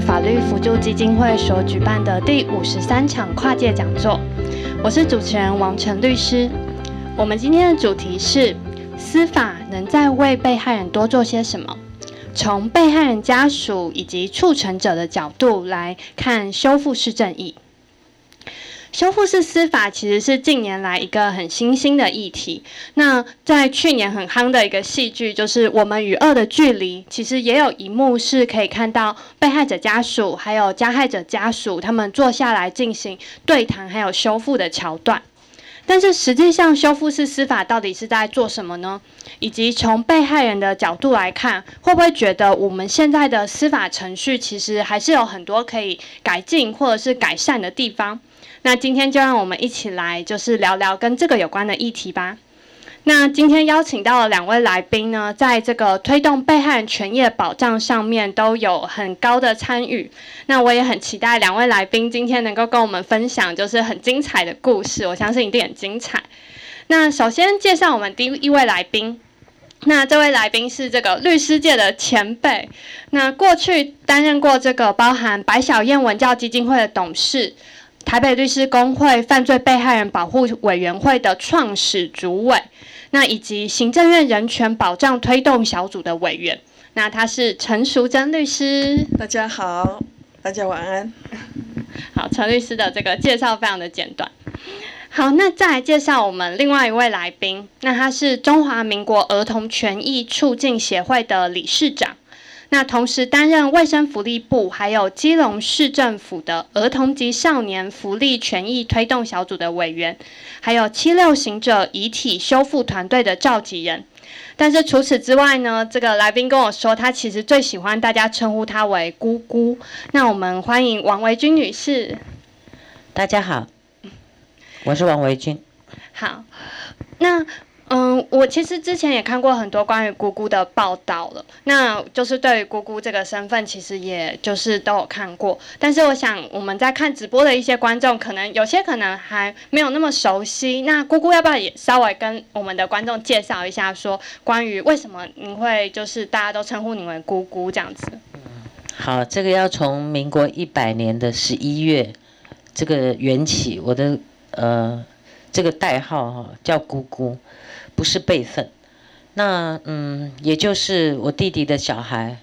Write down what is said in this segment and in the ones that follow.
法律扶助基金會所舉辦的第五十三場跨界講座，我是主持人王晨律師。我們今天的主題是：司法能再為被害人多做些什麼？從被害人家屬以及促成者的角度來看，修復式正義。修復式司法其實是近年來一個很新興的議題。那在去年很夯的一個戲劇，就是《我們與惡的距離》，其實也有一幕是可以看到被害者家屬還有加害者家屬他們坐下來進行對談還有修復的橋段。但是實際上，修復式司法到底是在做什麼呢？以及從被害人的角度來看，會不會覺得我們現在的司法程序，其實還是有很多可以改進或者是改善的地方？那今天就讓我們一起來，就是聊聊跟這個有關的議題吧。那今天邀請到了兩位來賓呢，在這個推動被害人權益的保障上面都有很高的參與。那我也很期待兩位來賓今天能夠跟我們分享，就是很精彩的故事。我相信一定很精彩。那首先介紹我們第一位來賓，那這位來賓是這個律師界的前輩，那過去擔任過這個包含白曉燕文教基金會的董事。台北律師公會犯罪被害人保護委員會的創始主委，那以及行政院人權保障推動小組的委員，那他是陳淑貞律師。大家好，大家晚安。 好，陳律師的這個介紹非常的簡短。好，那再來介紹我們另外一位來賓，那他是中華民國兒童權益促進協會的理事長。那同時擔任衛生福利部還有基隆市政府的兒童及少年福利權益推動小組的委員，還有七六行者遺體修復團隊的召集人。但是除此之外呢，這個來賓跟我說，他其實最喜歡大家稱呼他為姑姑。那我們歡迎王薇君女士。大家好，我是王薇君。好，那。嗯，我其實之前也看過很多關於姑姑的報道了，那就是對於姑姑這個身份，其實也就是都有看過。但是我想，我們在看直播的一些觀眾，可能有些可能還沒有那麼熟悉。那姑姑要不要也稍微跟我們的觀眾介紹一下，說關於為什麼你會就是大家都稱呼你為姑姑這樣子？嗯，好，這個要從民國一百年的十一月這個緣起，我的呃這個代號哈、喔、叫姑姑。不是備份，那嗯，也就是我弟弟的小孩，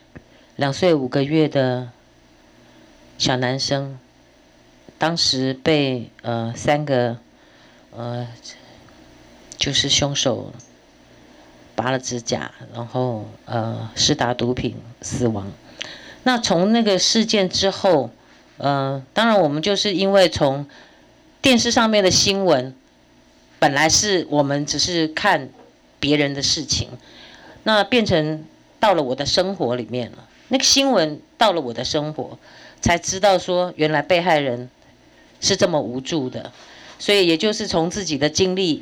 兩歲五個月的小男生，當時被呃三個呃就是兇手拔了指甲，然後呃施打毒品死亡。那從那個事件之後，呃，當然我們就是因為從電視上面的新聞。本來是我們只是看別人的事情，那變成到了我的生活裡面了。那個新聞到了我的生活，才知道說原來被害人是這麼無助的。所以也就是從自己的經歷，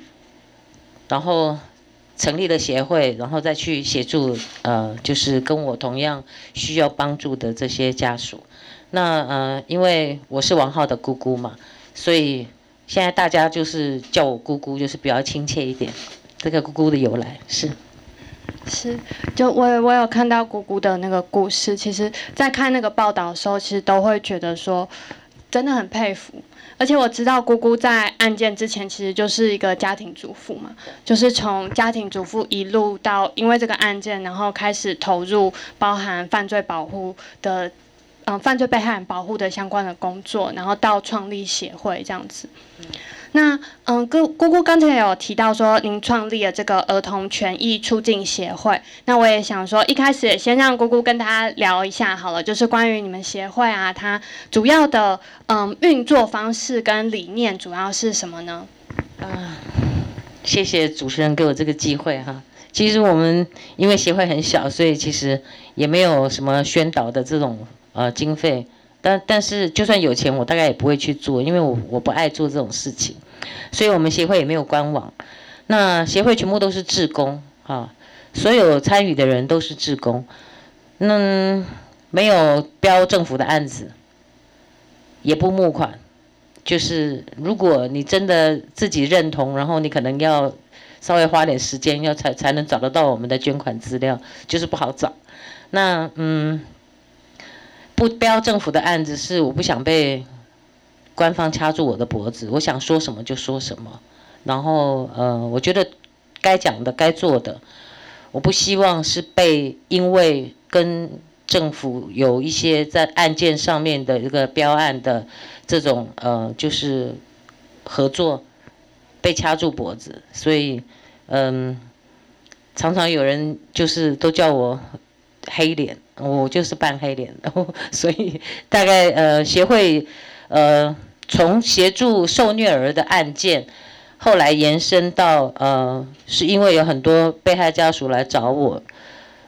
然後成立了協會，然後再去協助呃，就是跟我同樣需要幫助的這些家屬。那呃，因為我是王昊的姑姑嘛，所以。現在大家就是叫我姑姑，就是比較親切一點。這個姑姑的由來是，是，就我我有看到姑姑的那個故事，其實，在看那個報道的時候，其實都會覺得說，真的很佩服。而且我知道姑姑在案件之前其實就是一個家庭主婦嘛，就是從家庭主婦一路到因為這個案件，然後開始投入包含犯罪保護的。嗯，犯罪被害人保護的相關的工作，然後到創立協會這樣子。嗯，那，嗯，姑姑姑剛才有提到說，您創立了這個兒童權益促進協會。那我也想說，一開始也先讓姑姑跟大家聊一下好了，就是關於你們協會啊，它主要的嗯運作方式跟理念主要是什麼呢？嗯，謝謝主持人給我這個機會哈、啊。其實我們因為協會很小，所以其實也沒有什麼宣導的這種。呃，經費，但但是就算有錢，我大概也不會去做，因為我我不愛做這種事情，所以我們協會也沒有官網，那協會全部都是志工，啊，所有參與的人都是志工，那，嗯，沒有標政府的案子，也不募款，就是如果你真的自己認同，然後你可能要稍微花點時間，要才才能找得到我們的捐款資料，就是不好找，那嗯。不標政府的案子是我不想被官方掐住我的脖子，我想說什麼就說什麼。然後呃，我覺得該講的、該做的，我不希望是被因為跟政府有一些在案件上面的一個標案的這種呃，就是合作被掐住脖子。所以嗯、呃，常常有人就是都叫我黑臉。我就是扮黑臉的，所以大概呃協會，呃從協助受虐兒的案件，後來延伸到呃是因為有很多被害家屬來找我，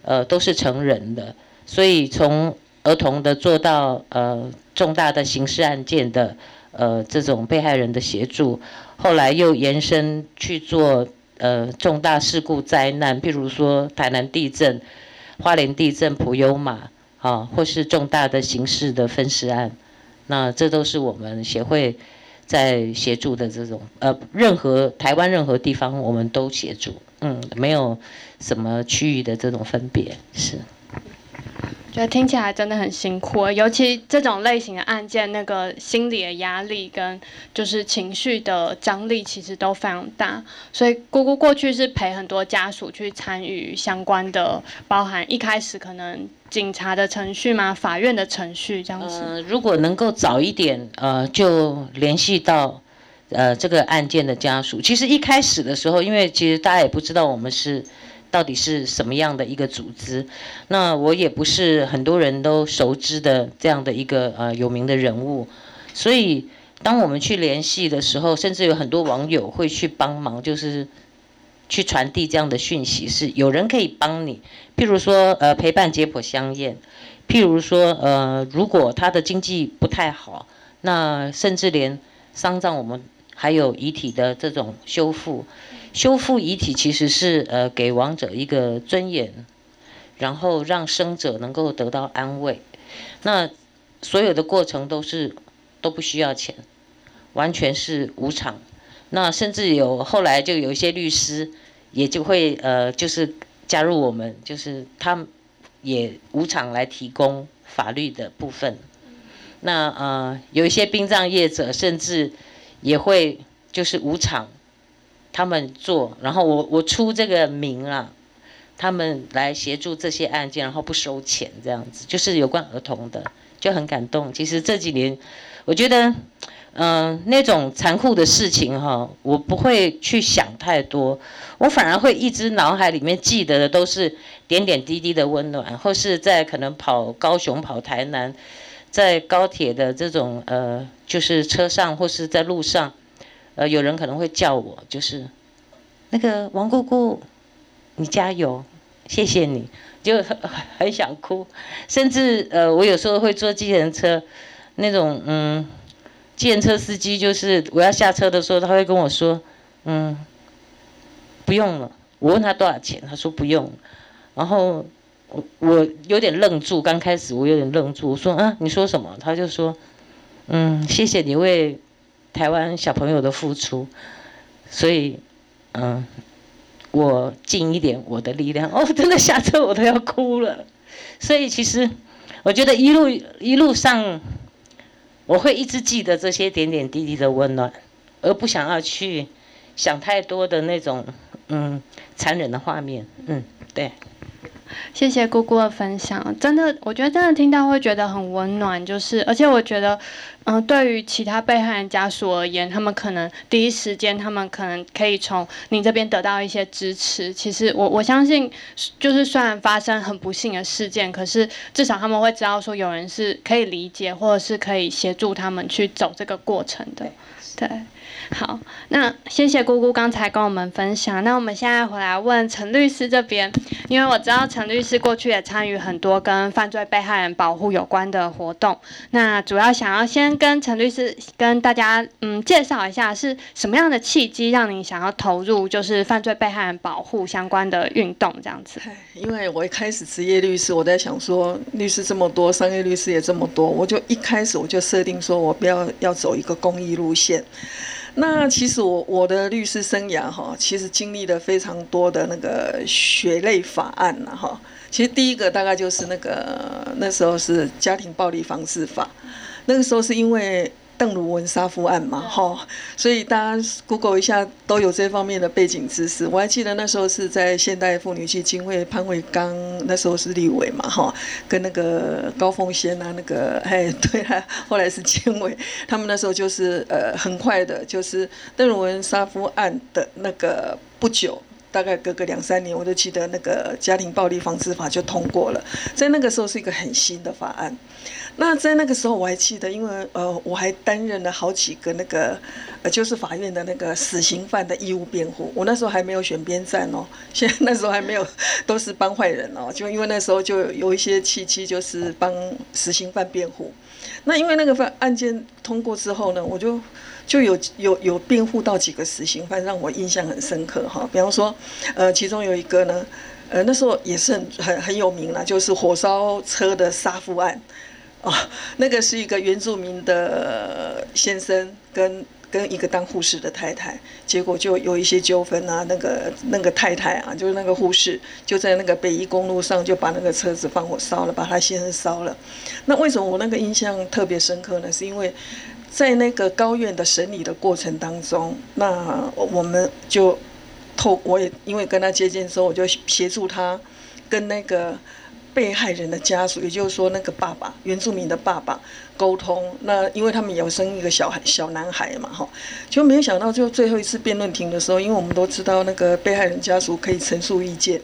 呃都是成人的，所以從兒童的做到呃重大的刑事案件的呃這種被害人的協助，後來又延伸去做呃重大事故災難，譬如說台南地震。花蓮地震、普悠瑪啊、哦，或是重大的刑事的分屍案，那這都是我們協會在協助的這種呃，任何台灣任何地方我們都協助，嗯，沒有什麼區域的這種分別，是。覺得聽起來真的很辛苦，尤其這種類型的案件，那個心理的壓力跟就是情緒的張力其實都非常大。所以姑姑過去是陪很多家屬去參與相關的，包含一開始可能警察的程序嘛、法院的程序這樣子。呃，如果能夠早一點，呃，就聯繫到，呃，這個案件的家屬。其實一開始的時候，因為其實大家也不知道我們是。到底是什麼樣的一個組織？那我也不是很多人都熟知的這樣的一個呃有名的人物，所以當我們去聯繫的時候，甚至有很多網友會去幫忙，就是去傳遞這樣的訊息，是有人可以幫你。譬如說呃陪伴解剖相驗，譬如說呃如果他的經濟不太好，那甚至連喪葬我們還有遺體的這種修復。修復遺體其實是呃給亡者一個尊嚴，然後讓生者能夠得到安慰。那所有的過程都是都不需要錢，完全是無償。那甚至有後來就有一些律師也就會呃就是加入我們，就是他也無償來提供法律的部分。那呃有一些殯葬業者甚至也會就是無償。他們做，然後我我出這個名啊，他們來協助這些案件，然後不收錢這樣子，就是有關兒童的，就很感動。其實這幾年，我覺得，嗯、呃，那種殘酷的事情哈、哦，我不會去想太多，我反而會一直腦海裡面記得的都是點點滴滴的溫暖，或是在可能跑高雄、跑台南，在高鐵的這種呃，就是車上或是在路上。呃，有人可能會叫我，就是那個王姑姑，你加油，謝謝你，就很想哭。甚至呃，我有時候會坐計程車，那種嗯，計程車司機就是我要下車的時候，他會跟我說，嗯，不用了。我問他多少錢，他說不用。然後我我有點愣住，剛開始我有點愣住，我說啊，你說什麼？他就說，嗯，謝謝你為。台灣小朋友的付出，所以，嗯，我盡一點我的力量。哦，真的下車我都要哭了。所以其實，我覺得一路一路上，我會一直記得這些點點滴滴的溫暖，而不想要去想太多的那種，嗯，殘忍的畫面。嗯，對。謝謝姑姑的分享，真的，我覺得真的聽到會覺得很溫暖，就是，而且我覺得，嗯，對於其他被害人家屬而言，他們可能第一時間，他們可能可以從你這邊得到一些支持。其實我我相信，就是雖然發生很不幸的事件，可是至少他們會知道說有人是可以理解，或者是可以協助他們去走這個過程的。對。好，那謝謝姑姑剛才跟我們分享。那我們現在回來問陳律師這邊，因為我知道陳律師過去也參與很多跟犯罪被害人保護有關的活動。那主要想要先跟陳律師跟大家嗯介紹一下，是什麼樣的契機讓你想要投入就是犯罪被害人保護相關的運動這樣子？因為我一開始職業律師，我在想說律師這麼多，商業律師也這麼多，我就一開始我就設定說我不要要走一個公益路線。那其實我我的律師生涯哈，其實經歷了非常多的那個血淚法案了哈。其實第一個大概就是那個那時候是家庭暴力防治法，那個時候是因為。鄧如雯殺夫案嘛，所以大家 Google 一下都有這方面的背景知識。我還記得那時候是在現代婦女基金會潘維剛，那時候是立委嘛，跟那個高鳳仙啊，那個哎，對，後來是監委，他們那時候就是呃，很快的，就是鄧如雯殺夫案的那個不久，大概隔個兩三年，我就記得那個家庭暴力防治法就通過了，在那個時候是一個很新的法案。那在那個時候我還記得，因為呃我還擔任了好幾個那個呃就是法院的那個死刑犯的義務辯護，我那時候還沒有選邊站哦，現在那時候還沒有都是幫壞人哦，就因為那時候就有一些契機，就是幫死刑犯辯護。那因為那個案件通過之後呢，我就就有有有辯護到幾個死刑犯，讓我印象很深刻哈。比方說呃其中有一個呢，呃那時候也是很很有名了，就是火燒車的殺父案。哦，那個是一個原住民的先生跟，跟跟一個當護士的太太，結果就有一些糾紛啊，那個那個太太啊，就是那個護士，就在那個北宜公路上就把那個車子放火燒了，把他先生燒了。那為什麼我那個印象特別深刻呢？是因為在那個高院的審理的過程當中，那我們就透，我也因為跟他接見的時候，我就協助他跟那個。被害人的家屬，也就是說，那個爸爸，原住民的爸爸。溝通，那因為他們有生一個小孩，小男孩嘛，哈，就沒有想到，就最後一次辯論庭的時候，因為我們都知道那個被害人家屬可以陳述意見，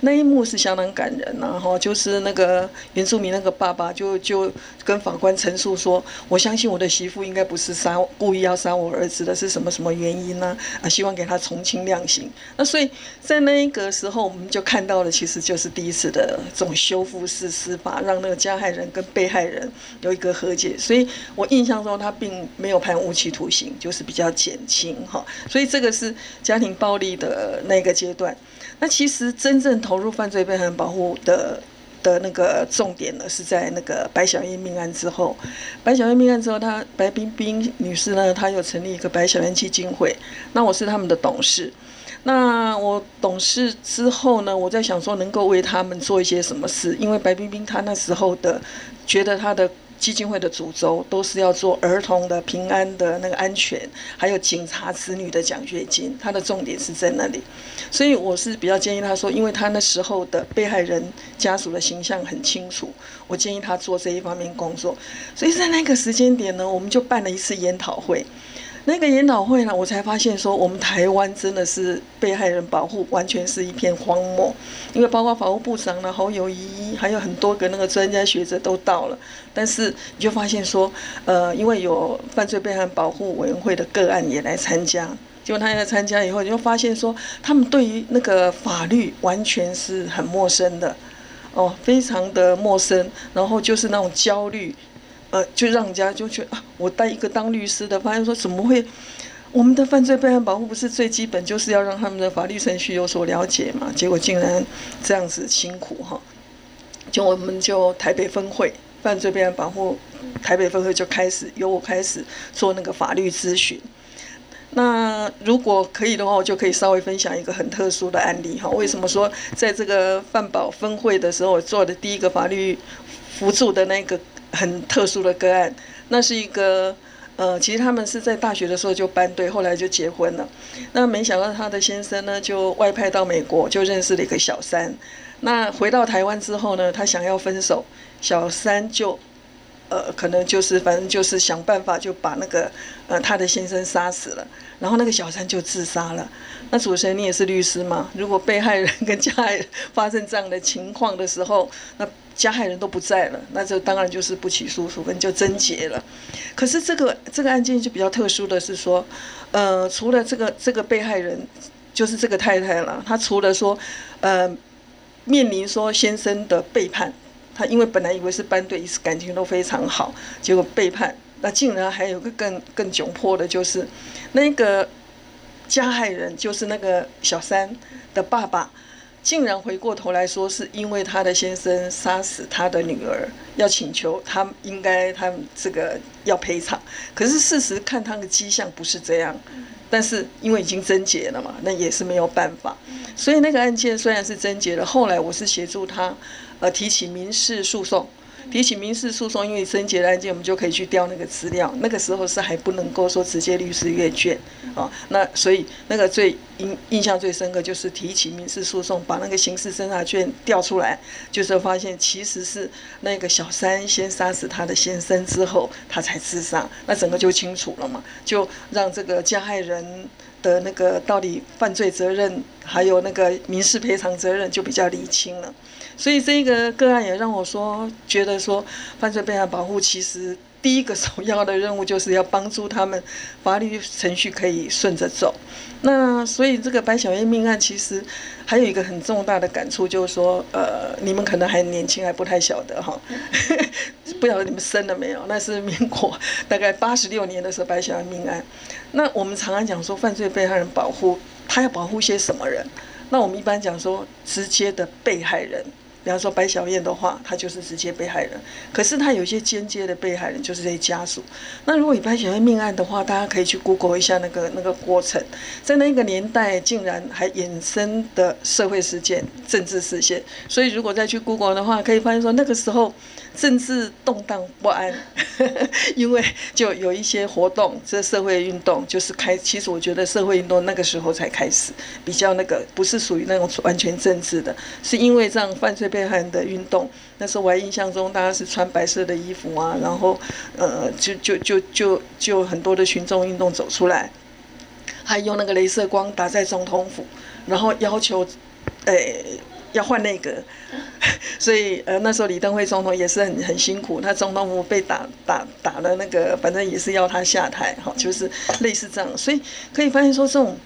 那一幕是相當感人啊，然後就是那個原住民那個爸爸就就跟法官陳述說，我相信我的媳婦應該不是殺，故意要殺我兒子的，是什麼什麼原因呢？啊，希望給他從輕量刑。那所以在那個時候，我們就看到了，其實就是第一次的這種修復式司法，讓那個加害人跟被害人有一個和。所以，我印象中他並沒有判無期徒刑，就是比較減輕哈。所以這個是家庭暴力的那個階段。那其實真正投入犯罪被害人保護的的那個重點呢，是在那個白曉燕命案之後。白曉燕命案之後，他白冰冰女士呢，她有成立一個白曉燕基金會。那我是他們的董事。那我董事之後呢，我在想說能夠為他們做一些什麼事，因為白冰冰她那時候的覺得她的。基金會的主軸都是要做兒童的平安的那個安全，還有警察子女的獎學金，他的重點是在那裡。所以我是比較建議他說，因為他那時候的被害人家屬的形象很清楚，我建議他做這一方面工作。所以在那個時間點呢，我們就辦了一次研討會。那個研討會呢，我才發現說，我們台灣真的是被害人保護完全是一片荒漠，因為包括法務部長呢侯友宜，還有很多個那個專家學者都到了，但是你就發現說，呃，因為有犯罪被害人保護委員會的個案也來參加，結果他也來參加以後，你就發現說，他們對於那個法律完全是很陌生的，哦，非常的陌生，然後就是那種焦慮。呃，就讓人家就覺得啊，我帶一個當律師的，發現說怎麼會？我們的犯罪被害人保護不是最基本，就是要讓他們的法律程序有所了解嘛？結果竟然這樣子辛苦哈！就我們就台北分會犯罪被害人保護台北分會就開始由我開始做那個法律諮詢。那如果可以的話，我就可以稍微分享一個很特殊的案例哈。為什麼說在這個犯保分會的時候，我做的第一個法律輔助的那個？很特殊的個案，那是一個，呃，其實他們是在大學的時候就班對，後來就結婚了。那沒想到他的先生呢，就外派到美國，就認識了一個小三。那回到台灣之後呢，他想要分手，小三就，呃，可能就是反正就是想辦法就把那個，呃，他的先生殺死了。然後那個小三就自殺了。那主持人，你也是律師嗎？如果被害人跟加害人發生這樣的情況的時候，那。加害人都不在了，那就當然就是不起訴處分就終結了。可是這個這個案件就比較特殊的是說，呃，除了這個這個被害人就是這個太太了，她除了說，呃，面臨說先生的背叛，她因為本來以為是班對，一次感情都非常好，結果背叛，那竟然還有個更更窘迫的就是，那個加害人就是那個小三的爸爸。竟然回過頭來說，是因為他的先生殺死他的女兒，要請求他應該他這個要賠償。可是事實看他的跡象不是這樣，但是因為已經偵結了嘛，那也是沒有辦法。所以那個案件雖然是偵結了，後來我是協助他呃提起民事訴訟，提起民事訴訟，因為偵結的案件我們就可以去調那個資料。那個時候是還不能夠說直接律師閱卷啊，哦，那所以那個最。印印象最深刻就是提起民事訴訟，把那個刑事偵查卷調出來，就是發現其實是那個小三先殺死他的先生之後，他才自殺，那整個就清楚了嘛，就讓這個加害人的那個到底犯罪責任，還有那個民事賠償責任就比較釐清了。所以這個個案也讓我說覺得說，犯罪被害保護其實。第一個首要的任務就是要幫助他們，法律程序可以順着走。那所以這個白小燕命案其實還有一個很重大的感觸，就是說，呃，你們可能還年輕，還不太曉得哈，不曉得你們生了沒有？那是民國大概八十六年的時候，白小燕命案。那我們常常講說，犯罪被害人保護，他要保護些什麼人？那我們一般講說，直接的被害人。比方說白小燕的話，她就是直接被害人，可是她有一些間接的被害人，就是這些家屬。那如果以白小燕命案的話，大家可以去 Google 一下那個那個過程，在那個年代竟然還衍生的社會事件、政治事件，所以如果再去 Google 的話，可以發現說那個時候。政治動盪不安呵呵，因為就有一些活動，這社會運動就是開。其實我覺得社會運動那個時候才開始，比較那個不是屬於那種完全政治的，是因為這樣犯罪被害人的運動。那時候我還印象中，大家是穿白色的衣服啊，然後呃，就就就就就很多的群眾運動走出來，還用那個雷射光打在總統府，然後要求，哎、欸。要換那個，所以呃那時候李登輝總統也是很很辛苦，他總統府被打打打了那個，反正也是要他下台好，就是類似這樣，所以可以發現說這種。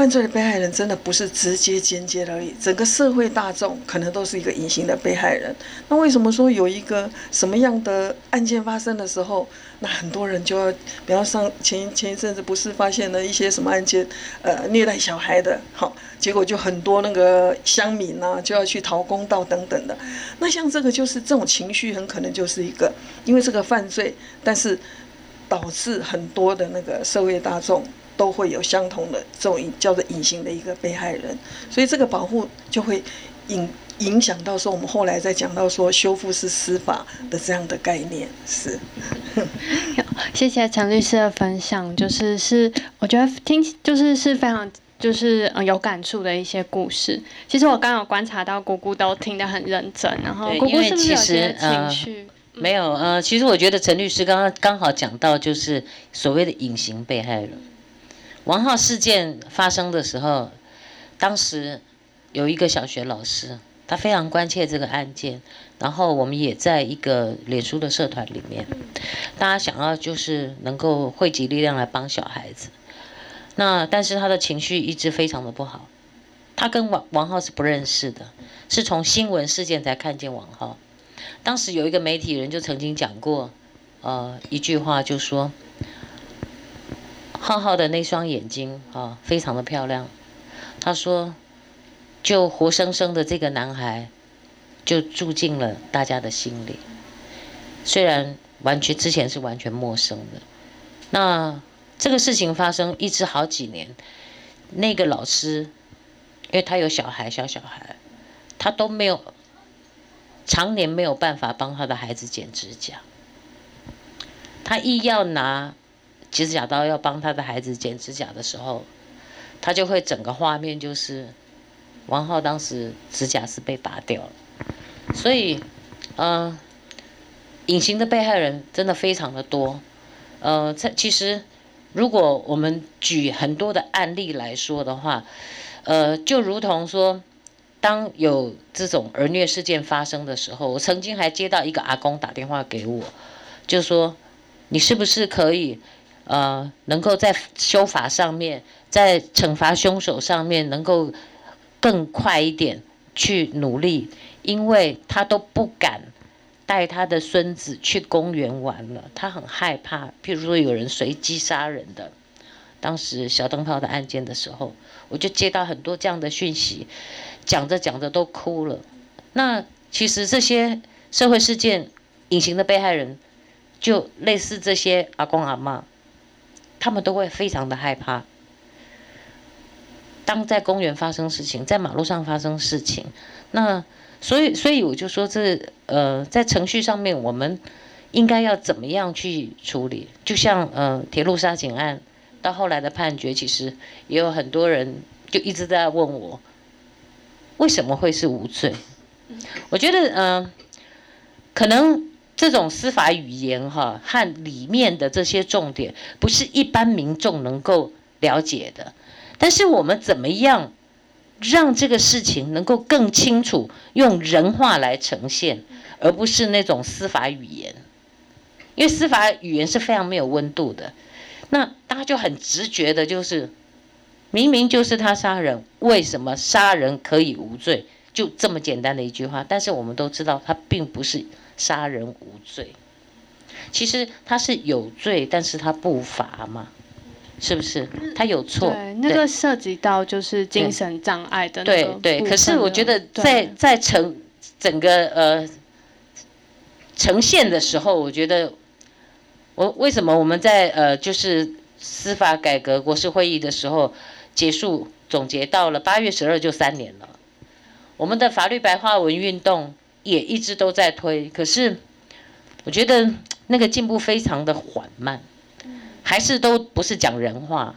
犯罪的被害人真的不是直接、間接而已，整個社會大眾可能都是一個隱形的被害人。那為什麼說有一個什麼樣的案件發生的時候，那很多人就要比像，比方上前前一陣子不是發現了一些什麼案件，呃，虐待小孩的，好，結果就很多那個鄉民呢、啊、就要去討公道等等的。那像這個就是這種情緒，很可能就是一個，因為這個犯罪，但是導致很多的那個社會大眾。都會有相同的這種叫做隱形的一個被害人，所以這個保護就會影影響到說我們後來再講到說修復式司法的這樣的概念是。謝謝陳律師的分享，就是是我覺得聽就是是非常就是嗯有感觸的一些故事。其實我剛剛有觀察到姑姑都聽得很認真，然後姑姑對是不是有些情緒、呃？沒有，嗯、呃，其實我覺得陳律師剛剛剛好講到就是所謂的隱形被害人。王浩事件發生的時候，當時有一個小學老師，他非常關切這個案件，然後我們也在一個臉書的社團裡面，大家想要就是能夠匯集力量來幫小孩子。那但是他的情緒一直非常的不好，他跟王王浩是不認識的，是從新聞事件才看見王浩。當時有一個媒體人就曾經講過，呃，一句話就說，浩浩的那雙眼睛啊，哦，非常的漂亮。他說：“就活生生的這個男孩，就住進了大家的心裡。雖然完全之前是完全陌生的，那這個事情發生一直好幾年。那個老師，因為他有小孩，小小孩，他都沒有常年沒有辦法幫他的孩子剪指甲。他一要拿。”剪指甲刀要幫他的孩子剪指甲的時候，他就會整個畫面就是，王浩當時指甲是被拔掉了，所以，呃，隱形的被害人真的非常的多，呃，在其實如果我們舉很多的案例來說的話，呃，就如同說，當有這種兒虐事件發生的時候，我曾經還接到一個阿公打電話給我，就是說，你是不是可以？呃，能夠在修法上面，在懲罰凶手上面能夠更快一點去努力，因為他都不敢帶他的孫子去公園玩了，他很害怕。譬如說有人隨機殺人的，當時小燈泡的案件的時候，我就接到很多這樣的訊息，講着講着都哭了。那其實這些社會事件，隱形的被害人，就類似這些阿公阿嬤。他們都會非常的害怕，當在公園發生事情，在馬路上發生事情，那所以，所以我就說這，這呃，在程序上面，我們應該要怎麼樣去處理？就像呃，鐵路殺警案到後來的判決，其實也有很多人就一直在問我，為什麼會是無罪？我覺得，嗯、呃，可能。這種司法語言哈，和裡面的這些重點，不是一般民眾能夠了解的。但是我們怎麼樣讓這個事情能夠更清楚，用人話來呈現，而不是那種司法語言，因為司法語言是非常沒有溫度的。那大家就很直覺的就是，明明就是他殺人，為什麼殺人可以無罪？就這麼簡單的一句話。但是我們都知道，他並不是。殺人無罪，其實他是有罪，但是他不罰嘛，是不是？他有錯，對對那個涉及到就是精神障礙的，的，對對。對對，可是我覺得在對在呈整個呃，呃呈現的時候，我覺得我為什麼我們在呃就是司法改革國是會議的時候結束總結到了八月十二，就三年了，我們的法律白話文運動。也一直都在推，可是我覺得那個進步非常的緩慢，還是都不是講人話，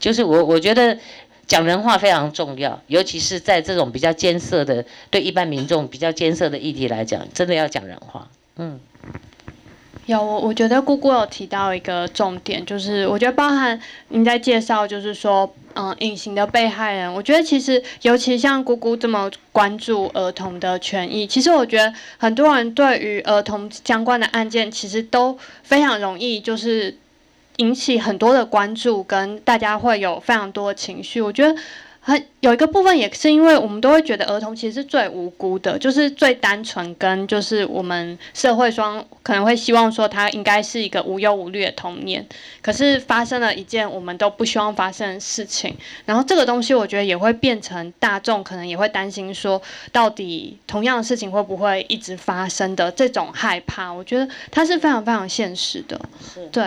就是我我覺得講人話非常重要，尤其是在這種比較艱澀的、對一般民眾比較艱澀的議題來講，真的要講人話，嗯。有，我覺得姑姑有提到一個重點，就是我覺得包含您在介紹，就是說，嗯，隱形的被害人，我覺得其實，尤其像姑姑這麼關注兒童的權益，其實我覺得很多人對於兒童相關的案件，其實都非常容易，就是引起很多的關注，跟大家會有非常多的情緒，我覺得。很有一個部分也是因為我們都會覺得兒童其實是最無辜的，就是最單純，跟就是我們社會上可能會希望說他應該是一個無憂無慮的童年。可是發生了一件我們都不希望發生的事情，然後這個東西我覺得也會變成大眾可能也會擔心說，到底同樣的事情會不會一直發生的這種害怕，我覺得它是非常非常現實的，對。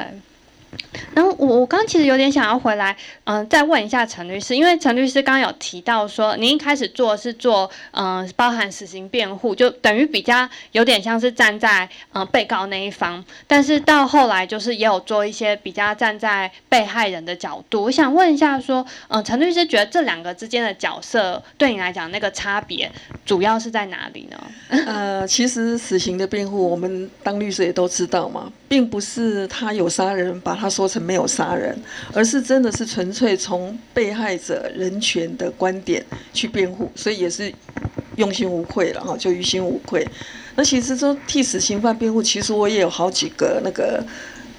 然後我我剛剛其實有點想要回來，嗯、呃，再問一下陳律師，因為陳律師剛，剛有提到說，您一開始做的是做，嗯、呃，包含死刑辯護，就等於比較有點像是站在嗯、呃、被告那一方，但是到後來就是也有做一些比較站在被害人的角度。我想問一下說，嗯、呃，陳律師覺得這兩個之間的角色對你來講那個差別主要是在哪裡呢？呃，其實死刑的辯護，我們當律師也都知道嘛，並不是他有殺人把。他說成沒有殺人，而是真的是純粹從被害者人權的觀點去辯護，所以也是用心無愧了哈，就於心無愧。那其實說替死刑犯辯護，其實我也有好幾個那個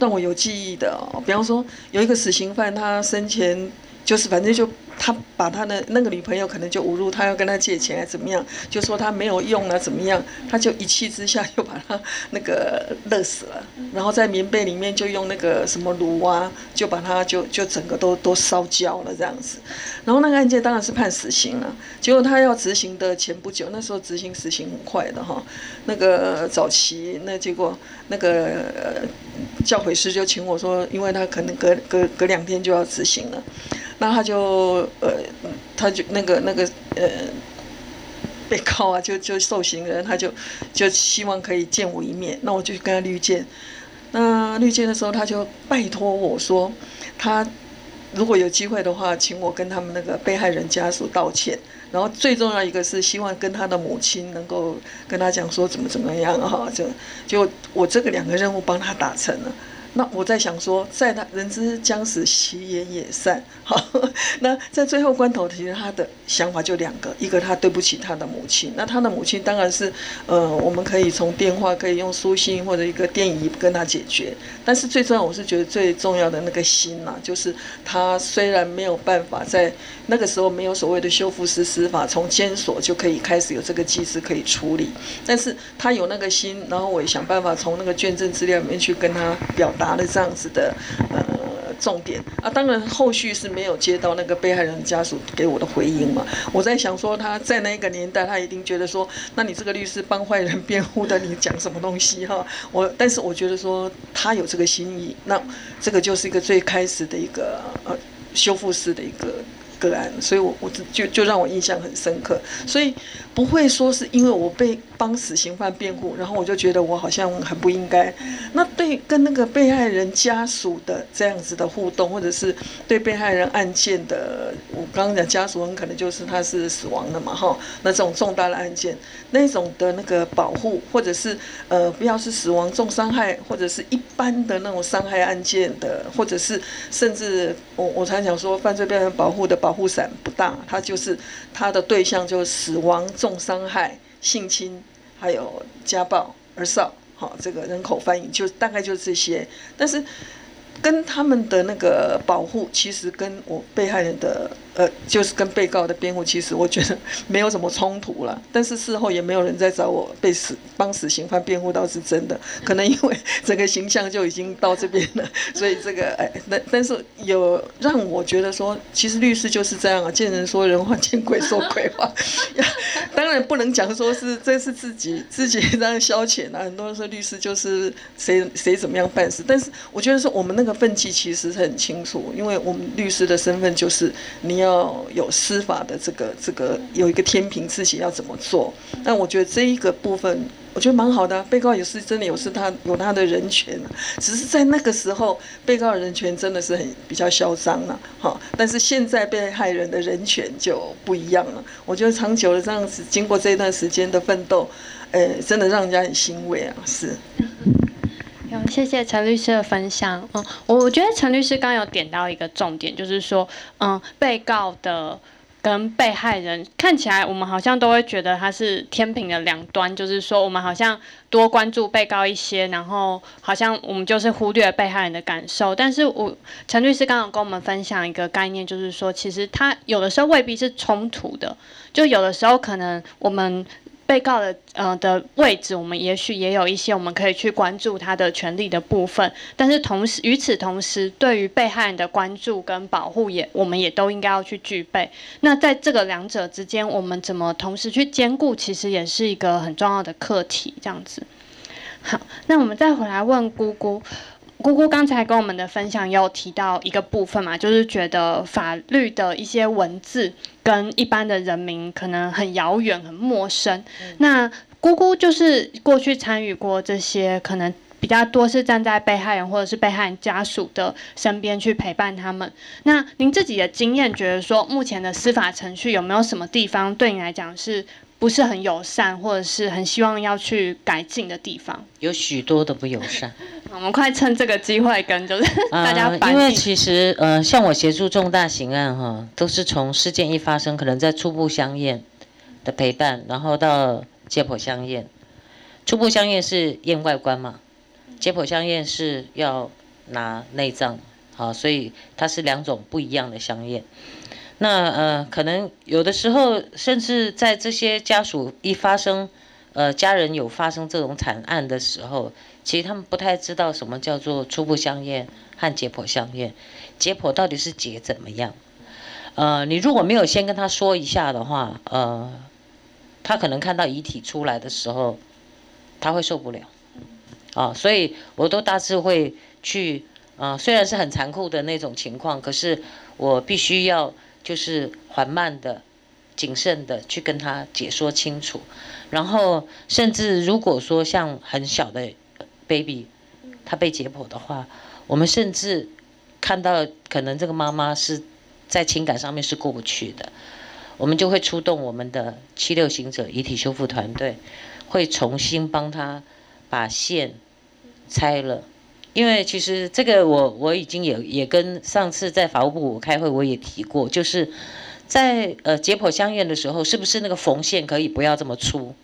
讓我有記憶的哦、喔，比方說有一個死刑犯，他生前就是反正就。他把他的那，那個女朋友可能就侮辱他，要跟他借錢啊怎麼樣？就說他沒有用了啊，怎麼樣？他就一氣之下又把他那個勒死了，然後在棉被裡面就用那個什麼爐啊，就把他就就整個都都燒焦了這樣子。然後那個案件當然是判死刑了啊，結果他要執行的前不久，那時候執行死刑很快的哈。那個早期，那結果那個教誨師就請我說，因為他可能隔隔隔兩天就要執行了，那他就。呃，他就那個那個呃，被告啊，就就受刑人，他就就希望可以見我一面，那我就跟他律見。那律見的時候，他就拜託我說，他如果有機會的話，請我跟他們那個被害人家屬道歉。然後最重要一個是希望跟他的母親能夠跟他講說怎麼怎麼樣哈，就就我這個兩個任務幫他達成了。那我在想說，在他人之將死，其言也善。好，那在最後關頭，其實他的想法就兩個，一個他對不起他的母親。那他的母親當然是，呃，我們可以從電話可以用書信或者一個電影跟他解決。但是最重要，我是覺得最重要的那個心嘛、啊，就是他雖然沒有辦法在那個時候沒有所謂的修復式司法，從監所就可以開始有這個機制可以處理，但是他有那個心，然後我也想辦法從那個卷證資料裡面去跟他表達。答了這樣子的呃重點啊，當然後續是沒有接到那個被害人家屬給我的回應嘛。我在想說他在那個年代，他一定覺得說，那你這個律師幫壞人辯護的，你講什麼東西哈啊？我但是我覺得說，他有這個心意，那這個就是一個最開始的一個呃修復式的一個個案，所以我，我我就就讓我印象很深刻，所以。不會說是因為我被幫死刑犯辯護，然後我就覺得我好像很不應該。那對跟那個被害人家屬的這樣子的互動，或者是對被害人案件的，我剛剛講家屬很可能就是他是死亡的嘛，哈，那這種重大的案件，那種的那個保護，或者是呃，不要是死亡重傷害，或者是一般的那種傷害案件的，或者是甚至我我才想說犯罪被害人保護的保護傘不大，他就是他的對象就是死亡，重傷害、性侵，還有家暴、兒少，好、哦，這個人口翻譯就大概就是這些。但是跟他們的那個保護，其實跟我被害人的。呃，就是跟被告的辯護，其實我覺得沒有什麼衝突了。但是事後也沒有人再找我被死幫死刑犯辯護，倒是真的。可能因為整個形象就已經到這邊了，所以這個哎，但、欸、但是有讓我覺得說，其實律師就是這樣啊，見人說人話，見鬼說鬼話。當然不能講說是這是自己自己這樣消遣啊。很多人說律師就是誰誰怎麼樣辦事，但是我覺得說我們那個分界其實很清楚，因為我們律師的身份就是你。要有司法的這個這個有一個天平，自己要怎麼做？但我覺得這一個部分，我覺得蠻好的、啊。被告也是真的有是他有他的人權、啊。只是在那個時候，被告人權真的是很比較囂張了，但是現在被害人的人權就不一樣了、啊。我覺得長久的這樣子，經過這一段時間的奮鬥，呃、欸，真的讓人家很欣慰啊，是。嗯，謝謝陳律師的分享。嗯，我覺得陳律師剛剛有點到一個重點，就是說，嗯，被告的跟被害人看起來，我們好像都會覺得他是天平的兩端，就是說，我們好像多關注被告一些，然後好像我們就是忽略了被害人的感受。但是我陳律師剛剛有跟我們分享一個概念，就是說，其實他有的時候未必是衝突的，就有的時候可能我們，被告的呃的位置，我們也許也有一些我們可以去關注他的權利的部分，但是同時與此同時，對於被害人的關注跟保護也我們也都應該要去具備。那在這個兩者之間，我們怎麼同時去兼顧，其實也是一個很重要的課題。這樣子，好，那我們再回來問姑姑。姑姑剛才跟我們的分享，也有提到一個部分嘛，就是覺得法律的一些文字跟一般的人民可能很遙遠、很陌生。嗯、那姑姑就是過去參與過這些，可能比較多是站在被害人或者是被害人家屬的身邊去陪伴他們。那您自己的經驗，覺得說目前的司法程序有沒有什麼地方對你來講是？不是很友善，或者是很希望要去改進的地方，有許多的不友善。 我們快趁這個機會跟就是、uh, 大家。因為其實，嗯、呃，像我協助重大刑案哈，都是從事件一發生，可能在初步相驗的陪伴，然後到解剖相驗。初步相驗是驗外觀嘛？解剖相驗是要拿內臟，好，所以它是兩種不一樣的相驗。那呃，可能有的時候，甚至在這些家屬一發生，呃，家人有發生這種慘案的時候，其實他們不太知道什麼叫做初步相驗和解剖相驗，解剖到底是解怎麼樣？呃，你如果沒有先跟他說一下的話，呃，他可能看到遺體出來的時候，他會受不了，啊、呃，所以我都大致會去，啊、呃，雖然是很殘酷的那種情況，可是我必須要。就是緩慢的、謹慎的去跟他解說清楚，然後甚至如果說像很小的 baby，他被解剖的話，我們甚至看到可能這個媽媽是在情感上面是過不去的，我們就會出動我們的七六行者遺體修復團隊，會重新幫他把線拆了。因為其實這個我我已經也也跟上次在法務部開會我也提過，就是在呃解剖相驗的時候，是不是那個縫線可以不要這麼粗？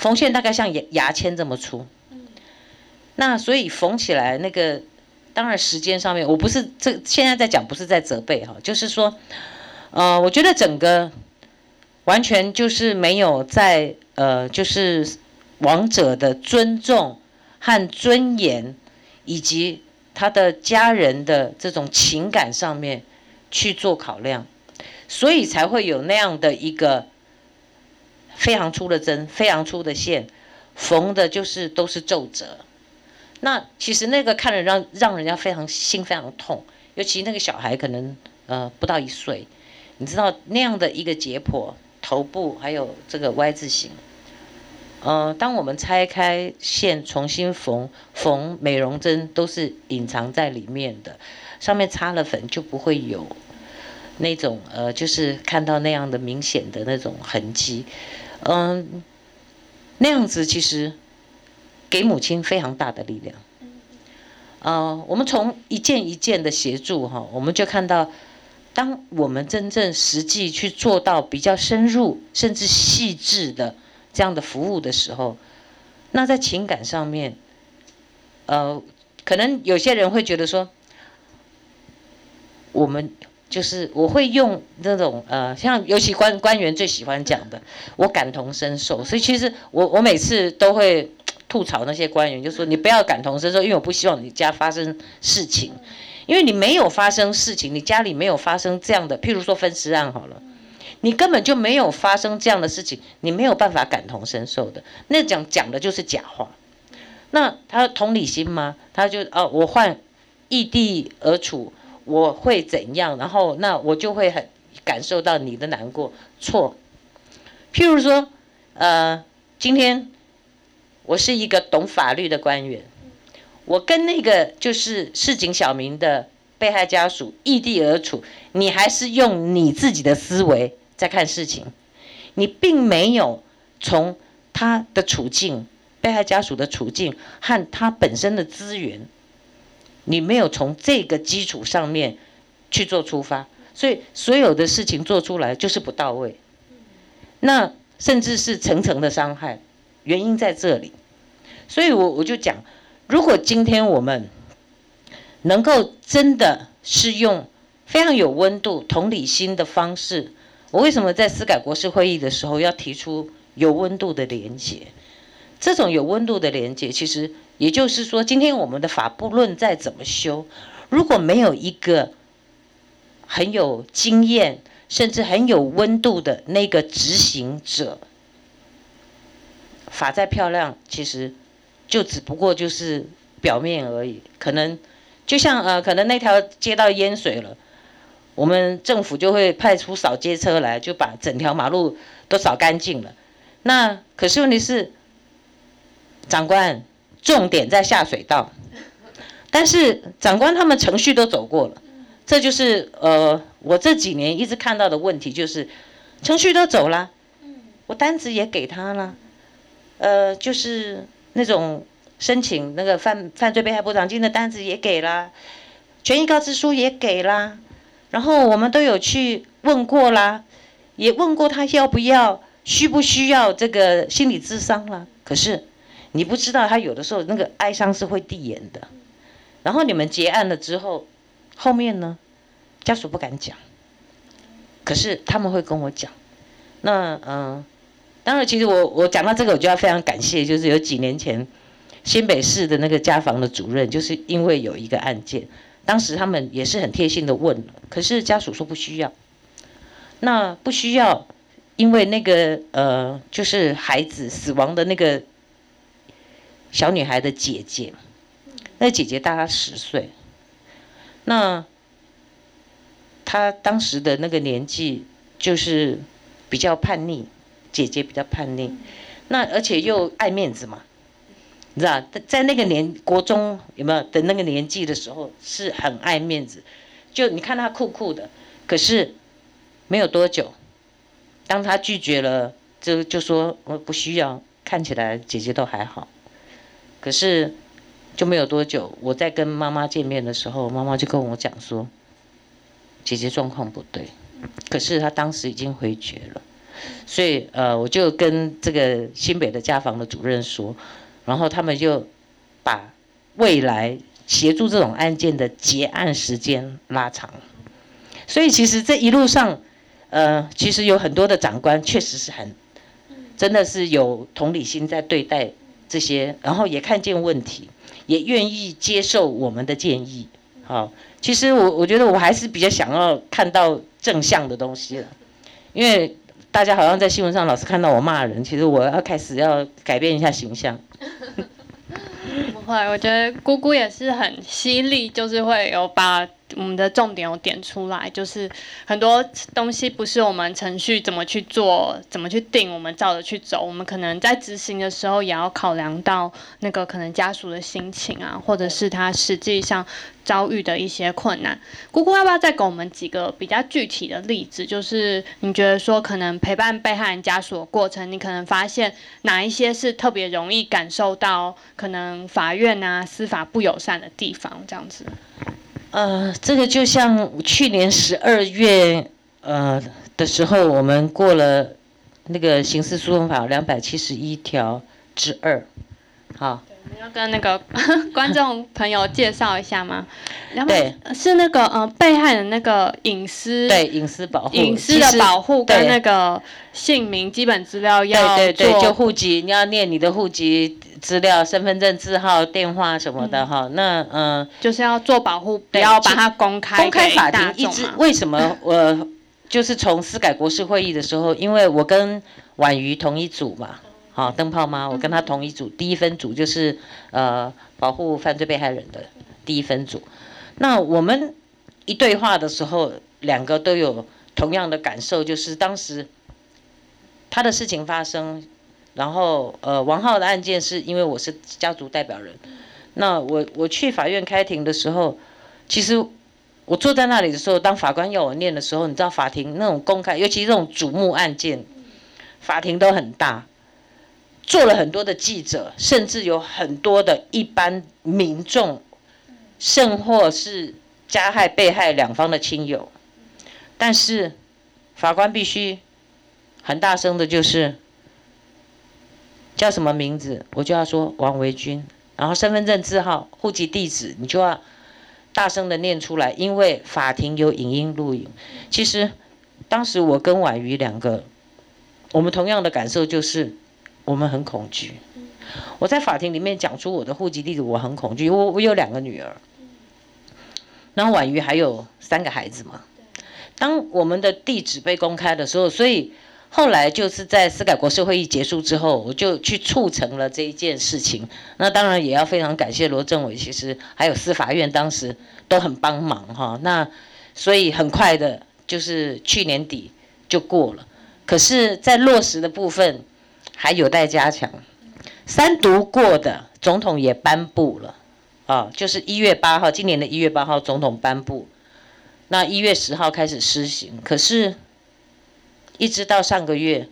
縫線大概像牙牙籤這麼粗。那所以縫起來那個，當然時間上面我不是這現在在講，不是在責備哈，就是說，呃，我覺得整個完全就是沒有在呃就是亡者的尊重，和尊嚴，以及他的家人的這種情感上面去做考量，所以才會有那樣的一個非常粗的針、非常粗的線縫的，就是都是皺褶。那其實那個看了讓讓人家非常心非常痛，尤其那個小孩可能呃不到一歲，你知道那樣的一個解剖頭部還有這個 Y 字形。嗯、呃，當我們拆開線重新縫縫，美容針都是隱藏在裡面的，上面擦了粉就不會有那種呃，就是看到那樣的明顯的那種痕跡。嗯、呃，那樣子其實給母親非常大的力量。嗯、呃。我們從一件一件的協助哈、哦，我們就看到，當我們真正實際去做到比較深入甚至細緻的。這樣的服務的時候，那在情感上面，呃，可能有些人會覺得說，我們就是我會用那種呃，像尤其官官員最喜歡講的，我感同身受。所以其實我我每次都會吐槽那些官員，就說你不要感同身受，因為我不希望你家發生事情，因為你沒有發生事情，你家裡沒有發生這樣的，譬如說分屍案好了。你根本就沒有發生這樣的事情，你沒有辦法感同身受的。那講講的就是假話。那他同理心嗎？他就哦，我換異地而處，我會怎樣？然後那我就會很感受到你的難過。錯。譬如說，呃，今天我是一個懂法律的官員，我跟那個就是市井小民的被害家屬異地而處，你還是用你自己的思維。在看事情，你並沒有從他的處境、被害家屬的處境和他本身的資源，你沒有從這個基礎上面去做出發，所以所有的事情做出來就是不到位。那甚至是層層的傷害，原因在這裡。所以我我就講，如果今天我們能夠真的是用非常有溫度、同理心的方式。我為什麼在司改國是會議的時候要提出有溫度的連結？這種有溫度的連結，其實也就是說，今天我們的法不論再怎麼修，如果沒有一個很有經驗，甚至很有溫度的那個執行者，法再漂亮，其實就只不過就是表面而已。可能就像呃，可能那條街道淹水了。我們政府就會派出掃街車來，就把整條馬路都掃乾淨了。那可是問題是，長官，重點在下水道。但是長官他們程序都走過了，這就是呃，我這幾年一直看到的問題就是，程序都走了，我單子也給他了，呃，就是那種申請那個犯犯罪被害補償金的單子也給了，權益告知書也給了。然後我們都有去問過啦，也問過他要不要，需不需要這個心理諮商啦。可是，你不知道他有的時候那個哀傷是會遞延的。然後你們結案了之後，後面呢，家屬不敢講，可是他們會跟我講。那嗯，當然，其實我我講到這個，我就要非常感謝，就是有幾年前新北市的那個家防的主任，就是因為有一個案件。當時他們也是很貼心的問，可是家屬說不需要。那不需要，因為那個呃，就是孩子死亡的那個小女孩的姐姐，那姐姐大她十歲，那她當時的那個年紀就是比較叛逆，姐姐比較叛逆，那而且又愛面子嘛。你知道，在在那個年國中有沒有的那個年紀的時候，是很愛面子，就你看他酷酷的，可是沒有多久，當他拒絕了，就就說我不需要，看起來姐姐都還好，可是就沒有多久，我在跟媽媽見面的時候，媽媽就跟我講說，姐姐狀況不對，可是她當時已經回絕了，所以呃，我就跟這個新北的家訪的主任說。然後他們就把未來協助這種案件的結案時間拉長，所以其實這一路上，呃，其實有很多的長官確實是很，真的是有同理心在對待這些，然後也看見問題，也願意接受我們的建議。好、哦，其實我我覺得我還是比較想要看到正向的東西了，因為。大家好像在新聞上老是看到我罵人，其實我要開始要改變一下形象。不會，我覺得姑姑也是很犀利，就是會有把。我們的重點我點出來，就是很多東西不是我們程序怎麼去做、怎麼去定，我們照着去走。我們可能在執行的時候，也要考量到那個可能家屬的心情啊，或者是他實際上遭遇的一些困難。姑姑要不要再給我們幾個比較具體的例子？就是你覺得說，可能陪伴被害人家屬的過程，你可能發現哪一些是特別容易感受到可能法院啊、司法不友善的地方，這樣子？呃，這個就像去年十二月呃的時候，我們過了那個刑事訴訟法兩百七十一條之二，好。你要跟那個觀眾朋友介紹一下嗎？然後對，是那個嗯、呃，被害人那個隱私，對隱私保護，隱私的保護跟那個姓名、基本資料要對對，對就戶籍，你要念你的戶籍。資料、身份證字號、電話什麼的哈，那嗯，那呃、就是要做保護，不要把它公開，公開法庭一直。啊、為什麼我 就是從司改國是會議的時候，因為我跟婉諭同一組嘛，好燈泡媽，我跟她同一組，嗯、第一分組就是呃保護犯罪被害人的第一分組。那我們一對話的時候，兩個都有同樣的感受，就是當時他的事情發生。然後，呃，王浩的案件是因為我是家族代表人，那我我去法院開庭的時候，其實我坐在那裡的時候，當法官要我念的時候，你知道法庭那種公開，尤其這種矚目案件，法庭都很大，做了很多的記者，甚至有很多的一般民眾，甚或是加害被害兩方的親友，但是法官必須很大聲的，就是。叫什麼名字？我就要說王薇君，然後身份證字號、戶籍地址，你就要大聲的念出來，因為法庭有影音錄影。嗯、其實當時我跟婉瑜兩個，我們同樣的感受就是，我們很恐懼。嗯、我在法庭裡面講出我的戶籍地址，我很恐懼，我我有兩個女兒，然後婉瑜還有三個孩子嘛。對當我們的地址被公開的時候，所以。後來就是在司改國是會議結束之後，我就去促成了這一件事情。那當然也要非常感謝羅政委，其實還有司法院當時都很幫忙哈。那所以很快的，就是去年底就過了。可是，在落實的部分還有待加強。三讀過的總統也頒布了啊，就是一月八號，今年的一月八號總統頒布，那一月十號開始施行。可是，一直到上個月，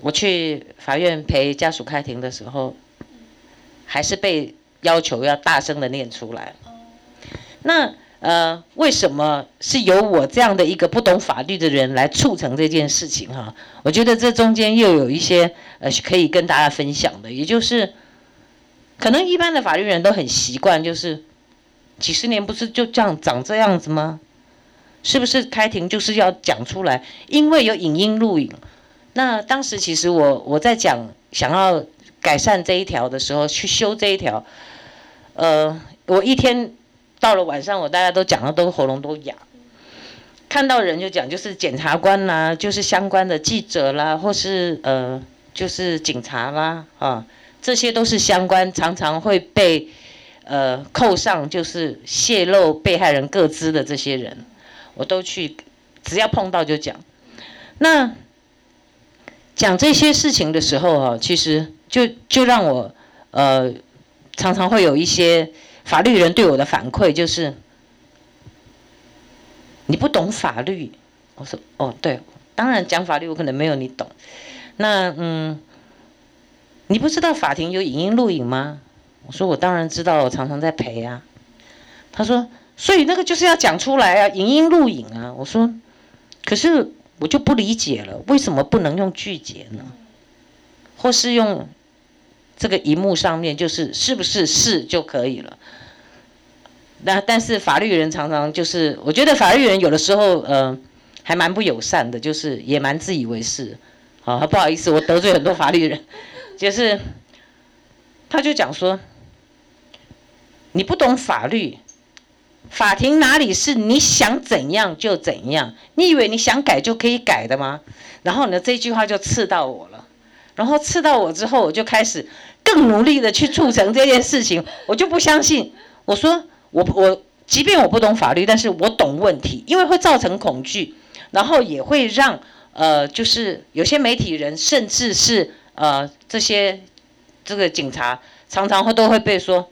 我去法院陪家屬開庭的時候，還是被要求要大聲的念出來。那呃，為什麼是由我這樣的一個不懂法律的人來促成這件事情哈、啊？我覺得這中間又有一些呃可以跟大家分享的，也就是可能一般的法律人都很習慣，就是幾十年不是就這樣長這樣子嗎？是不是開庭就是要講出來？因為有影音錄影。那當時其實我我在講想要改善這一條的時候，去修這一條。呃，我一天到了晚上，我大家都講的都喉嚨都啞。看到人就講，就是檢察官啦、啊，就是相關的記者啦、啊，或是呃，就是警察啦、啊，啊，這些都是相關，常常會被呃扣上，就是泄露被害人個資的這些人。我都去，只要碰到就講。那講這些事情的時候啊，其實就就讓我呃，常常會有一些法律人對我的反饋，就是你不懂法律。我說哦，對，當然講法律我可能沒有你懂。那嗯，你不知道法庭有影音錄影嗎？我說我當然知道，我常常在陪啊。他說。所以那個就是要講出來啊，影音錄影啊，我說，可是我就不理解了，為什麼不能用拒絕呢？或是用這個熒幕上面就是是不是是就可以了？那但是法律人常常就是，我覺得法律人有的時候呃，還蠻不友善的，就是也蠻自以為是。好、啊，不好意思，我得罪很多法律人， 就是他就講說，你不懂法律。法庭哪裡是你想怎樣就怎樣？你以為你想改就可以改的嗎？然後呢，這句話就刺到我了。然後刺到我之後，我就開始更努力的去促成這件事情。我就不相信。我說，我我，即便我不懂法律，但是我懂問題，因為會造成恐懼，然後也會讓呃，就是有些媒體人，甚至是呃這些這個警察，常常會都會被說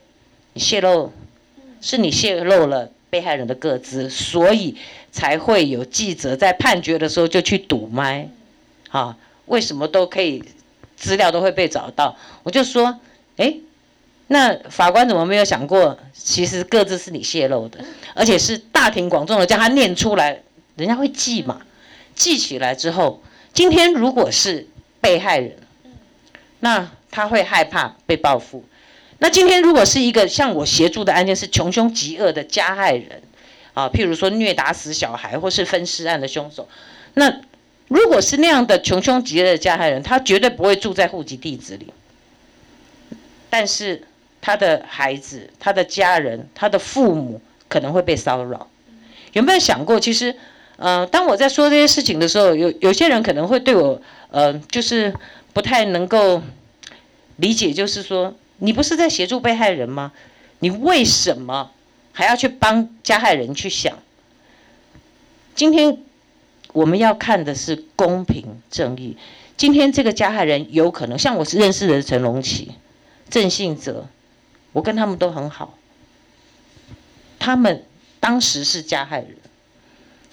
你洩露。是你洩露了被害人的個資，所以才會有記者在判決的時候就去堵麥。啊，為什麼都可以資料都會被找到？我就說，誒、欸，那法官怎麼沒有想過，其實個資是你洩露的，而且是大庭廣眾的將他念出來，人家會記嘛？記起來之後，今天如果是被害人，那他會害怕被報復。那今天如果是一個像我協助的案件，是窮兇極惡的加害人，啊，譬如說虐打死小孩或是分屍案的兇手，那如果是那樣的窮兇極惡的加害人，他絕對不會住在戶籍地址裡，但是他的孩子、他的家人、他的父母可能會被騷擾。有沒有想過，其實，嗯、呃，當我在說這些事情的時候，有有些人可能會對我，嗯、呃，就是不太能夠理解，就是說。你不是在協助被害人嗎？你為什麼還要去幫加害人去想？今天我們要看的是公平正義。今天這個加害人有可能像我是認識的陳龍綺、鄭性澤，我跟他們都很好，他們當時是加害人，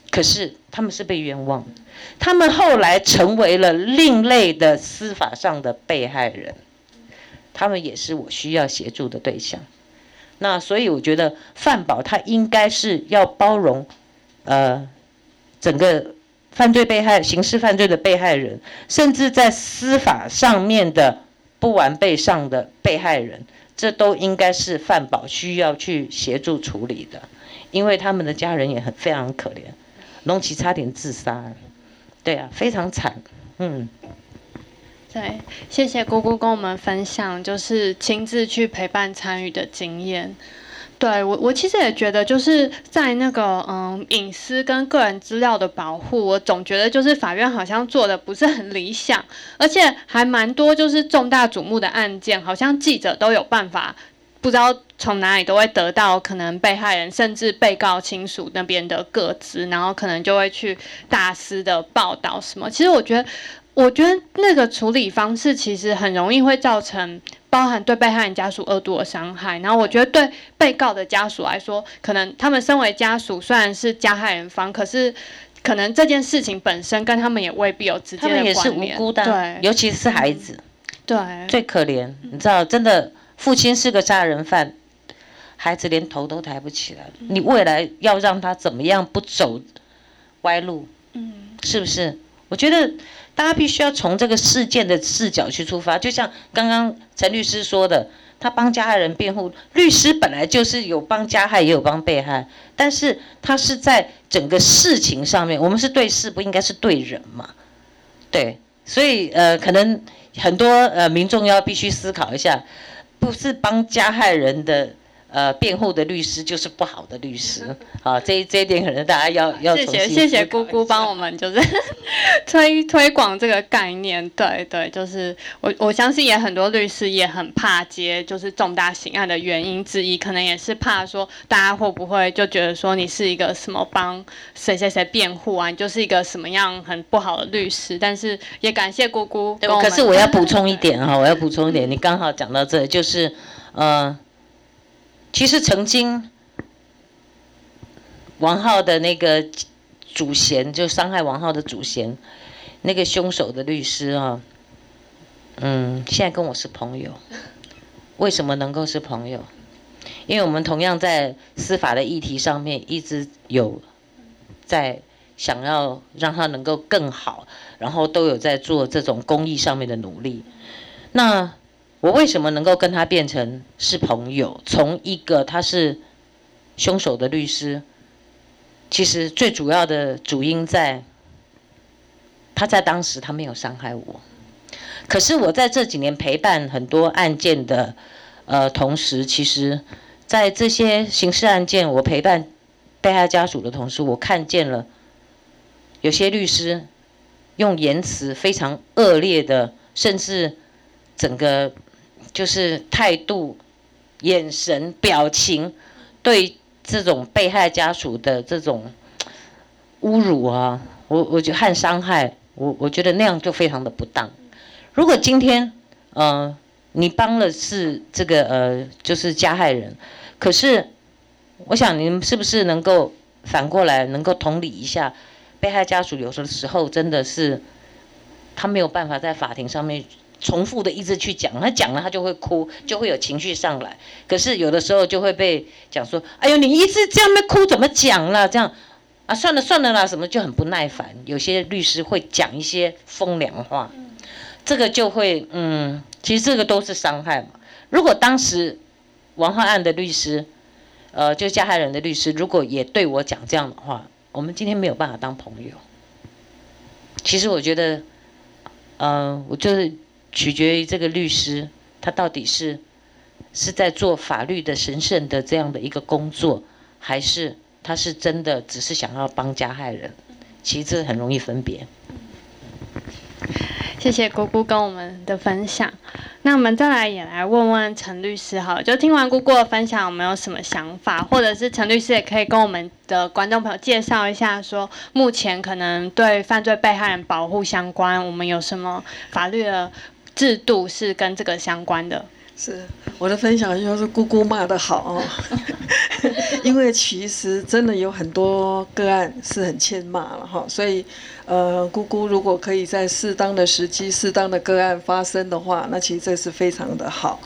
可是他們是被冤枉的。他們後來成為了另類的司法上的被害人。他們也是我需要協助的對象，那所以我覺得犯保他應該是要包容，呃，整個犯罪被害、刑事犯罪的被害人，甚至在司法上面的不完備上的被害人，這都應該是犯保需要去協助處理的，因為他們的家人也很非常可憐，龍奇差點自殺，對啊，非常慘，嗯。對，謝謝姑姑跟我們分享，就是親自去陪伴參與的經驗。對我，我其實也覺得，就是在那個嗯隱私跟個人資料的保護，我總覺得就是法院好像做的不是很理想，而且還蠻多就是重大矚目的案件，好像記者都有辦法，不知道從哪裡都會得到可能被害人甚至被告親屬那邊的個資，然後可能就會去大肆的報道什麼。其實我覺得。我覺得那個處理方式其實很容易會造成包含對被害人家屬惡毒的傷害。然後我覺得對被告的家屬來說，可能他們身為家屬，雖然是加害人方，可是可能這件事情本身跟他們也未必有直接的關聯。他們也是無辜的，對，尤其是孩子，嗯、對，最可憐。你知道，真的父親是個殺人犯，孩子連頭都抬不起來。嗯、你未來要讓他怎麼樣不走歪路？嗯，是不是？我覺得。大家必須要從這個事件的視角去出發，就像剛剛陳律師說的，他幫加害人辯護，律師本來就是有幫加害也有幫被害，但是他是在整個事情上面，我們是對事，不應該是對人嘛。對，所以呃，可能很多呃民眾要必須思考一下，不是幫加害人的。呃，辯護的律師就是不好的律師，好，這這一點可能大家要要。謝謝謝謝姑姑幫我們就是推推廣這個概念，對對，就是我我相信也很多律師也很怕接就是重大刑案的原因之一，可能也是怕說大家會不會就覺得說你是一個什麼幫誰誰誰辯護啊，你就是一個什麼樣很不好的律師。但是也感謝姑姑。對，可是我要補充一點哈、哦，對我要補充一點，你剛好講到這，就是嗯。呃其實曾經，王浩的那個主嫌，就傷害王浩的主嫌，那個兇手的律師啊，嗯，現在跟我是朋友，為什麼能夠是朋友？因為我們同樣在司法的議題上面一直有在想要讓他能夠更好，然後都有在做這種公益上面的努力。那。我為什麼能夠跟他變成是朋友？從一個他是兇手的律師，其實最主要的主因在他在當時他沒有傷害我。可是我在這幾年陪伴很多案件的呃同時，其實，在這些刑事案件我陪伴被害家屬的同時，我看見了有些律師用言辭非常惡劣的，甚至整個。就是態度、眼神、表情，對這種被害家屬的這種侮辱啊，我我覺得很傷害，我我覺得那樣就非常的不當。如果今天，呃，你幫了是這個呃，就是加害人，可是，我想您是不是能夠反過來能夠同理一下，被害家屬有時候時候真的是他沒有辦法在法庭上面。重複的一直去講，他講了他就會哭，就會有情緒上來。可是有的時候就會被講說：“哎呦，你一直這樣子哭，怎麼講啦、啊？”這樣，啊，算了算了啦，什麼就很不耐煩。有些律師會講一些風涼話，嗯、這個就會，嗯，其實這個都是傷害嘛。如果當時王浩案的律師，呃，就加害人的律師，如果也對我講這樣的話，我們今天沒有辦法當朋友。其實我覺得，呃，我就是。取決於這個律師，他到底是是在做法律的神聖的這樣的一個工作，還是他是真的只是想要幫加害人？其實這很容易分別。謝謝姑姑跟我們的分享。那我們再來也來問問陳律師哈，就聽完姑姑的分享，我們有什麼想法？或者是陳律師也可以跟我們的觀眾朋友介紹一下說，說目前可能對犯罪被害人保護相關，我們有什麼法律的？制度是跟這個相關的。是，我的分享就是姑姑罵得好、哦、 因為其實真的有很多個案是很欠罵了哈，所以呃，姑姑如果可以在適當的時機、適當的個案發生的話，那其實這是非常的好。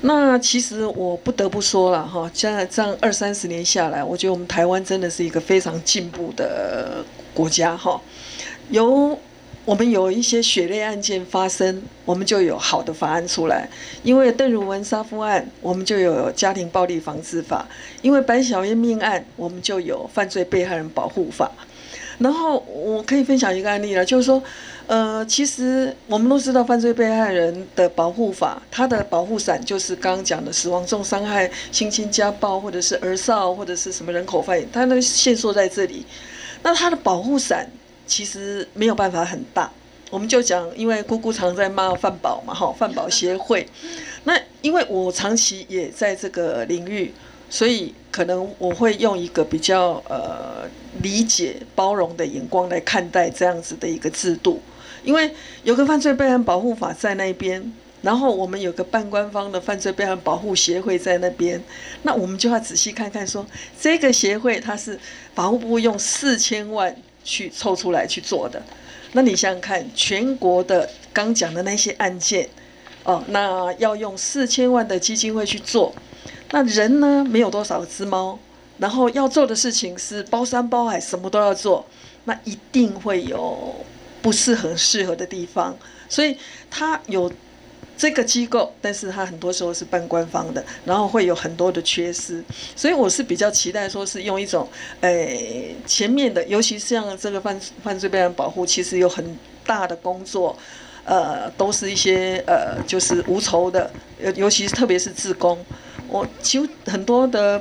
那其實我不得不說了哈，現在這樣二三十年下來，我覺得我們台灣真的是一個非常進步的國家哈，有。我們有一些血淚案件發生，我們就有好的法案出來。因為鄧如雯殺夫案，我們就有家庭暴力防治法；因為白小燕命案，我們就有犯罪被害人保護法。然後我可以分享一個案例了，就是說，呃，其實我們都知道犯罪被害人的保護法，它的保護傘就是剛剛講的死亡、重傷害、性侵家暴，或者是兒少，或者是什麼人口犯他它那個限縮在這裡。那它的保護傘。其實沒有辦法很大，我們就講，因為姑姑常在罵犯保嘛，哈，犯保協會。那因為我長期也在這個領域，所以可能我會用一個比較呃理解包容的眼光來看待這樣子的一個制度，因為有個犯罪被害人保護法在那邊，然後我們有個半官方的犯罪被害人保護協會在那邊，那我們就要仔細看看說，這個協會它是法務部用四千萬。去湊出來去做的。那你想想看，全國的剛講的那些案件，哦，那要用四千萬的基金會去做，那人呢沒有多少隻貓，然後要做的事情是包山包海，什麼都要做，那一定會有不適合、適合的地方，所以他有。這個機構，但是它很多時候是半官方的，然後會有很多的缺失，所以我是比較期待說是用一種，誒、哎，前面的，尤其像這個犯犯罪被害人保護，其實有很大的工作，呃，都是一些呃，就是無酬的，尤其是特別是志工，我其實很多的。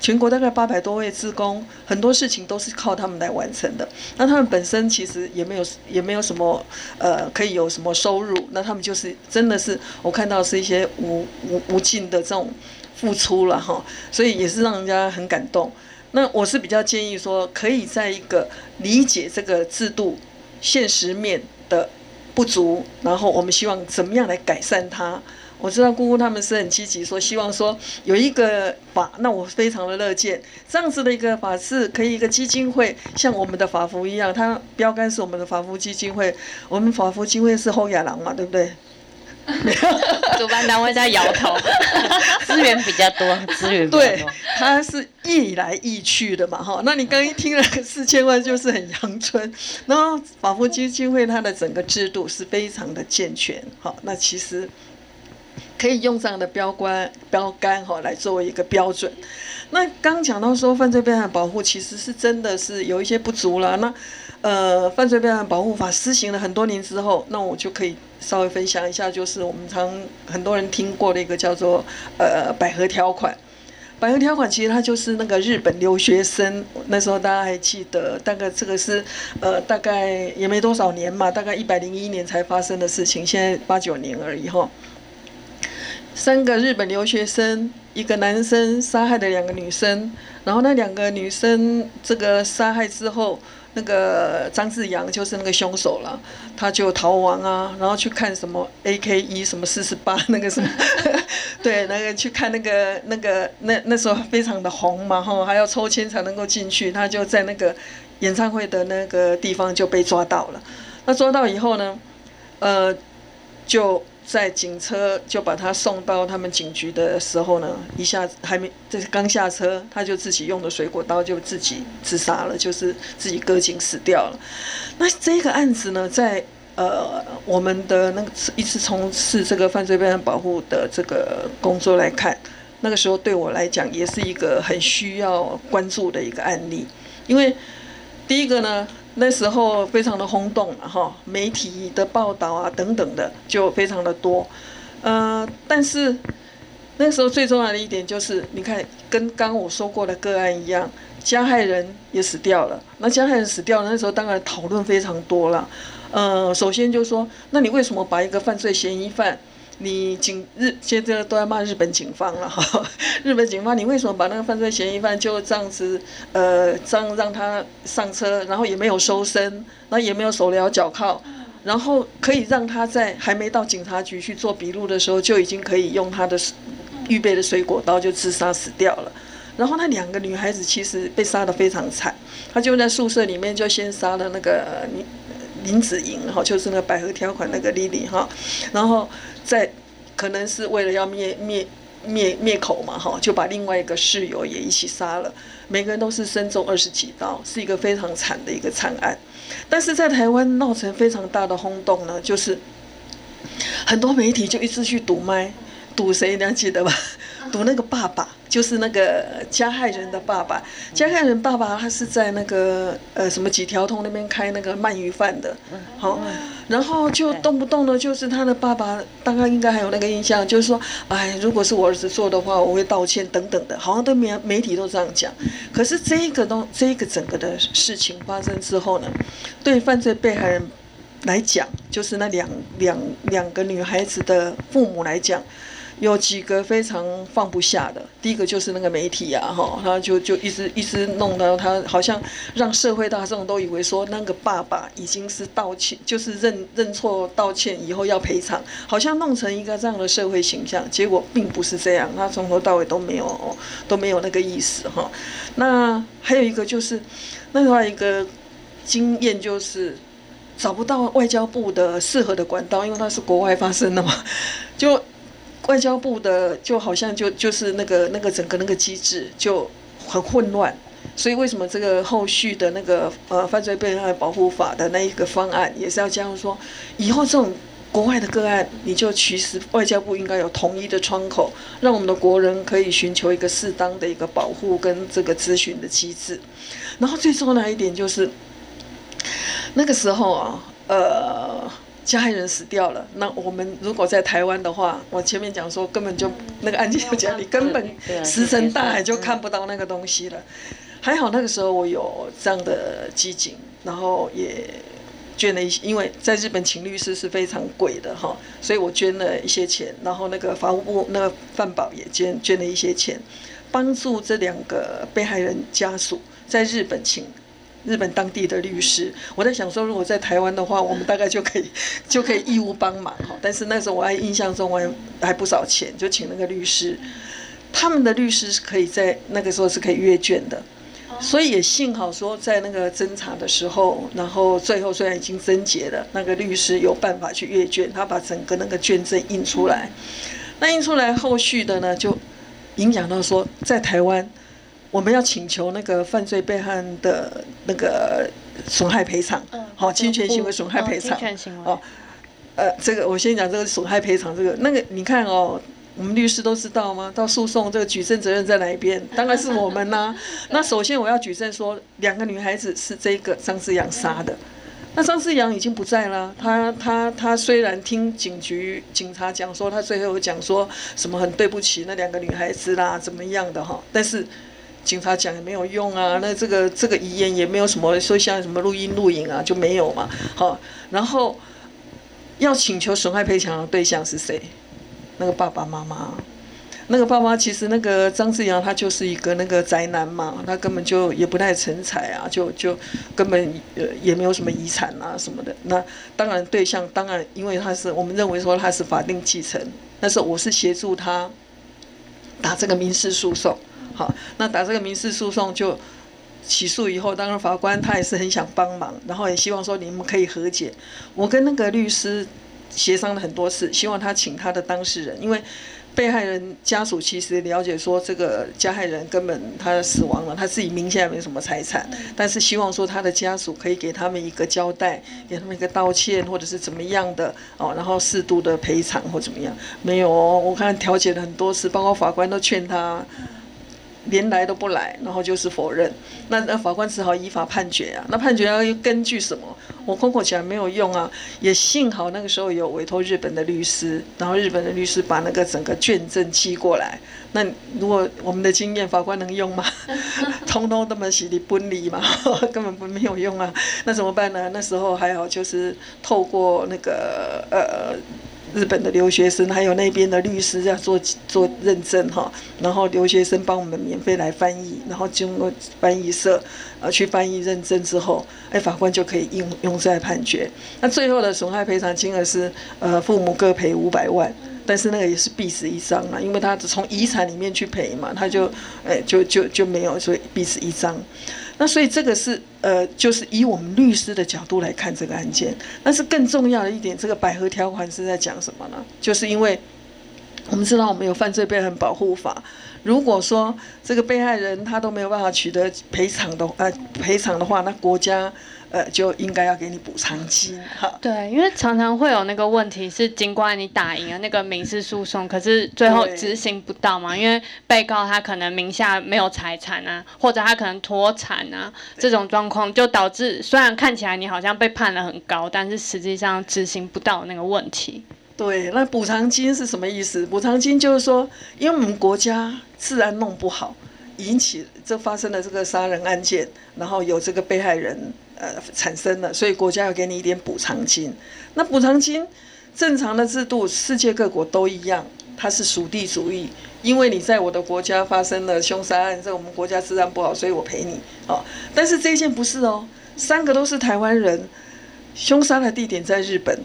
全國大概八百多位志工，很多事情都是靠他們來完成的。那他們本身其實也沒有也沒有什麼，呃，可以有什麼收入。那他們就是真的是，我看到是一些無無無盡的這種付出了哈，所以也是讓人家很感動。那我是比較建議說，可以在一個理解這個制度現實面的不足，然後我們希望怎麼樣來改善它。我知道姑姑他們是很積極，說希望說有一個法，那我非常的樂見這樣子的一個法，是可以一個基金會，像我們的法扶一樣，它標桿是我們的法扶基金會，我們法扶基金會是好野人嘛，對不對？ 主辦單位在搖頭，資 源比較多，資 源比較多 對，它是易來易去的嘛，哈，那你剛一聽了四千萬就是很陽春，然後法扶基金會它的整個制度是非常的健全，好，那其實。可以用這樣的標杆標杆哈、哦，來作為一個標準。那剛講到說犯罪被害人保護其實是真的是有一些不足了。那呃，犯罪被害人保護法施行了很多年之後，那我就可以稍微分享一下，就是我們常很多人聽過的一個叫做呃百合條款。百合條款其實它就是那個日本留學生那時候大家還記得，大概這個是呃大概也沒多少年嘛，大概一百零一年才發生的事情，現在八九年而已哈。三個日本留學生，一個男生殺害了兩個女生，然後那兩個女生這個殺害之後，那個張智揚就是那個凶手了，他就逃亡啊，然後去看什麼 AK 一什麼四十八那個什麼， 對，那個去看那個那個那那時候非常的紅嘛，然後還要抽籤才能夠進去，他就在那個演唱會的那個地方就被抓到了，那抓到以後呢，呃，就。在警車就把他送到他們警局的時候呢，一下子還沒，這是剛下車，他就自己用的水果刀就自己自殺了，就是自己割頸死掉了。那這個案子呢，在呃我們的那個一次從事這個犯罪被害人保護的這個工作來看，那個時候對我來講也是一個很需要關注的一個案例，因為第一個呢。那時候非常的轟動了哈，媒體的報道啊等等的就非常的多，呃，但是那時候最重要的一點就是，你看跟剛剛我說過的個案一樣，加害人也死掉了。那加害人死掉了，那時候當然討論非常多了。呃，首先就是說，那你為什麼把一個犯罪嫌疑犯？你警日現在都在罵日本警方了哈，日本警方，你為什麼把那個犯罪嫌疑犯就這樣子呃這樣讓他上車，然後也沒有搜身，然後也沒有手鐐腳銬，然後可以讓他在還沒到警察局去做筆錄的時候就已經可以用他的預備的水果刀就自殺死掉了。然後那兩個女孩子其實被殺的非常慘，她就在宿舍裡面就先殺了那個林林子瑩哈，就是那個百合條款那個莉莉哈，然後。在，可能是為了要滅滅滅滅口嘛，哈，就把另外一個室友也一起殺了。每個人都是身中二十幾刀，是一個非常慘的一個慘案。但是在台灣鬧成非常大的轟動呢，就是很多媒體就一直去堵麥，堵誰？你要記得吧。讀那個爸爸，就是那個加害人的爸爸。加害人爸爸他是在那個呃什麼幾條通那邊開那個鰻魚飯的，好，然後就動不動呢，就是他的爸爸，大家應該還有那個印象，就是說，哎，如果是我兒子做的話，我會道歉等等的，好像對媒媒體都這樣講。可是這個東這個整個的事情發生之後呢，對犯罪被害人來講，就是那兩兩兩個女孩子的父母來講。有幾個非常放不下的。第一個就是那個媒體呀，哈，他就就一直一直弄到他好像讓社會大眾都以為說，那個爸爸已經是道歉，就是認認錯道歉，以後要賠償，好像弄成一個這樣的社會形象，結果並不是這樣，他從頭到尾都沒有都沒有那個意思，哈。那還有一個就是另外，那個，一個經驗就是找不到外交部的適合的管道，因為他是國外發生的嘛，就。外交部的就好像就就是那個那個整個那個機制就很混亂，所以為什麼這個後續的那個呃犯罪被害保護法的那一個方案也是要加入說，以後這種國外的個案，你就其實外交部應該有統一的窗口，讓我們的國人可以尋求一個適當的一個保護跟這個諮詢的機制。然後最重要的一點就是，那個時候啊，呃。家人死掉了，那我們如果在台灣的話，我前面講說根本就、嗯、那個案件要講，你、嗯、根本石沉大海就看不到那個東西了。嗯、還好那個時候我有這樣的機警，然後也捐了一些，因為在日本請律師是非常貴的哈，所以我捐了一些錢，然後那個法務部那個犯保也捐捐了一些錢，幫助這兩個被害人家屬在日本請。日本當地的律師，我在想說，如果在台灣的話，我們大概就可以就可以義務幫忙哈。但是那時候我還印象中還還不少錢，就請那個律師。他們的律師是可以在那個時候是可以閱卷的，所以也幸好說在那個偵查的時候，然後最後雖然已經偵結了，那個律師有辦法去閱卷，他把整個那個卷證印出來。那印出來後續的呢，就影響到說在台灣。我們要請求那個犯罪被害人的那個損害賠償，好，侵權行為損害賠償，哦，呃，這個我先講這個損害賠償這個，那個你看哦、喔，我們律師都知道嗎？到訴訟這個舉證責任在哪一邊？當然是我們吶、啊。那首先我要舉證說，兩個女孩子是這個張志陽殺的。那張志陽已經不在了，他他他雖然聽警局警察講說，他最後講說什麼很對不起那兩個女孩子啦，怎麼樣的哈、喔，但是。警察講也沒有用啊，那這個這個遺言也沒有什麼，說像什麼錄音錄影啊就沒有嘛，好，然後要請求損害賠償的對象是誰？那個爸爸媽媽，那個爸爸其實那個張志揚他就是一個那個宅男嘛，他根本就也不太成才啊，就就根本也沒有什麼遺產啊什麼的，那當然對象當然因為他是我們認為說他是法定繼承，但是我是協助他打這個民事訴訟。好，那打這個民事訴訟就起訴以後，當然法官他也是很想幫忙，然後也希望說你們可以和解。我跟那個律師協商了很多次，希望他請他的當事人，因為被害人家屬其實了解說這個加害人根本他死亡了，他自己名下也沒什麼財產，但是希望說他的家屬可以給他們一個交代，給他們一個道歉，或者是怎麼樣的哦，然後適度的賠償或怎麼樣。沒有，我看調解了很多次，包括法官都勸他。連來都不來，然後就是否認，那那法官只好依法判決啊。那判決要根據什麼？我空口講沒有用啊。也幸好那個時候有委托日本的律師，然後日本的律師把那個整個卷證寄過來。那如果我們的經驗，法官能用嗎？ 通通那麼洗裡崩離嘛呵呵，根本不沒有用啊。那怎麼辦呢？那時候還好，就是透過那個呃。日本的留學生，還有那邊的律師要做做認證哈，然後留學生幫我們免費來翻譯，然後經過翻譯社呃去翻譯認證之後，哎、欸、法官就可以應用，用在判決。那最後的損害賠償金額是呃父母各賠五百萬，但是那個也是壁紙一張啊，因為他只從遺產裡面去賠嘛，他就哎、欸、就就就沒有所以壁紙一張。那所以這個是呃，就是以我們律師的角度來看這個案件，但是更重要的一點，這個百合條款是在講什麼呢？就是因為我們知道我們有犯罪被害人保護法，如果說這個被害人他都沒有辦法取得賠償的呃賠償的話，那國家。呃，就應該要給你補償金，哈。對，因為常常會有那個問題是，儘管你打贏了，啊、那個民事訴訟，可是最後執行不到嘛，對因為被告他可能名下沒有財產啊，或者他可能脫產啊，這種狀況就導致雖然看起來你好像被判了很高，但是實際上執行不到那個問題。對，那補償金是什麼意思？補償金就是說，因為我們國家治安弄不好，引起這發生了這個殺人案件，然後有這個被害人。呃，產生了，所以國家要給你一點補償金。那補償金正常的制度，世界各國都一樣，它是屬地主義，因為你在我的國家發生了凶殺案，在我們國家治安不好，所以我賠你。哦，但是這一件不是哦，三個都是台灣人，凶殺的地點在日本，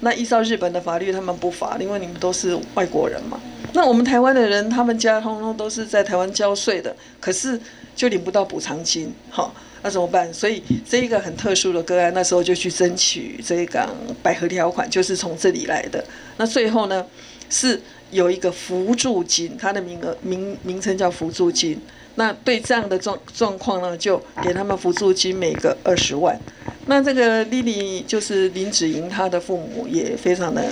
那依照日本的法律，他們不罰，因為你們都是外國人嘛。那我們台灣的人，他們家通通都是在台灣交稅的，可是就領不到補償金，哈、哦。那怎麼辦？所以這一個很特殊的個案，那時候就去爭取這一項百合條款，就是從這裡來的。那最後呢，是有一個扶助金，它的名額名名稱叫扶助金。那對這樣的狀狀況呢，就給他們扶助金每個二十萬。那這個莉莉就是林子瑩，她的父母也非常的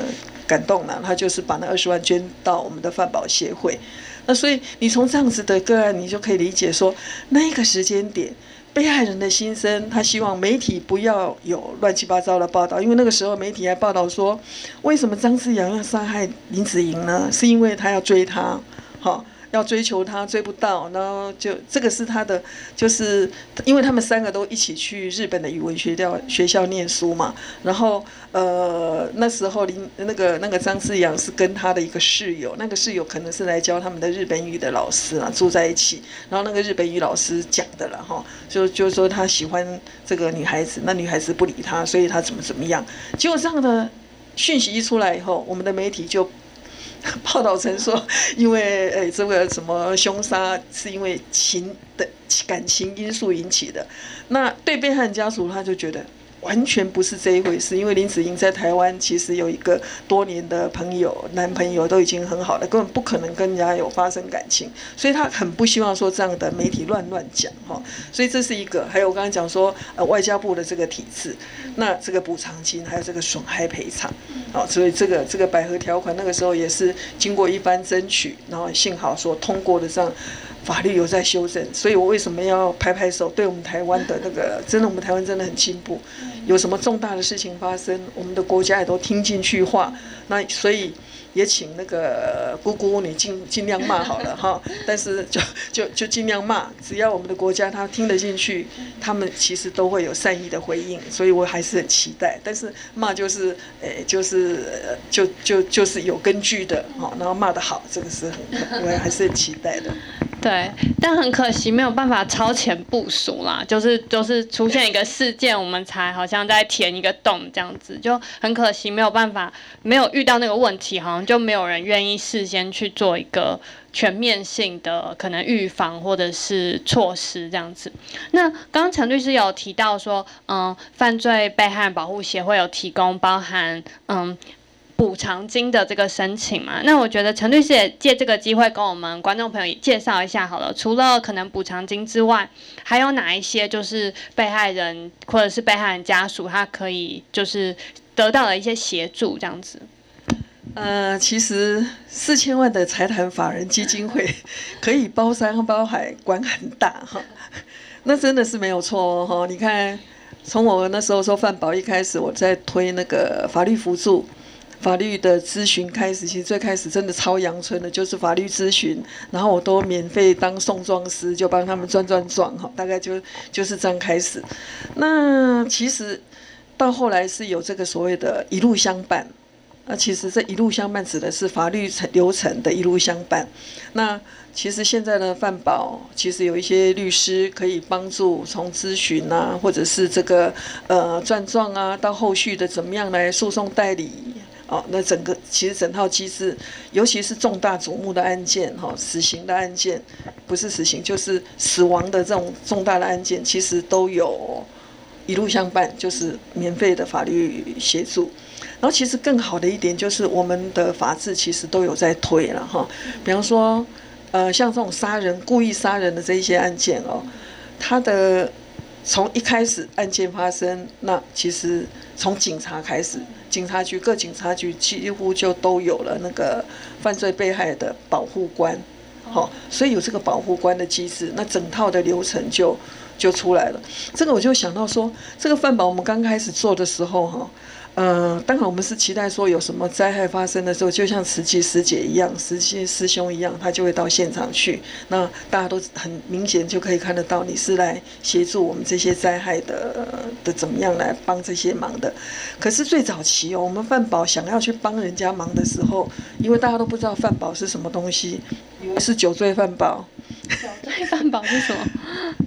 感動了，她就是把那二十萬捐到我們的犯保協會。那所以你從這樣子的個案，你就可以理解說，那個時間點。被害人的心聲，他希望媒體不要有亂七八糟的報道，因為那個時候媒體還報道說，為什麼張思揚要殺害林子瑩呢？是因為他要追她，好、哦。要追求他追不到，然後就這個是他的，就是因為他們三個都一起去日本的語文學校學校念書嘛，然後呃那時候林那個那個張思陽是跟他的一個室友，那個室友可能是來教他們的日本語的老師啊住在一起，然後那個日本語老師講的了哈，就就是說他喜歡這個女孩子，那女孩子不理他，所以他怎麼怎麼樣，結果這樣的訊息一出來以後，我們的媒體就。報道成說，因為哎，這個什麼兇殺是因為情的感情因素引起的，那對被害人家屬他就覺得。完全不是這一回事，因為林子英在台灣其實有一個多年的朋友、男朋友都已經很好了，根本不可能跟人家有發生感情，所以他很不希望說這樣的媒體亂亂講哈。所以這是一個，還有我剛才講說呃外交部的這個體制，那這個補償金還有這個損害賠償，啊。所以這個這個百合條款那個時候也是經過一番爭取，然後幸好說通過的這樣。法律有在修正，所以我為什麼要拍拍手？對我們台灣的那個，真的我們台灣真的很進步。有什麼重大的事情發生，我們的國家也都聽進去話。那所以也請那個姑姑你盡盡量罵好了哈，但是就就就盡量罵，只要我們的國家他聽得進去，他們其實都會有善意的回應。所以我還是很期待，但是罵就是誒、欸、就是就就就是有根據的哈，然後罵得好，這個是很我還是很期待的。對，但很可惜沒有辦法超前部署啦，就是就是出現一個事件，我們才好像在填一個洞這樣子，就很可惜沒有辦法，沒有遇到那個問題，好像就沒有人願意事先去做一個全面性的可能預防或者是措施這樣子。那剛剛陳律師有提到說，嗯，犯罪被害人保護協會有提供包含，嗯。補償金的這個申請嘛，那我覺得陳律師也借這個機會跟我們觀眾朋友介紹一下好了。除了可能補償金之外，還有哪一些就是被害人或者是被害人家屬他可以就是得到了一些協助這樣子？呃，其實四千萬的財團法人基金會可以包山包海，管很大哈。那真的是沒有錯哦。你看，從我那時候說犯保一開始，我在推那個法律扶助。法律的諮詢開始，其實最開始真的超陽春的，就是法律諮詢，然後我都免費當送狀師，就幫他們撰撰狀哈，大概就就是這樣開始。那其實到後來是有這個所謂的“一路相伴”，那、啊、其實這一路相伴指的是法律程流程的一路相伴。那其實現在的法扶，其實有一些律師可以幫助從諮詢啊，或者是這個呃撰狀啊，到後續的怎麼樣來訴訟代理。哦、喔，那整個其實整套機制，尤其是重大矚目的案件，哈、喔，死刑的案件，不是死刑就是死亡的這種重大的案件，其實都有一路相伴，就是免費的法律協助。然後其實更好的一點就是我們的法制其實都有在推了哈、喔，比方說，呃，像這種殺人、故意殺人的這一些案件哦、喔，他的從一開始案件發生，那其實。從警察開始，警察局各警察局幾乎就都有了那個犯罪被害的保護官，好，所以有這個保護官的機制，那整套的流程就就出來了。這個我就想到說，這個法扶我們剛開始做的時候哈。嗯、呃，當然我們是期待說有什麼災害發生的時候，就像慈濟師姐一樣，慈濟師兄一樣，他就會到現場去。那大家都很明顯就可以看得到，你是來協助我們這些災害的的怎麼樣來幫這些忙的。可是最早期哦、喔，我們犯保想要去幫人家忙的時候，因為大家都不知道犯保是什麼東西，以為是酒醉飯飽。酒醉飯飽是什麼？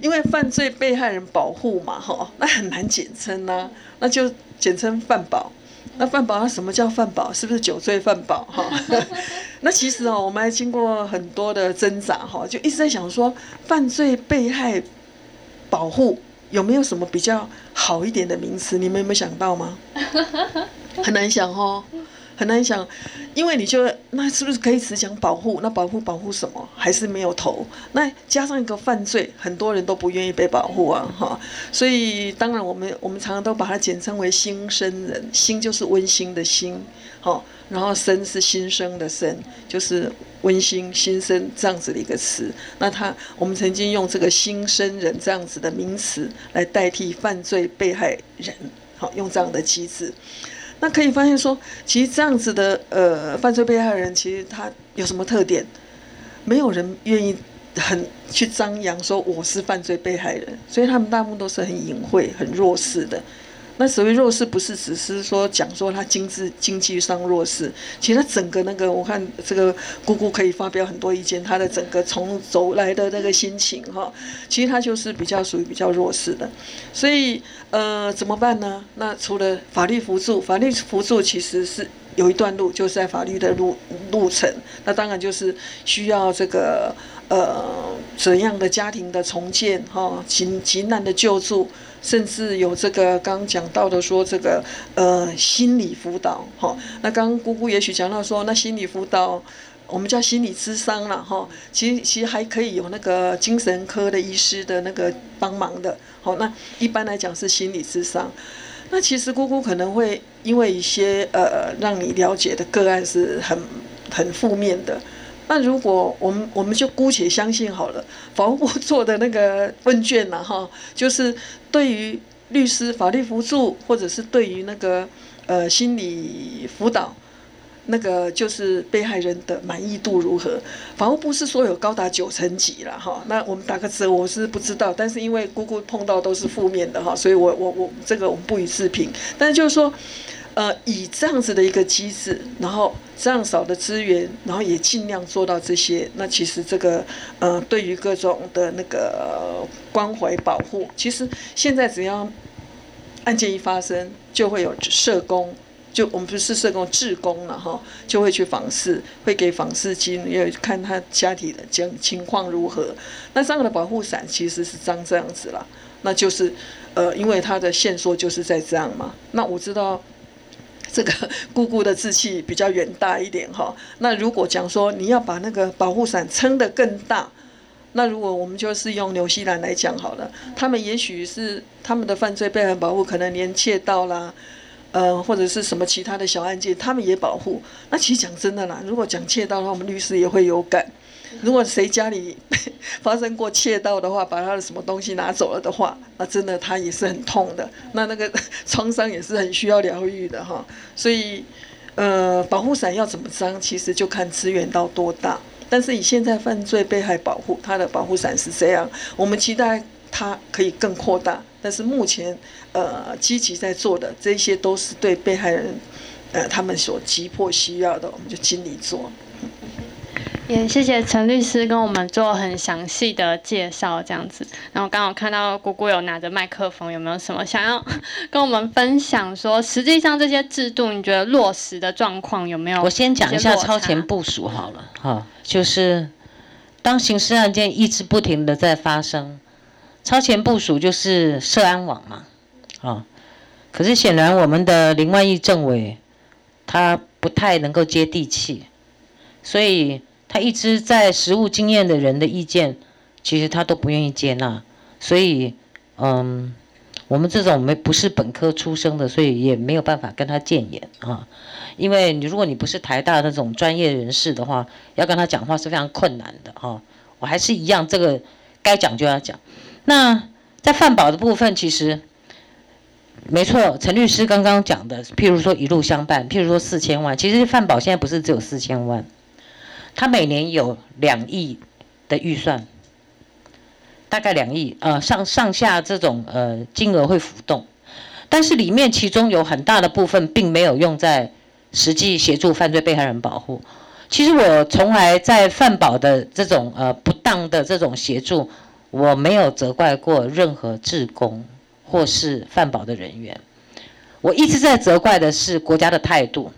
因為犯罪被害人保護嘛，那很難簡稱吶、啊，那就。簡稱犯保。那犯保它，什麼叫犯保？是不是酒醉飯飽？哈， 那其實哦，我們還經過很多的掙扎，哈，就一直在想說，犯罪被害保護有沒有什麼比較好一點的名詞？你們有沒有想到嗎？ 很難想哦。很難想，因為你就那是不是可以只講保護？那保護保護什麼？還是沒有頭？那加上一個犯罪，很多人都不願意被保護啊！哈，所以當然我們我們常常都把它簡稱為「馨生人」，「馨」就是溫馨的「馨」，哈，然後“生”是新生的“生”，就是溫馨新生這樣子的一個詞。那他我們曾經用這個「馨生人」這樣子的名詞來代替犯罪被害人，好，用這樣的機制。那可以發現說，其實這樣子的呃犯罪被害人，其實他有什麼特點？沒有人願意很去張揚說我是犯罪被害人，所以他們大部分都是很隱晦、很弱勢的。那所謂弱勢，不是只是說講說他經濟經濟上弱勢，其實他整個那個，我看這個姑姑可以發表很多意見，他的整個從走來的那個心情哈，其實他就是比較屬於比較弱勢的，所以呃怎麼辦呢？那除了法律扶助，法律扶助其實是有一段路，就是在法律的路路程，那當然就是需要這個呃怎樣的家庭的重建哈，急急難的救助。甚至有這個剛剛講到的說這個呃心理輔導哈，那剛剛姑姑也許講到說那心理輔導，我們叫心理諮商啦哈，其實其實還可以有那個精神科的醫師的那個幫忙的，好，那一般來講是心理諮商，那其實姑姑可能會因為一些呃讓你了解的個案是很很負面的。那如果我們我們就姑且相信好了，法務部做的那個問卷呢，哈，就是對於律師法律扶助或者是對於那個呃心理輔導，那個就是被害人的滿意度如何？法務部是說有高達九成幾了哈。那我們打個折，我是不知道，但是因為姑姑碰到都是負面的哈，所以我我我這個我們不予置評。但是就是說。呃，以這樣子的一個機制，然後這樣少的資源，然後也盡量做到這些。那其實這個，呃，對於各種的那個關懷保護，其實現在只要案件一發生，就會有社工，就我們不是社工，志工了哈，就會去訪視，會給訪視金，要看他家庭的情情況如何。那這樣的保護傘其實是長這樣子了，那就是，呃，因為他的線索就是在這樣嘛。那我知道。這個姑姑的志氣比較遠大一點哈。那如果講說你要把那個保護傘撐得更大，那如果我們就是用紐西蘭來講好了，他們也許是他們的犯罪被害人保護可能連竊盜啦，嗯、呃、或者是什麼其他的小案件，他們也保護。那其實講真的啦，如果講竊盜的話，我們律師也會有感。如果誰家裡發生過竊盜的話，把他的什麼東西拿走了的話，那真的他也是很痛的，那那個創傷也是很需要療癒的哈。所以，呃，保護傘要怎麼張，其實就看資源到多大。但是以現在犯罪被害保護，他的保護傘是這樣，我們期待他可以更擴大。但是目前，呃，積極在做的這些，都是對被害人，呃，他們所急迫需要的，我們就盡力做。也謝謝陳律師跟我們做很詳細的介紹，這樣子。然後剛好看到姑姑有拿着麥克風，有沒有什麼想要跟我們分享？說實際上這些制度，你覺得落實的狀況有沒有？我先講一下超前部署好了，哈、嗯哦，就是當刑事案件一直不停的在發生，超前部署就是社安網嘛，啊、哦。可是顯然我們的林萬億政委他不太能夠接地氣，所以。他一直在實務經驗的人的意見，其實他都不願意接納，所以，嗯，我們這種沒不是本科出生的，所以也沒有辦法跟他建言啊、哦。因為你如果你不是台大的那種專業人士的話，要跟他講話是非常困難的哈、哦。我還是一樣，這個該講就要講。那在犯保的部分，其實沒錯，陳律師剛剛講的，譬如說一路相伴，譬如說四千萬，其實犯保現在不是只有四千萬。他每年有兩億的預算，大概兩億，呃，上上下這種呃金額會浮動，但是裡面其中有很大的部分並沒有用在實際協助犯罪被害人保護。其實我從來在犯保的這種呃不當的這種協助，我沒有責怪過任何志工或是犯保的人員，我一直在責怪的是國家的態度，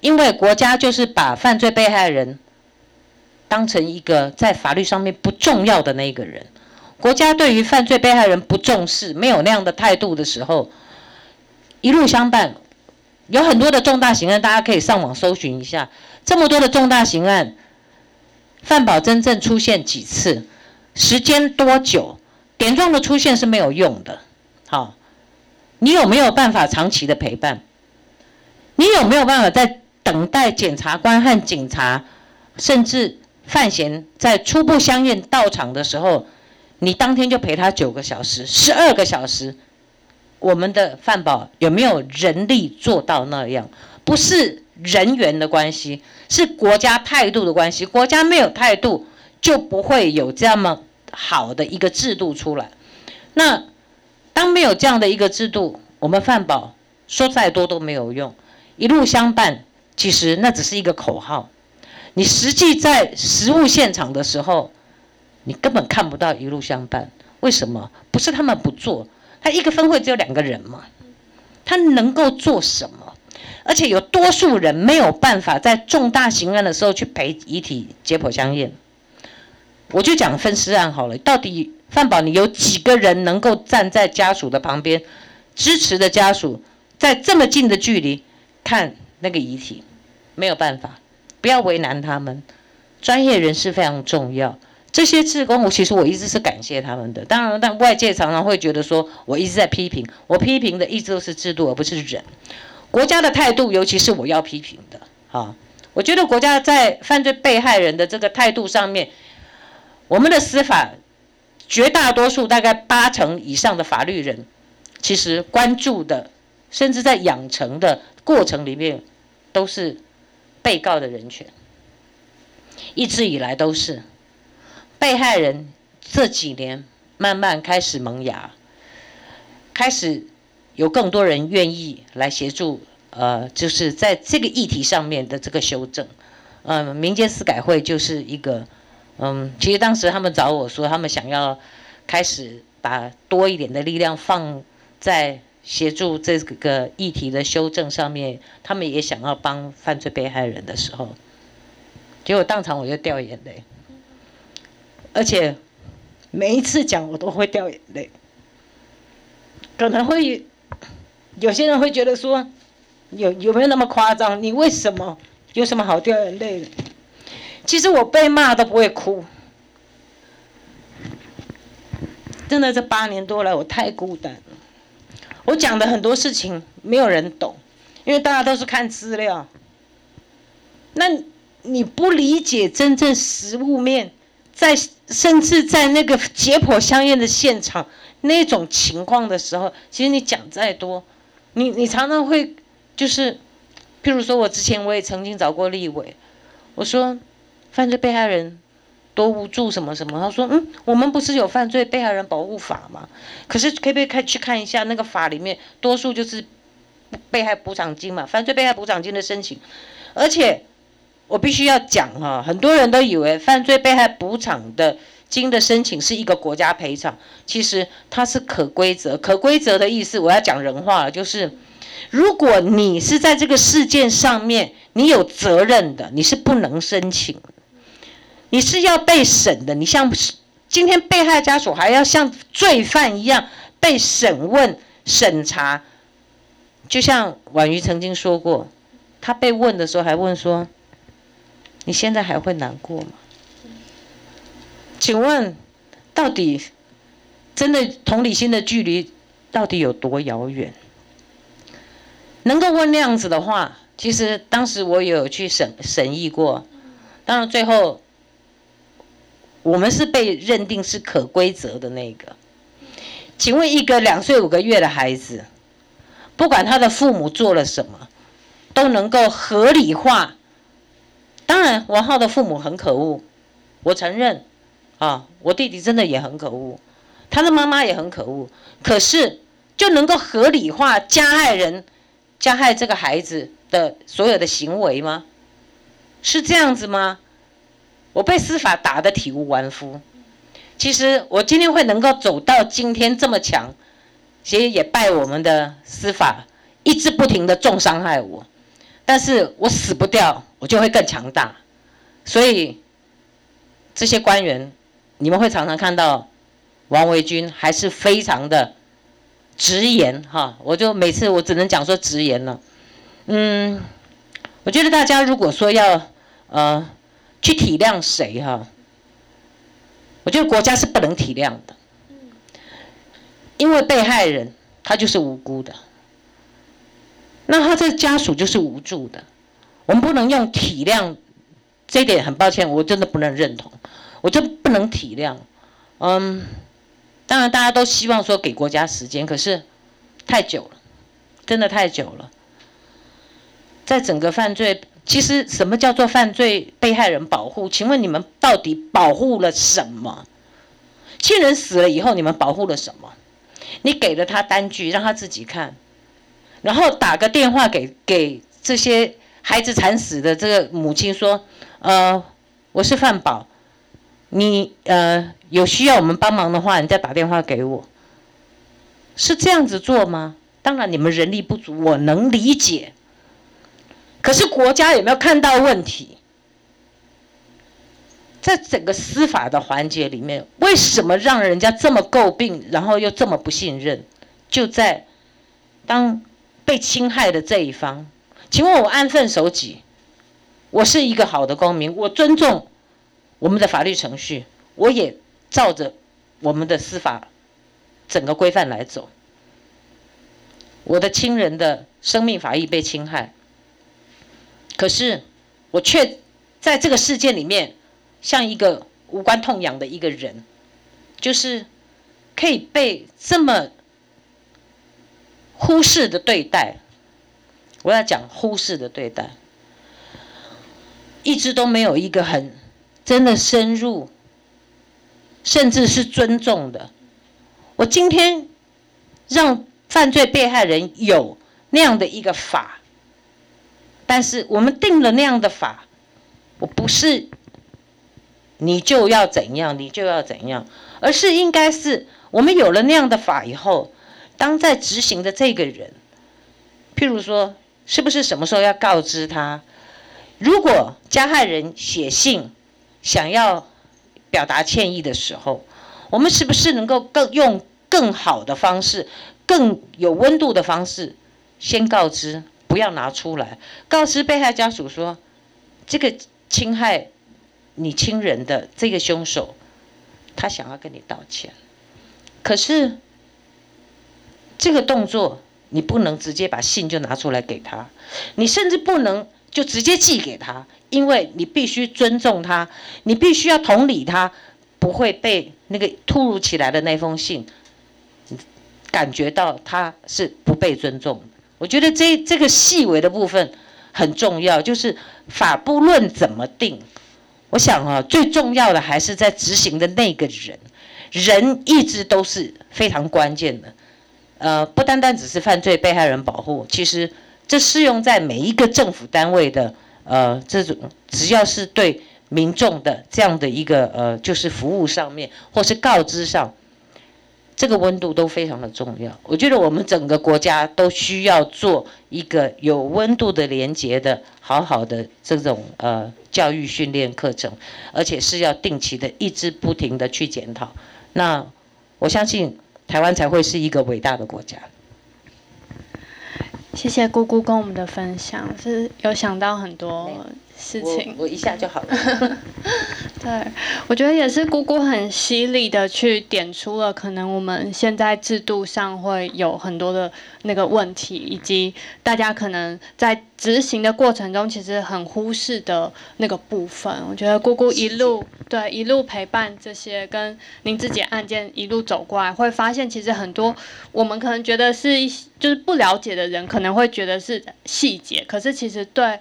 因為國家就是把犯罪被害人，當成一個在法律上面不重要的那個人，國家對於犯罪被害人不重視，沒有那樣的態度的時候，一路相伴，有很多的重大刑案，大家可以上網搜尋一下，這麼多的重大刑案，犯保真正出現幾次，時間多久？點狀的出現是沒有用的。好，你有沒有辦法長期的陪伴？你有沒有辦法在等待檢察官和警察，甚至，范閑在初步相驗，到場的時候，你當天就陪他九個小時、十二個小時，我們的犯保有沒有人力做到那樣？不是人員的關係，是國家態度的關係。國家沒有態度，就不會有這麼好的一個制度出來。那當沒有這樣的一個制度，我們犯保說再多都沒有用。一路相伴，其實那只是一個口號。你實際在實務現場的時候，你根本看不到一路相伴。為什麼？不是他們不做，他一個分會只有兩個人嘛，他能夠做什麼？而且有多數人沒有辦法在重大刑案的時候去陪遺體解剖、相驗。我就講分屍案好了，到底范寶，你有幾個人能夠站在家屬的旁邊，支持的家屬在這麼近的距離看那個遺體，沒有辦法。不要為難他們，專業人士非常重要。這些志工，我其實我一直是感謝他們的。當然，但外界常常會覺得說，我一直在批評，我批評的一直都是制度，而不是人。國家的態度，尤其是我要批評的啊，我覺得國家在犯罪被害人的這個態度上面，我們的司法絕大多數大概八成以上的法律人，其實關注的，甚至在養成的過程裡面，都是。被告的人權，一直以來都是被害人。這幾年慢慢開始萌芽，開始有更多人願意來協助。呃，就是在這個議題上面的這個修正，嗯、呃，民間司改會就是一個。嗯，其實當時他們找我說，他們想要開始把多一點的力量放在協助這個議題的修正上面，他們也想要幫犯罪被害人的時候，結果當場我就掉眼淚，而且每一次講我都會掉眼淚，可能會有些人會覺得說，有有沒有那麼誇張？你為什麼有什麼好掉眼淚的？其實我被罵都不會哭，真的，這八年多了，我太孤單了。我講的很多事情沒有人懂，因為大家都是看資料。那你不理解真正實務面，在甚至在那個解剖相驗的現場那種情況的時候，其實你講再多，你你常常會就是，譬如說我之前我也曾經找過立委，我說，犯罪被害人。多無助什麼什麼？他說，嗯，我們不是有犯罪被害人保護法嗎？可是可以不可以去看一下那個法裡面，多數就是被害補償金嘛，犯罪被害補償金的申請。而且我必須要講啊，很多人都以為犯罪被害補償的金的申請是一個國家賠償，其實它是可歸責。可歸責的意思，我要講人話就是如果你是在這個事件上面你有責任的，你是不能申請。你是要被審的，你像今天被害家屬還要像罪犯一樣被審問、審查，就像薇君曾經說過，她被問的時候還問說：“你現在還會難過嗎？”請問，到底真的同理心的距離到底有多遙遠？能夠問那樣子的話，其實當時我也有去審審議過，當然最後。我們是被認定是可歸責的那個。請問，一個兩歲五個月的孩子，不管他的父母做了什麼，都能夠合理化？當然，王浩的父母很可惡，我承認。啊，我弟弟真的也很可惡，他的媽媽也很可惡。可是，就能夠合理化加害人加害這個孩子的所有的行為嗎？是這樣子嗎？我被司法打得體無完膚，其實我今天會能夠走到今天這麼強，其實也拜我們的司法一直不停的重傷害我，但是我死不掉，我就會更強大。所以這些官員，你們會常常看到，王薇君還是非常的直言哈，我就每次我只能講說直言了，嗯，我覺得大家如果說要，呃。去體諒誰哈？我覺得國家是不能體諒的，因為被害人他就是無辜的，那他這家屬就是無助的。我們不能用體諒，這一點很抱歉，我真的不能認同，我真的不能體諒。嗯，當然大家都希望說給國家時間，可是太久了，真的太久了，在整個犯罪。其實，什麼叫做犯罪被害人保護？請問你們到底保護了什麼？親人死了以後，你們保護了什麼？你給了他單據，讓他自己看，然後打個電話給給這些孩子慘死的這個母親說：“呃，我是犯保，你呃有需要我們幫忙的話，你再打電話給我。”是這樣子做嗎？當然，你們人力不足，我能理解。可是國家有沒有看到問題？在整個司法的環節裡面，為什麼讓人家這麼詬病，然後又這麼不信任？就在當被侵害的這一方，請問我安分守己，我是一個好的公民，我尊重我們的法律程序，我也照着我們的司法整個規範來走。我的親人的生命、法益被侵害，可是，我卻在這個世界裡面，像一個無關痛癢的一個人，就是可以被這麼忽視的對待。我要講忽視的對待，一直都沒有一個很真的深入，甚至是尊重的。我今天讓犯罪被害人有那樣的一個法。但是我們定了那樣的法，我不是你就要怎樣，你就要怎樣，而是應該是我們有了那樣的法以後，當在執行的這個人，譬如說，是不是什麼時候要告知他，如果加害人寫信想要表達歉意的時候，我們是不是能夠更用更好的方式、更有溫度的方式先告知？不要拿出來，告知被害家屬說，這個侵害你親人的這個兇手，他想要跟你道歉，可是這個動作你不能直接把信就拿出來給他，你甚至不能就直接寄給他，因為你必須尊重他，你必須要同理他，不會被那個突如其來的那封信感覺到他是不被尊重的。我覺得這這個細微的部分很重要，就是法不論怎麼定，我想啊，最重要的還是在執行的那個人，人一直都是非常關鍵的。呃，不單單只是犯罪被害人保護，其實這適用在每一個政府單位的，呃，這種只要是對民眾的這樣的一個呃，就是服務上面或是告知上。這個溫度都非常的重要，我覺得我們整個國家都需要做一個有溫度的連接的，好好的這種呃教育訓練課程，而且是要定期的一直不停的去檢討。那我相信台灣才會是一個偉大的國家。謝謝姑姑跟我們的分享，就是有想到很多。事情我，我一下就好了。 對，我覺得也是姑姑很犀利的去點出了可能我們現在制度上會有很多的那個問題，以及大家可能在執行的過程中其實很忽視的那個部分。我覺得姑姑一路細節對，一路陪伴這些跟您自己案件一路走過來，會發現其實很多我們可能覺得是就是不了解的人可能會覺得是細節，可是其實對。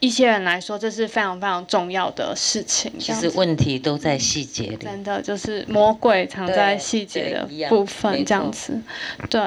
一些人來說，這是非常非常重要的事情。其實問題都在細節裡。真的，就是魔鬼藏在細節的部分，這樣子。對，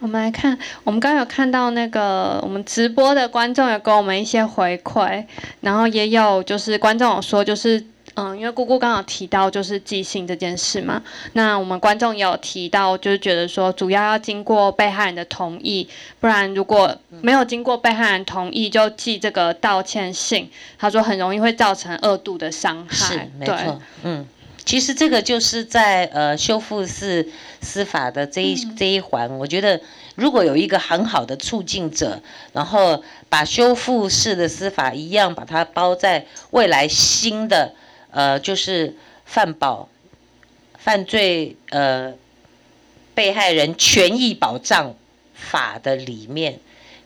我們來看，我們剛有看到那個我們直播的觀眾有給我們一些回饋，然後也有就是觀眾有說就是。嗯，因為姑姑剛好提到就是寄信這件事嘛，那我們觀眾也有提到，就是覺得說主要要經過被害人的同意，不然如果沒有經過被害人同意就寄這個道歉信，他說很容易會造成二度的傷害。是對沒錯。嗯，其實這個就是在呃修復式司法的這一、嗯、這一環，我覺得如果有一個很好的促進者，然後把修復式的司法一樣把它包在未來新的。呃，就是犯保、犯罪呃被害人權益保障法的裡面，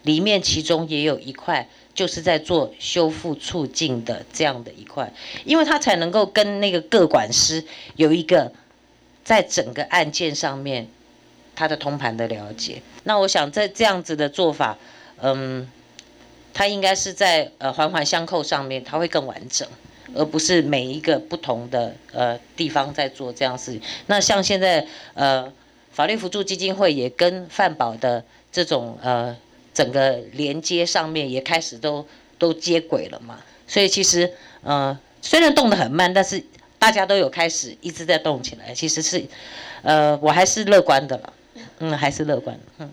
裡面其中也有一塊就是在做修復促進的這樣的一塊，因為他才能夠跟那個個管師有一個在整個案件上面他的通盤的了解。那我想在這樣子的做法，嗯、呃，他應該是在呃環環相扣上面，他會更完整。而不是每一個不同的呃地方在做這樣事情。那像現在呃法律扶助基金會也跟犯保的這種呃整個連接上面也開始都都接軌了嘛。所以其實呃雖然動得很慢，但是大家都有開始一直在動起來。其實是呃我還是樂觀的了，嗯還是樂觀的。嗯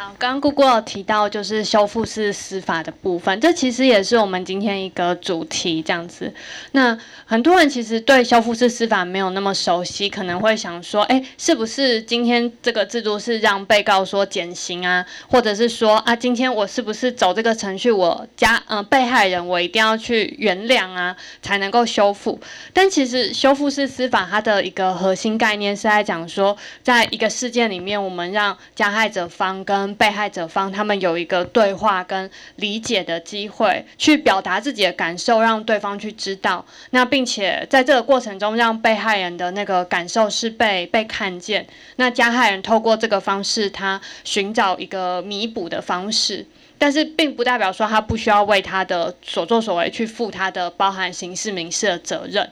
好，剛剛姑姑有提到就是修復式司法的部分，這其實也是我們今天一個主題這樣子。那很多人其實對修復式司法沒有那麼熟悉，可能會想說，哎、欸，是不是今天這個制度是讓被告說減刑啊，或者是說啊，今天我是不是走這個程序，我加嗯、呃、被害人我一定要去原諒啊，才能夠修復？但其實修復式司法它的一個核心概念是在講說，在一個事件裡面，我們讓加害者方跟被害者方他們有一個對話跟理解的機會，去表達自己的感受，讓對方去知道。那並且在這個過程中，讓被害人的那個感受是被被看見。那加害人透過這個方式，他尋找一個彌補的方式，但是並不代表說他不需要為他的所作所為去負他的包含刑事、民事的責任。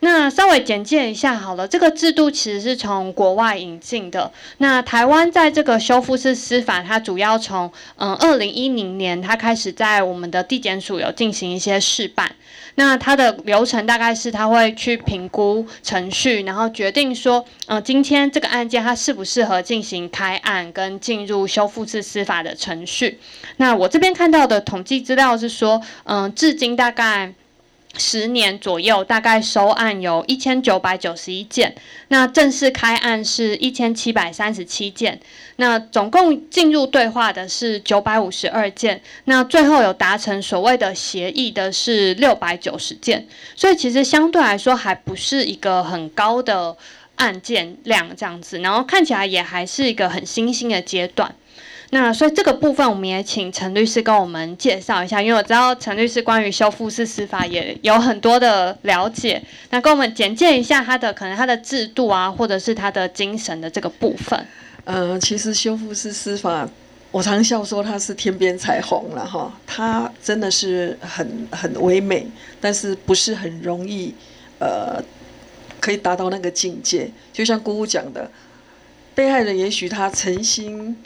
那稍微簡介一下好了，這個制度其實是從國外引進的。那台灣在這個修復式司法，它主要從嗯二零一零年，它開始在我們的地檢署有進行一些試辦。那它的流程大概是它會去評估程序，然後決定說，嗯，今天這個案件它適不適合進行開案跟進入修復式司法的程序。那我這邊看到的統計資料是說，嗯，至今大概。十年左右，大概收案有一千九百九十一件。那正式開案是一千七百三十七件。那總共進入對話的是九百五十二件。那最後有達成所謂的協議的是六百九十件。所以其實相對來說，還不是一個很高的案件量這樣子。然後看起來也還是一個很新興的階段。那所以這個部分，我們也請陳律師跟我們介紹一下，因為我知道陳律師關於修復式司法也有很多的了解，那跟我們簡介一下他的可能他的制度啊，或者是他的精神的這個部分。嗯、呃，其實修復式司法，我常笑說它是天邊彩虹了哈，它真的是很很唯美，但是不是很容易呃可以達到那個境界。就像姑姑講的，被害人也許他誠心。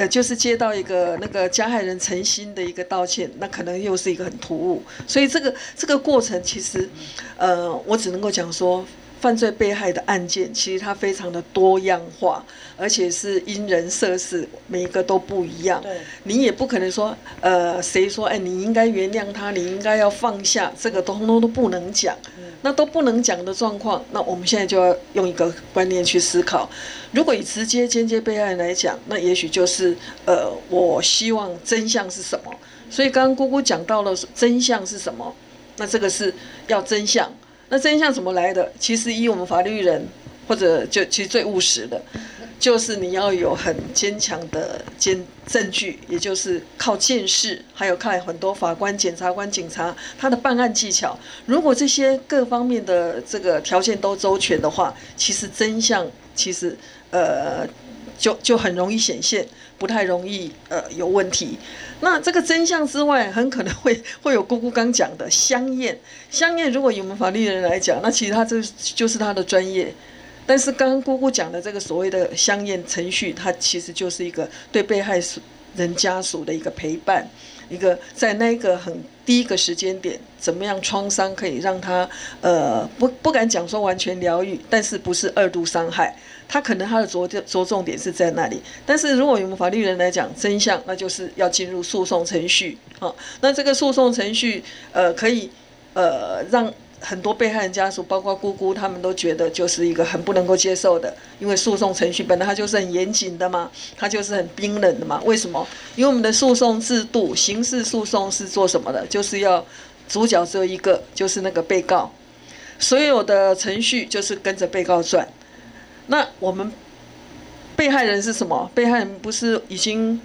呃，就是接到一個那個加害人誠心的一個道歉，那可能又是一個很突兀，所以這個這個過程其實，呃，我只能夠講說。犯罪被害的案件，其實它非常的多樣化，而且是因人設事，每一個都不一樣。對，你也不可能說，呃，誰說，哎、欸，你應該原諒他，你應該要放下，這個通通都不能講。那都不能講的狀況，那我們現在就要用一個觀念去思考。如果以直接、間接被害人來講，那也許就是，呃，我希望真相是什麼？所以剛剛姑姑講到了真相是什麼，那這個是要真相。那真相怎麼來的？其實以我們法律人，或者就其實最務實的，就是你要有很堅強的堅證據，也就是靠鑑識，還有靠很多法官、檢察官、警察他的辦案技巧。如果這些各方面的這個條件都周全的話，其實真相其實呃。就就很容易顯現，不太容易呃有問題。那這個真相之外，很可能會會有姑姑剛講的相驗。相驗如果以我們法律人來講，那其實他這就是他的專業。但是剛剛姑姑講的這個所謂的相驗程序，它其實就是一個對被害人家屬的一個陪伴，一個在那個很第一個時間點，怎麼樣創傷可以讓他呃不不敢講說完全療癒，但是不是二度傷害。他可能他的着着重點是在那裡，但是如果我們法律人來講真相，那就是要進入訴訟程序啊、哦。那這個訴訟程序，呃，可以呃讓很多被害人家屬，包括姑姑，他們都覺得就是一個很不能夠接受的，因為訴訟程序本來它就是很嚴謹的嘛，它就是很冰冷的嘛。為什麼？因為我們的訴訟制度，刑事訴訟是做什麼的？就是要主角只有一個，就是那個被告，所有的程序就是跟着被告轉。那我們被害人是什麼？被害人不是已經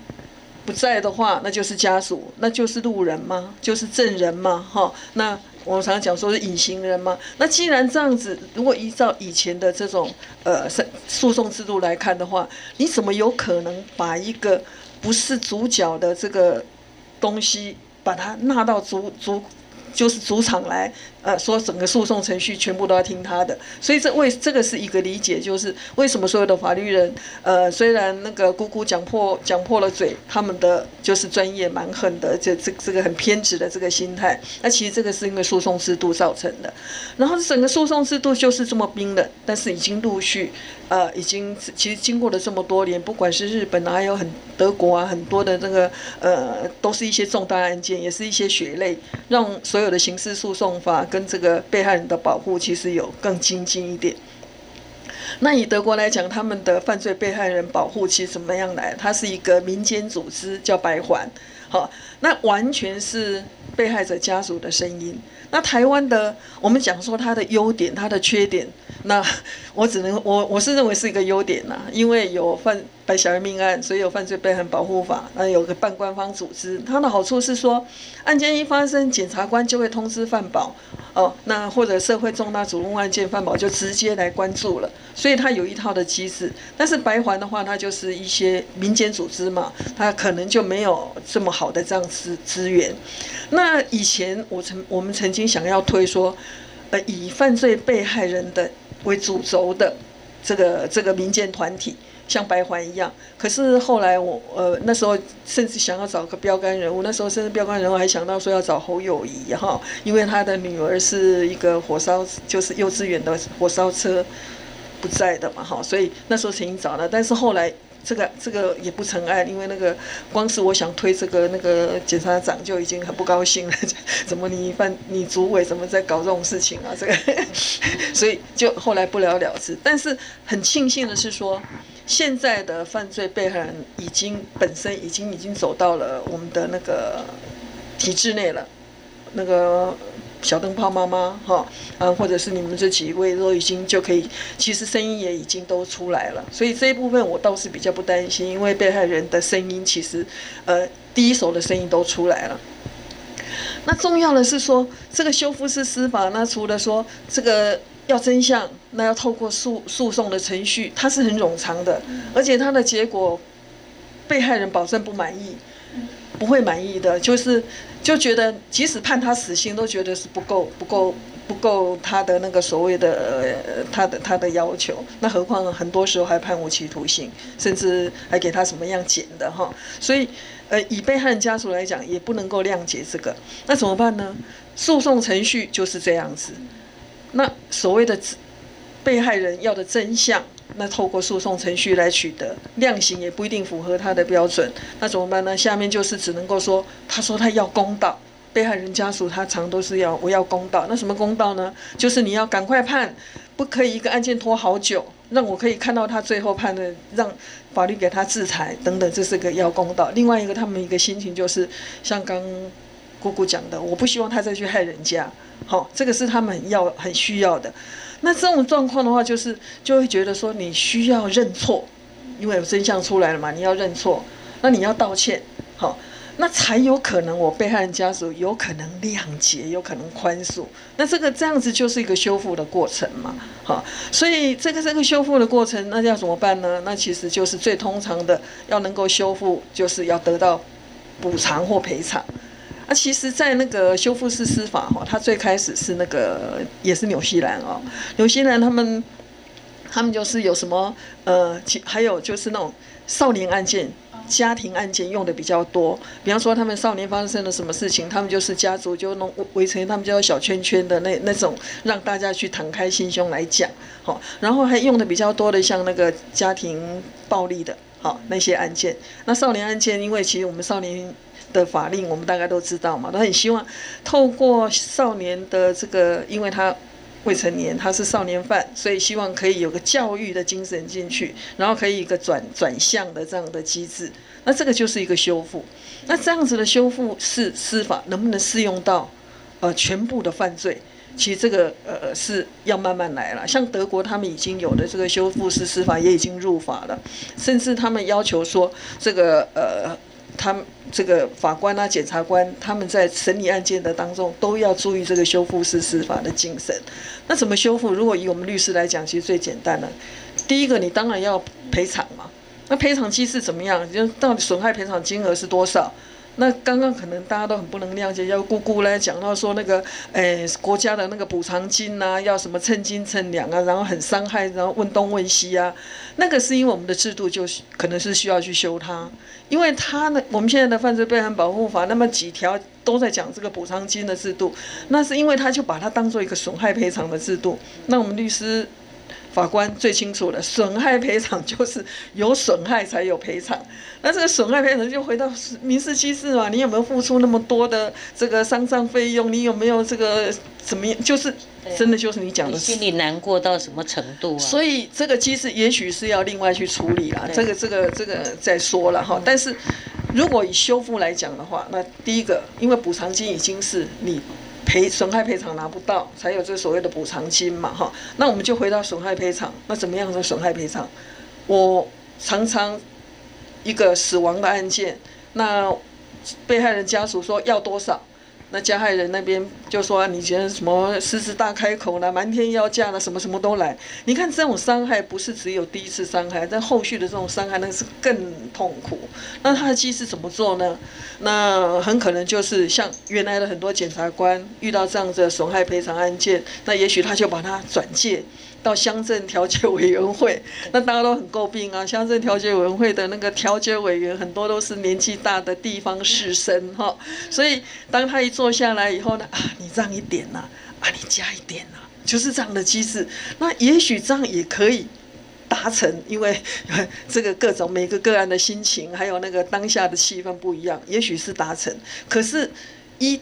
不在的話，那就是家屬，那就是路人嗎？就是證人嘛？哈，那我們常常講說是隱形人嘛？那既然這樣子，如果依照以前的這種呃訴訴訟制度來看的話，你怎麼有可能把一個不是主角的這個東西，把它納到主主就是主場來？呃，說整個訴訟程序全部都要聽他的，所以這為這個是一個理解，就是為什麼所有的法律人，呃，雖然那個姑姑講破講破了嘴，他們的就是專業蠻狠的，就這這個很偏執的這個心態。那其實這個是因為訴訟制度造成的，然後整個訴訟制度就是這麼冰冷。但是已經陸續，呃，已經其實經過了這麼多年，不管是日本啊，還有很德國啊，很多的那個呃，都是一些重大案件，也是一些血淚，讓所有的刑事訴訟法。跟這個被害人的保護其實有更精進一點。那以德國來講，他們的犯罪被害人保護其實怎麼樣呢？他是一個民間組織，叫白環，那完全是被害者家屬的聲音。那台灣的，我們講說他的優點，他的缺點。那我只能，我我是認為是一個優點吶，因為有犯白曉燕命案，所以有犯罪被害人保護法，那有個半官方組織，它的好處是說，案件一發生，檢察官就會通知犯保，哦，那或者社會重大矚目案件，犯保就直接來關注了，所以他有一套的機制。但是白環的話，它就是一些民間組織嘛，它可能就沒有這麼好的這樣子。資資源，那以前我曾我們曾經想要推說，呃，以犯罪被害人的為主軸的這個這個民間團體，像白環一樣。可是後來我呃那時候甚至想要找個標杆人物，那時候甚至標杆人物還想到說要找侯友宜哈，因為他的女兒是一個火燒就是幼稚園的火燒車不在的嘛哈，所以那時候曾經找了，但是後來。這個這個也不成案，因為那個光是我想推這個那個檢察長就已經很不高興了，怎麼你犯你組委怎麼在搞這種事情啊？這個，所以就後來不了了之。但是很慶幸的是說，現在的犯罪被害人已經本身已經已經走到了我們的那個體制內了，那個。小燈泡媽媽，哈，嗯，或者是你們這幾位都已經就可以，其實聲音也已經都出來了，所以這一部分我倒是比較不擔心，因為被害人的聲音其實，呃，第一手的聲音都出來了。那重要的是說，這個修復式司法，那除了說這個要真相，那要透過訴訴訟的程序，它是很冗長的，而且它的結果，被害人保證不滿意，不會滿意的，就是。就覺得即使判他死刑都覺得是不夠不夠不夠他的那個所謂的、呃、他的他的要求，那何況很多時候還判無期徒刑，甚至還給他什麼樣減的哈，所以呃以被害人家屬來講也不能夠諒解這個，那怎麼辦呢？訴訟程序就是這樣子，那所謂的被害人要的真相。那透過訴訟程序來取得量刑也不一定符合他的標準，那怎麼辦呢？下面就是只能夠說，他說他要公道，被害人家屬他常都是要我要公道。那什麼公道呢？就是你要趕快判，不可以一個案件拖好久，讓我可以看到他最後判的，讓法律給他制裁等等，這是個要公道。另外一個他們一個心情就是，像剛姑姑講的，我不希望他再去害人家。好，哦，這個是他們很要很需要的。那這種狀況的話，就是就會覺得說你需要認錯，因為有真相出來了嘛，你要認錯，那你要道歉，好，那才有可能我被害人家屬有可能諒解，有可能寬恕，那這個這樣子就是一個修復的過程嘛，好，所以這個這個修復的過程，那要怎麼辦呢？那其實就是最通常的要能夠修復，就是要得到補償或賠償。啊，其實，在那個修復式司法哈、喔，它最開始是那個也是紐西蘭哦、喔，紐西蘭他們，他們就是有什麼呃，還有就是那種少年案件、家庭案件用的比較多。比方說，他們少年發生了什麼事情，他們就是家族就弄圍成他們叫小圈圈的那那種，讓大家去敞開心胸來講，好、喔。然後還用的比較多的像那個家庭暴力的，好、喔、那些案件。那少年案件，因為其實我們少年。的法令，我們大家都知道嘛。他很希望透過少年的這個，因為他未成年，他是少年犯，所以希望可以有個教育的精神進去，然後可以一個轉轉向的這樣的機制。那這個就是一個修復。那這樣子的修復是司法能不能適用到呃全部的犯罪？其實這個是呃是要慢慢來了。像德國他們已經有的這個修復式司法也已經入法了，甚至他們要求說這個呃，他。這個法官啊，檢察官，他們在審理案件的當中，都要注意這個修復式司法的精神。那怎麼修復？如果以我們律師來講，其實最簡單了，第一個你當然要賠償嘛。那賠償機制怎麼樣？就到底損害賠償金額是多少？那剛剛可能大家都很不能諒解，要姑姑來講到說那個，誒、欸，國家的那個補償金吶、啊，要什麼稱斤稱兩啊，然後很傷害，然後問東問西啊，那個是因為我們的制度就可能是需要去修它，因為它呢，我們現在的犯罪被害人保護法那麼幾條都在講這個補償金的制度，那是因為他就把它當做一個損害賠償的制度，那我們律師。法官最清楚的，損害賠償就是有損害才有賠償。那這個損害賠償就回到民事機制嘛？你有沒有付出那麼多的這個喪葬費用？你有沒有這個怎麼樣？就是對真的就是你講的是，你心裡難過到什麼程度啊？所以這個機制也許是要另外去處理啊。這個這個這個再說了哈。但是如果以修復來講的話，那第一個，因為補償金已經是你。賠損害賠償拿不到，才有這所謂的補償金嘛哈。那我們就回到損害賠償，那怎麼樣的損害賠償？我常常一個死亡的案件，那被害人家屬說要多少？那加害人那邊就說你覺得什麼獅子大開口了、啊，漫天要價了，什麼什麼都來。你看這種傷害不是只有第一次傷害，但後續的這種傷害那是更痛苦。那他的機制怎麼做呢？那很可能就是像原來的很多檢察官遇到這樣子的損害賠償案件，那也許他就把它轉介。到鄉鎮調解委員會，那大家都很詬病啊。鄉鎮調解委員會的那個調解委員很多都是年紀大的地方士紳哈，所以當他一坐下來以後呢，啊，你讓一點吶、啊，啊，你加一點吶、啊，就是這樣的機制。那也許這樣也可以達成，因為這個各種每個個案的心情還有那個當下的氣氛，不一樣，也許是達成。可是一。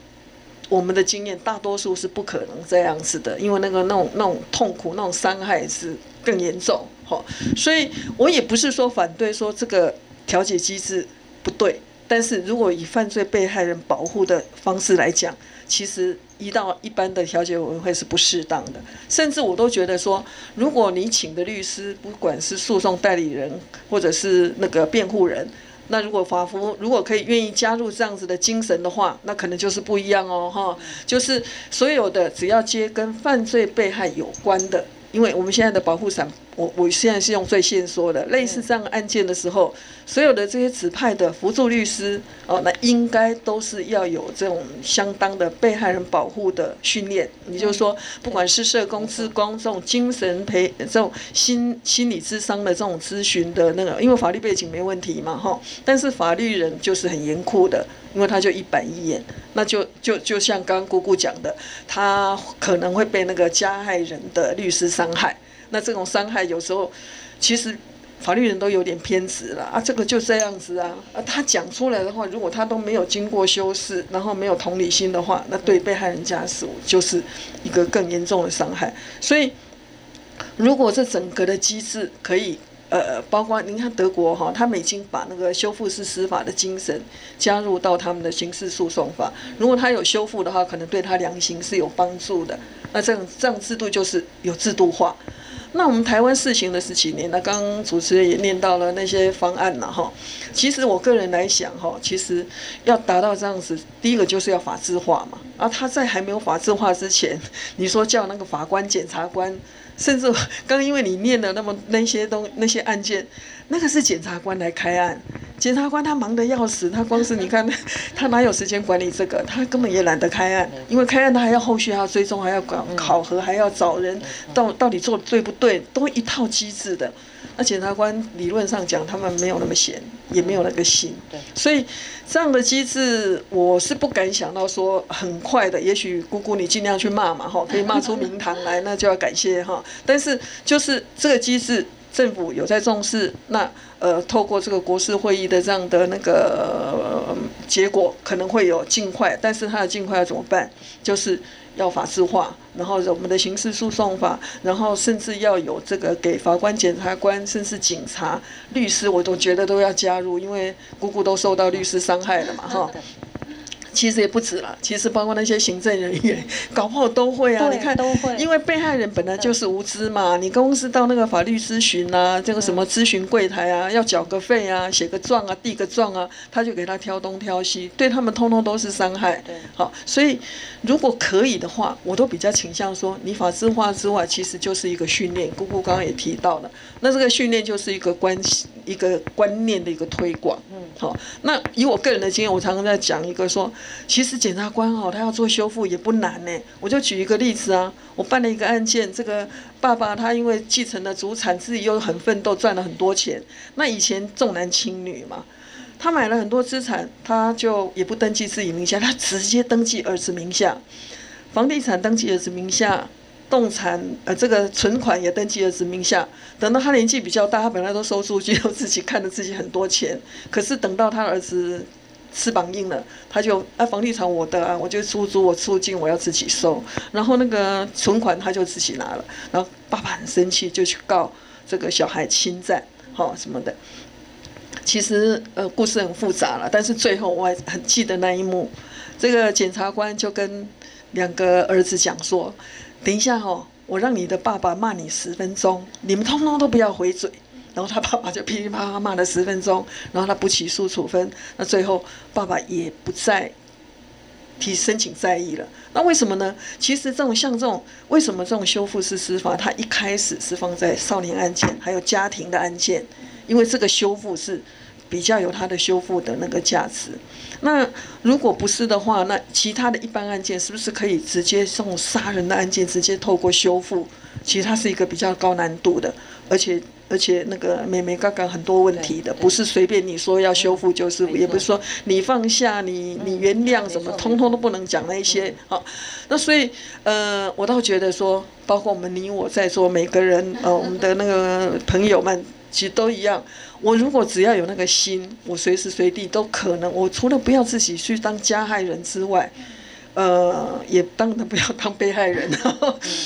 我們的經驗大多數是不可能這樣子的，因為那個那種那種痛苦、那種傷害是更嚴重吼，所以我也不是說反對說這個調解機制不對，但是如果以犯罪被害人保護的方式來講，其實一到一般的調解委員會是不適當的，甚至我都覺得說，如果你請的律師，不管是訴訟代理人或者是那個辯護人。那如果法扶如果可以願意加入這樣子的精神的話，那可能就是不一樣哦，哈，就是所有的只要接跟犯罪被害有關的，因為我們現在的保護傘。我我現在是用最先說的，類似這樣的案件的時候，所有的這些指派的輔助律師哦，那應該都是要有這種相當的被害人保護的訓練。也就是說，不管是社工、資工、這種精神陪、這種心心理諮商的這種諮詢的那個，因為法律背景沒問題嘛，哈。但是法律人就是很嚴酷的，因為他就一板一眼，那就就就像剛剛姑姑講的，他可能會被那個加害人的律師傷害。那這種傷害有時候，其實法律人都有點偏執了啊，這個就這樣子啊，啊，他講出來的話，如果他都沒有經過修飾，然後沒有同理心的話，那對被害人家屬就是一個更嚴重的傷害。所以，如果這整個的機制可以，呃，包括您看德國哈，他們已經把那個修復式司法的精神加入到他們的刑事訴訟法，如果他有修復的話，可能對他量刑是有幫助的。那這種這樣制度就是有制度化。那我們台灣試行了十幾年，那剛剛主持人也念到了那些方案了哈。其實我個人來想哈，其實要達到這樣子，第一個就是要法制化嘛。啊，他在還沒有法制化之前，你說叫那個法官、檢察官。甚至剛剛因為你念了那麼那些東那些案件，那個是檢察官來開案。檢察官他忙得要死，他光是你看，他哪有時間管理這個？他根本也懶得開案，因為開案他還要後續，還要追蹤，還要管考核，還要找人到到底做的對不對，都一套機制的。那檢察官理論上講，他們沒有那麼閒，也沒有那個心，所以這樣的機制，我是不敢想到說很快的。也許姑姑你盡量去罵嘛，哈，可以罵出名堂來，那就要感謝哈。但是就是這個機制，政府有在重視，那呃，透過這個國是會議的這樣的那個結果，可能會有盡快。但是它的盡快要怎麼辦？就是。要法制化，然後我們的刑事訴訟法，然後甚至要有這個給法官、檢察官，甚至警察、律師，我都覺得都要加入，因為姑姑都受到律師傷害了嘛，哈。其實也不止了，其實包括那些行政人員，搞不好都會啊。對你看都會。因為被害人本來就是無知嘛，對你公司到那個法律諮詢啊，這個什麼諮詢櫃檯啊，嗯、要繳個費啊，寫個狀啊，遞個狀啊，他就給他挑東挑西，對他們通通都是傷害。對。好，所以如果可以的話，我都比較傾向說，你法制化之外，其實就是一個訓練。姑姑剛剛也提到了，那這個訓練就是一個關係、一個觀念的一個推廣。嗯。好，那以我個人的經驗，我常常在講一個說。其實檢察官哦，他要做修復也不難呢。我就舉一個例子啊，我辦了一個案件，這個爸爸他因為繼承了祖產，自己又很奮鬥，賺了很多錢。那以前重男輕女嘛，他買了很多資產，他就也不登記自己名下，他直接登記兒子名下。房地產登記兒子名下，動產呃這個存款也登記兒子名下。等到他年紀比較大，他本來都收租金，都自己看了自己很多錢。可是等到他兒子。翅膀硬了，他就啊，房地產我的啊，我就出租，我租金我要自己收，然後那個存款他就自己拿了，然後爸爸很生氣，就去告這個小孩侵占，哈什麼的。其實呃故事很複雜了，但是最後我還很記得那一幕，這個檢察官就跟兩個兒子講說，等一下哈，我讓你的爸爸罵你十分鐘，你們通通都不要回嘴。然後他爸爸就噼裡啪啦罵了十分鐘，然後他不起訴處分，那最後爸爸也不再提申請再議了。那為什麼呢？其實這種像這種為什麼這種修復式司法，它一開始是放在少年案件，還有家庭的案件，因為這個修復是比較有它的修復的那個價值。那如果不是的話，那其他的一般案件是不是可以直接這種殺人的案件直接透過修復？其實它是一個比較高難度的，而且。而且那個妹妹剛剛很多問題的，不是隨便你說要修復，就是也不是說你放下你你原諒什麼，嗯啊、通通都不能講那一些。對好，那所以呃，我倒覺得說，包括我們你我在座每個人，呃，我們的那個朋友們，其實都一樣，我如果只要有那個心，我隨時隨地都可能，我除了不要自己去當加害人之外。呃，也當然不要當被害人。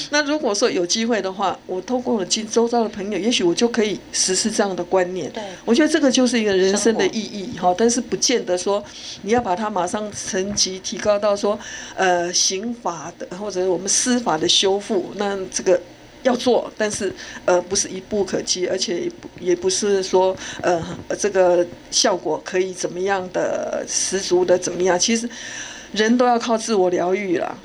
那如果說有機會的話，我透過了近周遭的朋友，也許我就可以實施這樣的觀念。對，我覺得這個就是一個人生的意義，哈活。但是不見得說你要把它馬上層級提高到說，呃，刑法的或者我們司法的修復，那這個要做，但是呃，不是一步可及，而且也不是說呃，這個效果可以怎麼樣的十足的怎麼樣。其實。人都要靠自我療癒了。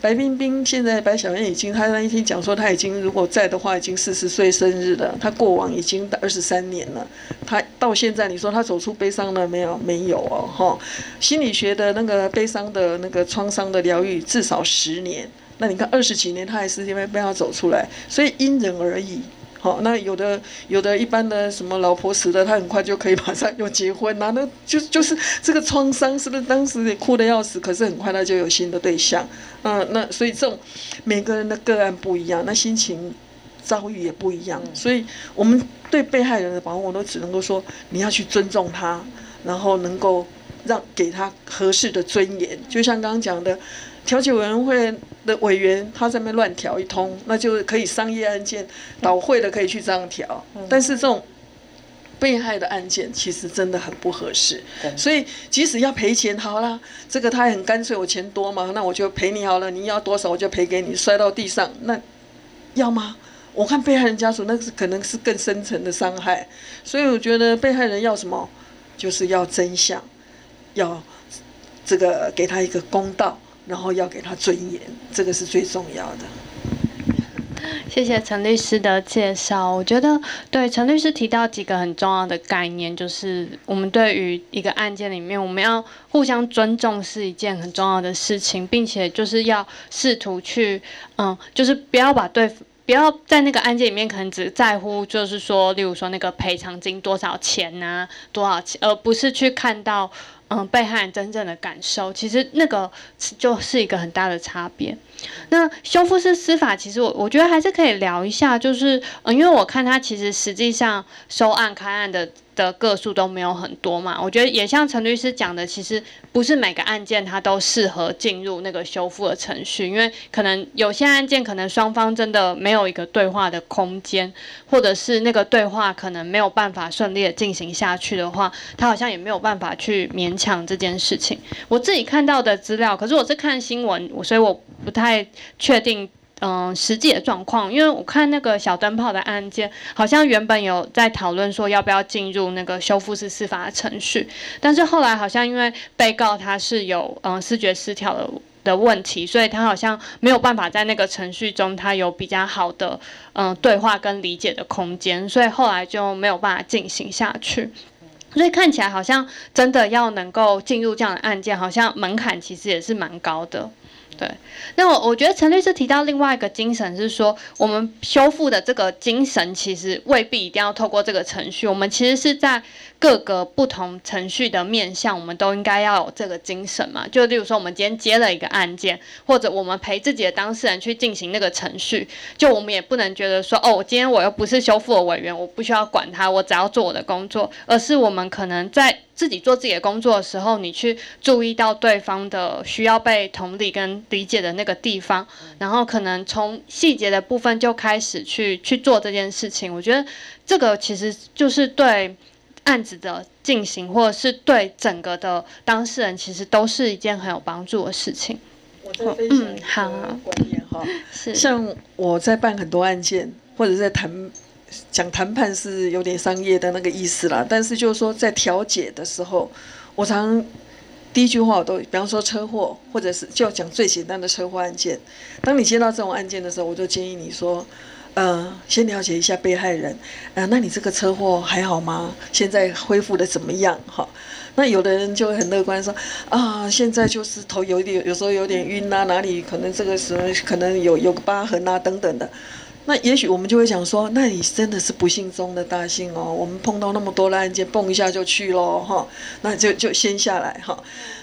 白冰冰現在，白小燕已經，她那天講說，她已經如果在的話，已經四十歲生日了，她過往已經二十三年了，她到現在，你說她走出悲傷了沒有？沒有哦、喔，吼，心理學的那個悲傷的那個創傷的療癒，至少十年。那你看二十幾年，她還是因為沒有走出來，所以因人而異。好，那有的有的一般的什麼老婆死了，他很快就可以馬上又結婚，那那就就是這個創傷是不是？當時也哭得要死，可是很快他就有新的對象，嗯，那所以這種每個人的個案不一樣，那心情遭遇也不一樣，所以我們對被害人的保護都只能夠說，你要去尊重他，然後能夠讓給他合適的尊嚴，就像剛剛講的。調解委員會的委員他在那亂調一通，那就可以商業案件倒會的可以去這樣調，但是這種被害的案件其實真的很不合適。所以即使要賠錢，好啦，這個他很乾脆，我錢多嘛，那我就賠你好了，你要多少我就賠給你。摔到地上那要嗎？我看被害人家屬那是可能是更深層的傷害，所以我覺得被害人要什麼，就是要真相，要這個給他一個公道。然後要給他尊嚴，這個是最重要的。謝謝陳律師的介紹。我覺得，對陳律師提到幾個很重要的概念，就是我們對於一個案件裡面，我們要互相尊重是一件很重要的事情，並且就是要試圖去，嗯，就是不要把對，不要在那個案件裡面可能只在乎，就是說，例如說那個賠償金多少錢吶，多少錢，而不是去看到。嗯，被害人真正的感受，其實那個就是一個很大的差別。那修復式司法，其實我我覺得還是可以聊一下，就是、呃、因為我看他其實實際上收案、開案的的個數都沒有很多嘛。我覺得也像陳律師講的，其實不是每個案件它都適合進入那個修復的程序，因為可能有些案件可能雙方真的沒有一個對話的空間，或者是那個對話可能沒有辦法順利的進行下去的話，他好像也沒有辦法去勉強這件事情。我自己看到的資料，可是我是看新聞，我所以我不太。在確定嗯、呃、實際的狀況，因為我看那個小燈泡的案件，好像原本有在討論說要不要進入那個修復式司法程序，但是後來好像因為被告他是有嗯思、呃、覺失調的的問題，所以他好像沒有辦法在那個程序中他有比較好的嗯、呃、對話跟理解的空間，所以後來就沒有辦法進行下去。所以看起來好像真的要能夠進入這樣的案件，好像門檻其實也是蠻高的。對，那我我覺得陳律師提到另外一個精神是說，我們修復的這個精神，其實未必一定要透過這個程序，我們其實是在。各個不同程序的面向，我們都應該要有這個精神嘛。就例如說，我們今天接了一個案件，或者我們陪自己的當事人去進行那個程序，就我們也不能覺得說，哦，今天我又不是修復的委員，我不需要管他，我只要做我的工作。而是我們可能在自己做自己的工作的時候，你去注意到對方的需要被同理跟理解的那個地方，然後可能從細節的部分就開始去去做這件事情。我覺得這個其實就是對。案子的進行，或者是對整個的當事人，其實都是一件很有幫助的事情。我 oh, 嗯，好，好，像我在辦很多案件，或者在談講談判，是有點商業的那個意思啦。但是就是說，在調解的時候，我常第一句話我都，比方說車禍，或者是就要講最簡單的車禍案件。當你接到這種案件的時候，我就建議你說，嗯、呃，先了解一下被害人。啊、呃，那你這個車禍還好嗎？現在恢復得怎麼樣？哈、哦，那有的人就很樂觀說，啊、呃，現在就是頭有點，有時候有點暈啊，哪裡可能這個時候可能有有個疤痕啊，等等的。那也許我們就會想說，那你真的是不幸中的大幸哦，我們碰到那麼多的案件，蹦一下就去咯哈，那就就先下來哈。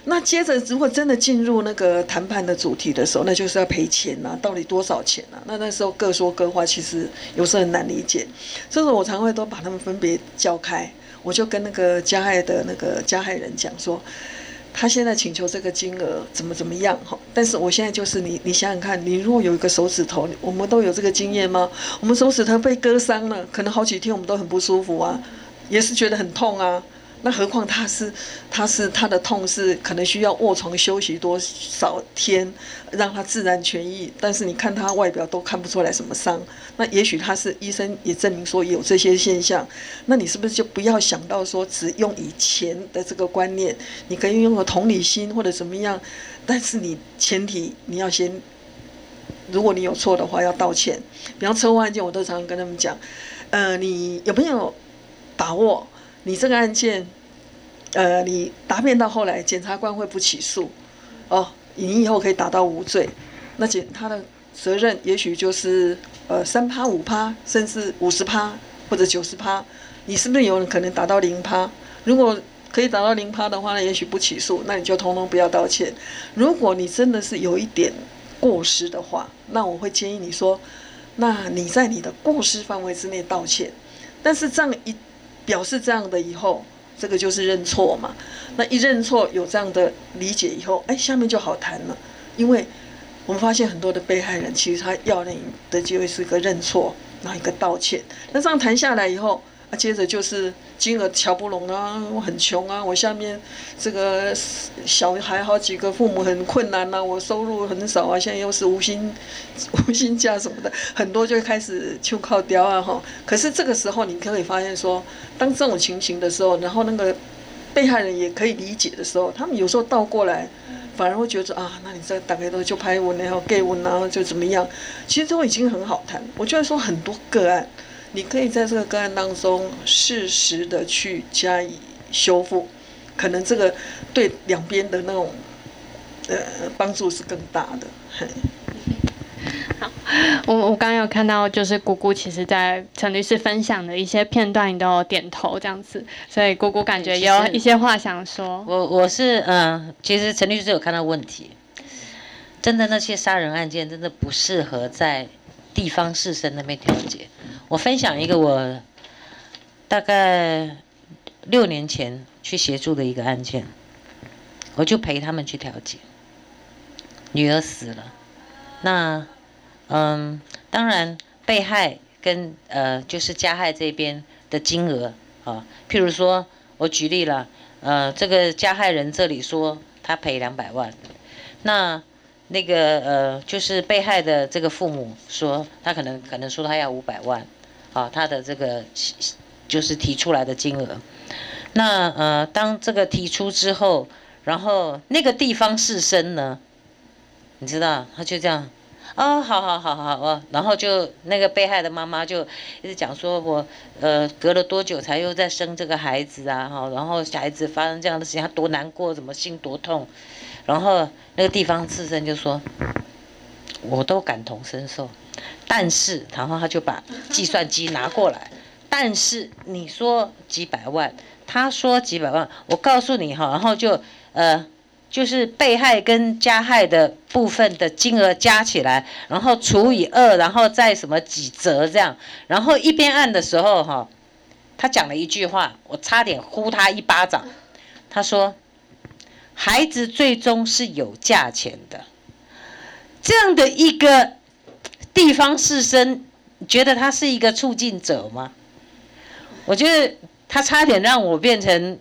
那接着如果真的進入那個談判的主題的時候，那就是要賠錢啊，到底多少錢啊？那那時候各說各話，其實有時候很難理解，所以我常會都把他們分別叫開，我就跟那個加害的那個加害人講說。他現在請求這個金額怎麼怎麼樣哈？但是我現在就是你，你想想看，你如果有一個手指頭，我們都有這個經驗嗎？我們手指頭被割傷了，可能好幾天我們都很不舒服啊，也是覺得很痛啊。那何況他是，他是他的痛是可能需要臥床休息多少天，讓他自然痊癒。但是你看他外表都看不出來什麼傷，那也許他是醫生也證明說有這些現象。那你是不是就不要想到說只用以前的這個觀念？你可以用個同理心或者怎麼樣，但是你前提你要先，如果你有錯的話要道歉。比方說車禍案件，我都常常跟他們講，呃，你有沒有把握？你這個案件，呃，你答辯到後來，檢察官會不起訴，哦，你以後可以達到無罪，那檢他的責任也許就是呃三趴五趴，甚至五十趴或者九十趴，你是不是有人可能達到零趴？如果可以達到零趴的話那也許不起訴，那你就通通不要道歉。如果你真的是有一點過失的話，那我會建議你說，那你在你的過失範圍之內道歉，但是這樣一。表示這樣的以後，這個就是認錯嘛。那一認錯有這樣的理解以後，哎、欸，下面就好談了，因為我們發現很多的被害人其實他要你的就是一個認錯，然後一個道歉。那這樣談下來以後，啊，接着就是。金額喬不攏啊，我很窮啊，我下面這個小孩好幾個，父母很困難吶、啊，我收入很少啊，現在又是無薪，無薪假什麼的，很多就開始就靠掉啊哈。可是這個時候，你可以發現說，當這種情形的時候，然後那個被害人也可以理解的時候，他們有時候倒過來，反而會覺得啊，那你這大概都就拍我，然後給我然後就怎麼樣？其實都已經很好談。我覺得說很多個案。你可以在這個個案當中適時的去加以修復，可能這個對兩邊的那種呃幫助是更大的。嘿，好，我我剛剛有看到，就是姑姑其實在陳律師分享的一些片段，你都有點頭這樣子，所以姑姑感覺有一些話想說。我我是嗯、呃，其實陳律師有看到問題，真的那些殺人案件真的不適合在地方士紳那邊調解。我分享一個我大概六年前去協助的一個案件，我就陪他們去調解。女兒死了，那嗯，當然被害跟呃就是加害這邊的金額啊，譬如說我舉例了，呃，這個加害人這裡說他賠兩百萬，那那個呃就是被害的這個父母說他可能可能說他要五百萬。啊，他的這個就是提出來的金額，那呃，當這個提出之後，然後那個地方士紳呢，你知道，他就這樣，哦，好好好好哦，然後就那個被害的媽媽就一直講說我，我呃隔了多久才又再生這個孩子啊哈，然後小孩子發生這樣的事情，他多難過，怎麼心多痛，然後那個地方士紳就說，我都感同身受。但是，然後他就把計算機拿過來。但是你說幾百萬，他說幾百萬。我告訴你哈、哦，然後就呃，就是被害跟加害的部分的金額加起來，然後除以二，然後再什麼幾折這樣。然後一邊按的時候哈、哦，他講了一句話，我差點呼他一巴掌。他說：“孩子最終是有價錢的。”這樣的一個。地方士紳覺得他是一個促進者嗎？我覺得他差點讓我變成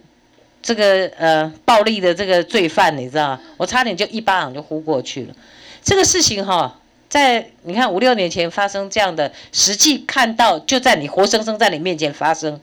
這個呃暴力的這個罪犯，你知道嗎？我差點就一巴掌就呼過去了。這個事情哈，在你看五六年前發生這樣的，實際看到就在你活生生在你面前發生。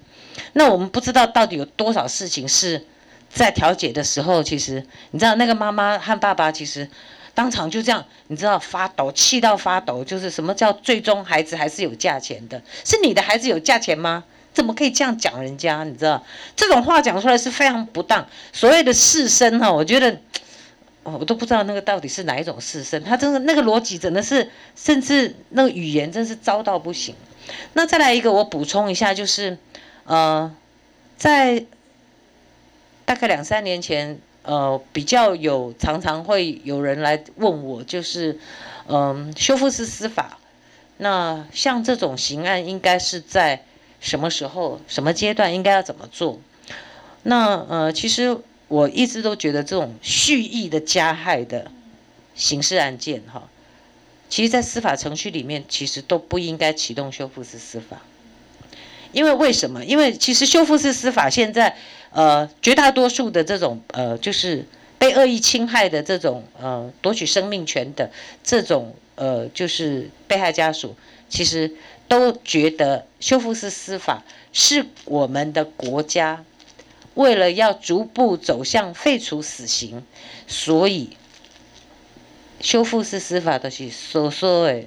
那我們不知道到底有多少事情是在調解的時候，其實你知道那個媽媽和爸爸其實。當場就這樣，你知道發抖，氣到發抖，就是什麼叫最終孩子還是有價錢的，是你的孩子有價錢嗎？怎麼可以這樣講人家？你知道這種話講出來是非常不當。所謂的士紳哈，我覺得我都不知道那個到底是哪一種士紳，他真的那個邏輯真的是，甚至那個語言真是糟到不行。那再來一個，我補充一下，就是呃，在大概兩三年前。呃，比較有常常會有人來問我，就是，嗯、呃，修復式司法，那像這種刑案應該是在什麼時候、什麼階段應該要怎麼做？那呃，其實我一直都覺得這種蓄意的加害的刑事案件，哈，其實，在司法程序裡面，其實都不應該啟動修復式司法，因為為什麼？因為其實修復式司法現在。呃，絕大多數的這種呃，就是被惡意侵害的這種呃，奪取生命權的這種呃，就是被害家屬，其實都覺得修復式司法是我們的國家為了要逐步走向廢除死刑，所以修復式司法都是所說的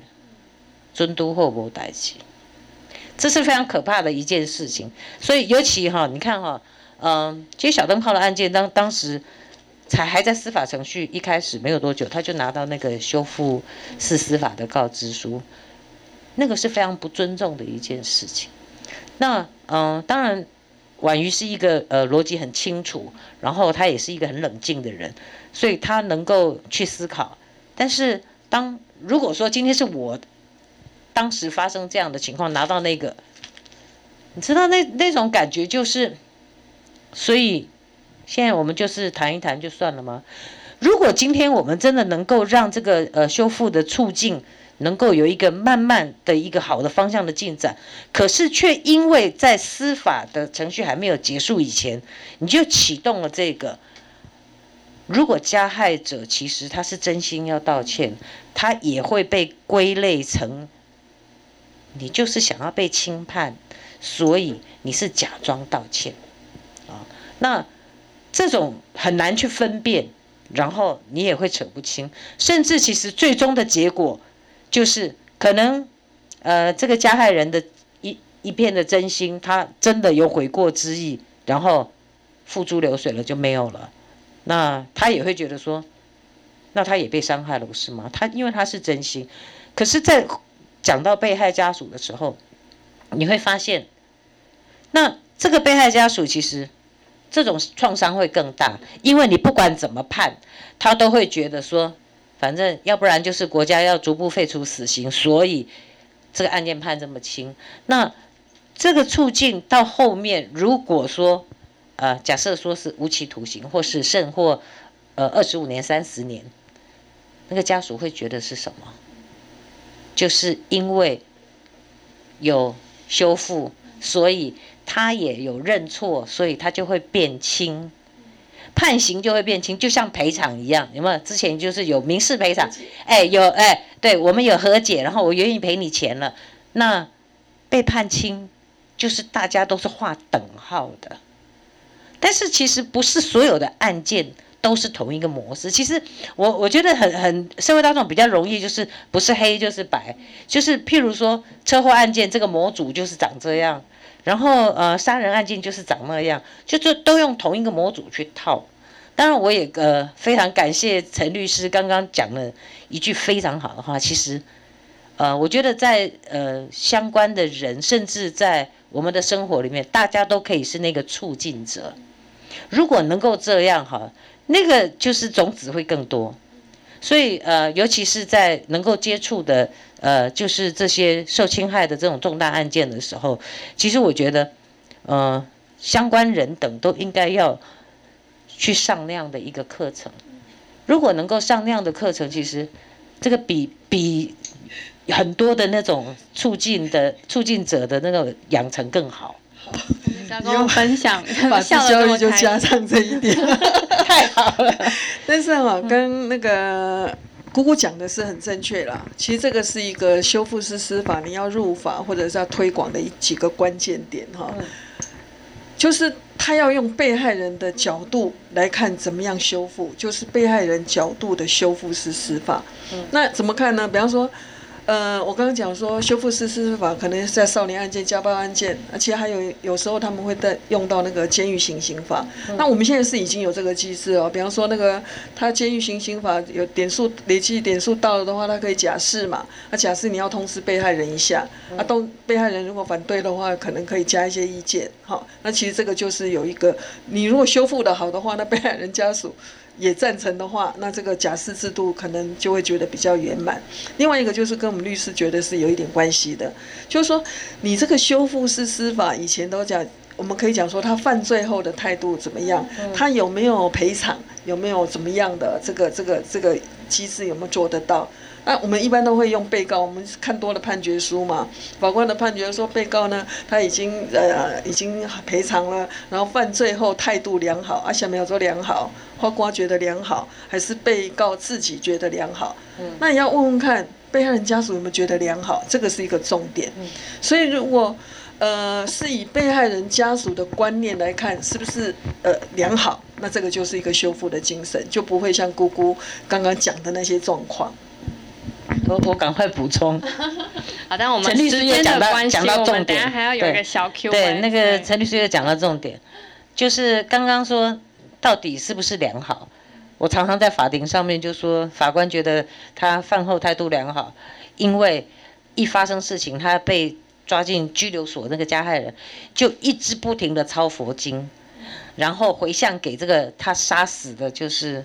尊嘟後無代誌，這是非常可怕的一件事情。所以尤其哈，你看哈。嗯，其實小燈泡的案件當當時才還在司法程序一開始沒有多久，他就拿到那個修復式司法的告知書，那個是非常不尊重的一件事情。那嗯，當然婉瑜是一個呃邏輯很清楚，然後他也是一個很冷靜的人，所以他能夠去思考。但是當如果說今天是我當時發生這樣的情況拿到那個，你知道那那種感覺就是。所以，現在我們就是談一談就算了嗎？如果今天我們真的能夠讓這個呃修復的促進能夠有一個慢慢的一個好的方向的進展，可是卻因為在司法的程序，還沒有結束以前，你就啟動了這個。如果加害者其實他是真心要道歉，他也會被歸類成你就是想要被輕判，所以你是假裝道歉。那這種很難去分辨，然後你也會扯不清，甚至其實最終的結果就是可能，呃，這個加害人的一一片的真心，他真的有悔過之意，然後付諸流水了就沒有了。那他也會覺得說，那他也被傷害了，不是嗎？他因為他是真心，可是，在講到被害家屬的時候，你會發現，那這個被害家屬其實，這種創傷會更大，因為你不管怎麼判，他都會覺得說，反正要不然就是國家要逐步廢除死刑，所以這個案件判這麼輕，那這個促進到後面，如果說，呃，假設說是無期徒刑，或是甚或，呃，二十五年、三十年，那個家屬會覺得是什麼？就是因為有修復，所以。他也有認錯，所以他就會變輕，判刑就會變輕，就像賠償一樣，有沒有？之前就是有民事賠償，哎、欸，有哎、欸，對我們有和解，然後我願意賠你錢了。那被判輕，就是大家都是劃等號的。但是其實不是所有的案件都是同一個模式。其實我我覺得很很社會大眾比較容易就是不是黑就是白，就是譬如說車禍案件，這個模組就是長這樣。然後呃，殺人案件就是長那樣，就這都用同一個模組去套。當然，我也呃非常感謝陳律師剛剛講了一句非常好的話。其實，呃，我覺得在呃相關的人，甚至在我們的生活裡面，大家都可以是那個促進者。如果能夠這樣哈，那個就是種子會更多。所以，呃，尤其是在能夠接觸的，呃，就是這些受侵害的這種重大案件的時候，其實我覺得，呃，相關人等都應該要去上那樣的一個課程。如果能夠上那樣的課程，其實這個比比很多的那種促進的促進者的那個養成更好。要分享，法治教育就加上這一點， 太好了。 但是哈、哦，跟那個姑姑講的是很正確啦。其實這個是一個修復式司法，你要入法或者是要推廣的幾個關鍵點哈、哦。嗯、就是他要用被害人的角度來看怎麼樣修復，就是被害人角度的修復式司法。那怎麼看呢？比方說。呃，我剛剛講說修復式司法可能是在少年案件、家暴案件，而、啊、且還有有時候他們會帶用到那個監獄行刑法。嗯、那我們現在是已經有這個機制哦、喔，比方說那個他監獄行刑法有點數累計點數到了的話，他可以假釋嘛？那、啊、假釋你要通知被害人一下，嗯、啊，都被害人如果反對的話，可能可以加一些意見。好，那其實這個就是有一個，你如果修復的好的話，那被害人家屬。也贊成的話，那這個假釋制度可能就會覺得比較圓滿。另外一個就是跟我們律師覺得是有一點關係的，就是說你這個修復式司法以前都講，我們可以講說他犯罪後的態度怎麼樣，他有沒有賠償，有沒有怎麼樣的這個這個這個機制有沒有做得到？那、啊、我們一般都會用被告，我們看多了判決書嘛，法官的判決說被告呢，他已經呃已經賠償了，然後犯罪後態度良好，啊，什麼叫做良好？法官覺得良好，還是被告自己覺得良好？嗯、那你要問問看被害人家屬有沒有覺得良好，這個是一個重點。嗯、所以如果呃是以被害人家屬的觀念來看，是不是呃良好？那這個就是一個修復的精神，就不會像姑姑剛剛講的那些狀況。我我趕快補充。好，但我們律師的講到，講到重點，我們等一下還要有一個小 Q、欸對。對，對那個陳律師又講到重點，就是剛剛說到底是不是良好？我常常在法庭上面就說，法官覺得他犯後態度良好，因為一發生事情，他被抓進拘留所，那個加害人就一直不停的抄佛經，然後回向給這個他殺死的，就是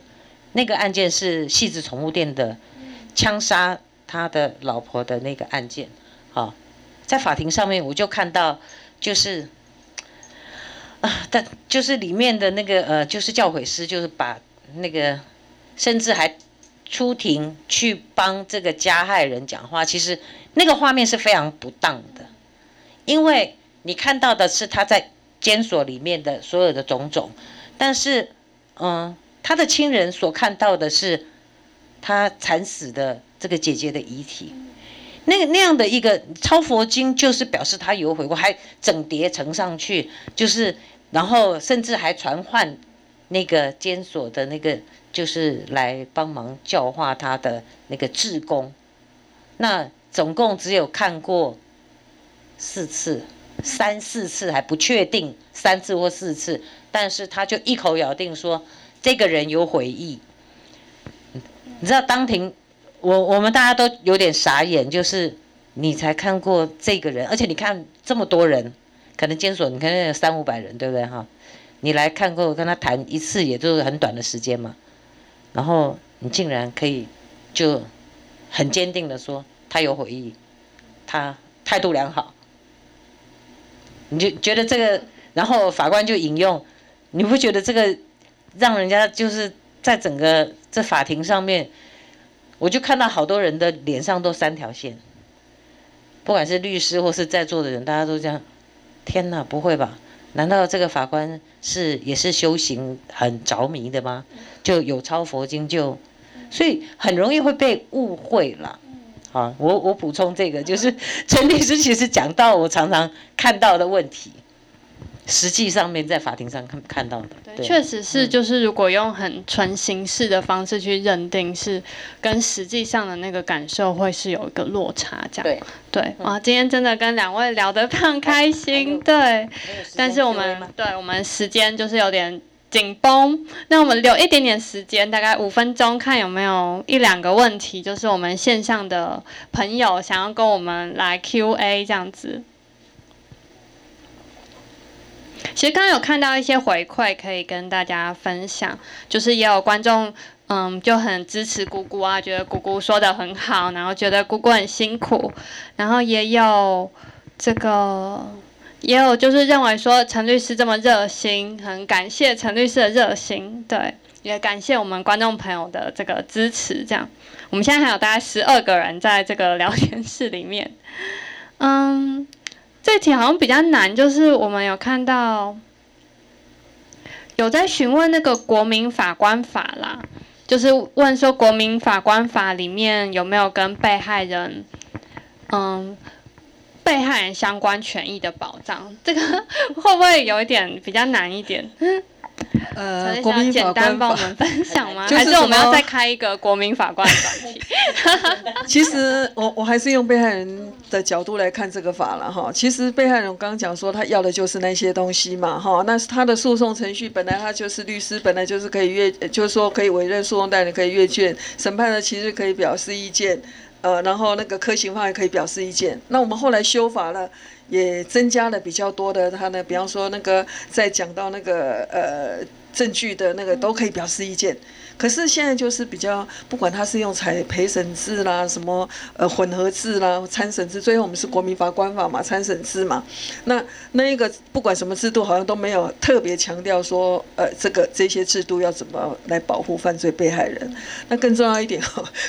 那個案件是細緻寵物店的槍殺。他的老婆的那個案件，啊，在法庭上面我就看到，就是啊，但就是裡面的那個呃，就是教誨師，就是把那個甚至還出庭去幫這個加害人講話，其實那個畫面是非常不當的，因為你看到的是他在監所裡面的所有的種種，但是嗯、呃，他的親人所看到的是他慘死的。這個姐姐的遺體，那個那樣的一個抄佛經，就是表示他有悔過，還整疊呈上去，就是然後甚至還傳喚那個監所的那個，就是來幫忙教化他的那個志工，那總共只有看過四次，三四次還不確定三次或四次，但是他就一口咬定說這個人有悔意，你知道當庭。我我們大家都有點傻眼，就是你才看過這個人，而且你看這麼多人，可能監所你看有三五百人，對不對哈？你來看過跟他談一次，也就是很短的時間嘛，然後你竟然可以就很堅定的說他有悔意，他態度良好，你就覺得這個，然後法官就引用，你不覺得這個讓人家就是在整個這法庭上面？我就看到好多人的臉上都三條線，不管是律師或是在座的人，大家都這樣。天哪，不會吧？難道這個法官是也是修行很着迷的嗎？就有抄佛經就，所以很容易會被誤會啦。啊，我我補充這個，就是陳律師其實講到我常常看到的問題。實際上面在法庭上看看到的，對，確實是就是如果用很純形式的方式去認定，是跟實際上的那個感受會是有一個落差這樣。對，嗯、對，哇，今天真的跟兩位聊得非常開心，啊、對。但是我們，對，我們時間就是有點緊繃，那我們留一點點時間，大概五分鐘，看有沒有一兩個問題，就是我們線上的朋友想要跟我們來 Q A 這樣子。其實剛剛有看到一些回饋，可以跟大家分享，就是也有觀眾，嗯，就很支持姑姑啊，覺得姑姑說得很好，然後覺得姑姑很辛苦，然後也有這個，也有就是認為說陳律師這麼熱心，很感謝陳律師的熱心，對，也感謝我們觀眾朋友的這個支持。這樣，我們現在還有大概十二個人在這個聊天室裡面，嗯。這題好像比較難，就是我們有看到有在詢問那個《國民法官法》啦，就是問說《國民法官法》裡面有沒有跟被害人，嗯，被害人相關權益的保障，這個會不會有一點比較難一點？嗯呃，國民法官幫我們分享嗎？就是我們要再開一個國民法官的話題？就是，其實我我還是用被害人的角度來看這個法了哈。其實被害人剛剛講說他要的就是那些東西嘛哈。那是他的訴訟程序，本來他就是律師本來就是可以閱，就是說可以委任訴訟代理人，可以閱卷，審判的其實可以表示意見。呃，然後那個科刑方也可以表示意見。那我們後來修法了，也增加了比較多的他呢，比方說那個在講到那個呃。證據的那個都可以表示意見，可是現在就是比較，不管他是用採陪審制啦，什麼呃混合制啦，參審制，最後我們是國民法官法嘛，參審制嘛，那那一個不管什麼制度，好像都沒有特別強調說，呃，這個這些制度要怎麼來保護犯罪被害人。那更重要一點，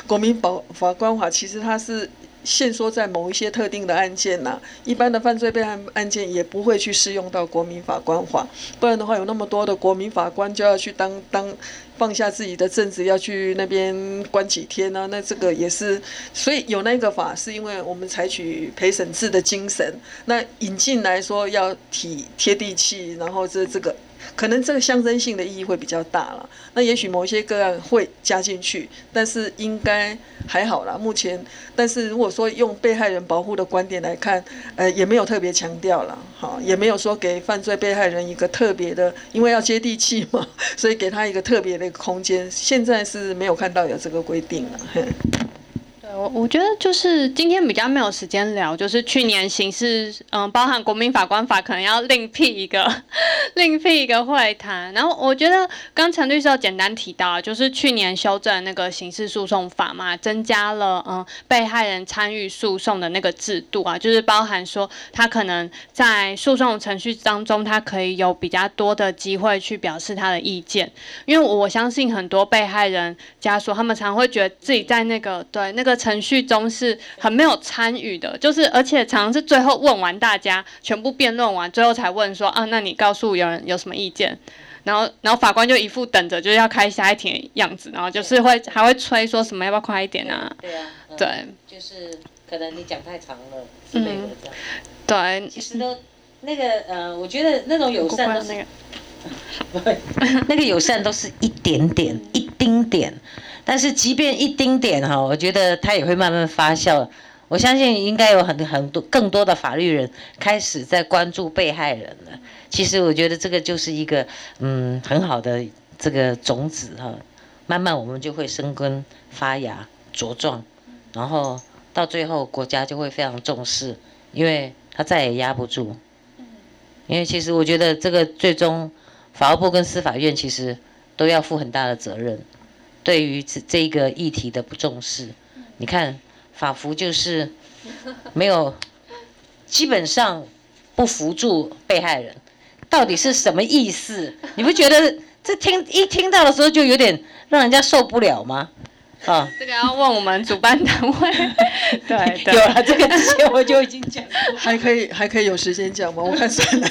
國民保法官法其實它是。限縮在某一些特定的案件吶、啊，一般的犯罪被害案件也不會去適用到國民法官法，不然的話，有那麼多的國民法官就要去當當，放下自己的政治要去那邊關幾天呢、啊？那這個也是，所以有那個法是因為我們採取陪審制的精神，那引進來說要體貼地氣，然後這這個。可能這個象徵性的意義會比較大了，那也許某些個案會加進去，但是應該還好啦。目前，但是如果說用被害人保護的觀點來看，呃，也沒有特別強調了，哈，也沒有說給犯罪被害人一個特別的，因為要接地氣嘛，所以給他一個特別的一個空間。現在是沒有看到有這個規定了哼。我我覺得就是今天比較沒有時間聊，就是去年刑事，嗯，包含國民法官法，可能要另闢一個，另闢一個會談。然後我覺得剛剛陳律師有簡單提到，啊，就是去年修正那個刑事訴訟法嘛，增加了嗯被害人參與訴訟的那個制度啊，就是包含說他可能在訴訟程序當中，他可以有比較多的機會去表示他的意見，因為我相信很多被害人家屬，他們常會覺得自己在那個對那個。程序中是很沒有參與的，就是而且常常是最後問完大家全部辯論完，最後才問說啊，那你告訴有人有什麼意見？然後然後法官就一副等着就是要開下一庭的樣子，然後就是會還會催說什麼要不要快一點啊？對，對啊，嗯、對，就是可能你講太長了之類的、嗯、對，其實都那個呃，我覺得那種友善都是，那個友善都是一點點 一丁點。但是，即便一丁點哈，我覺得它也會慢慢發酵。我相信應該有很很多更多的法律人開始在關注被害人了。其實，我覺得這個就是一個嗯很好的這個種子哈，慢慢我們就會生根發芽茁壯，然後到最後國家就會非常重視，因為他再也壓不住。因為其實我覺得這個最終，法務部跟司法院其實都要負很大的責任。對於這這個議題的不重視，你看，法扶就是沒有，基本上不扶助被害人，到底是什麼意思？你不覺得這聽一聽到的時候就有點讓人家受不了嗎？啊，這個要問我們主辦單位 對。對，有了這個之前我就已經講過，還可以，還可以有時間講嗎？我看算了。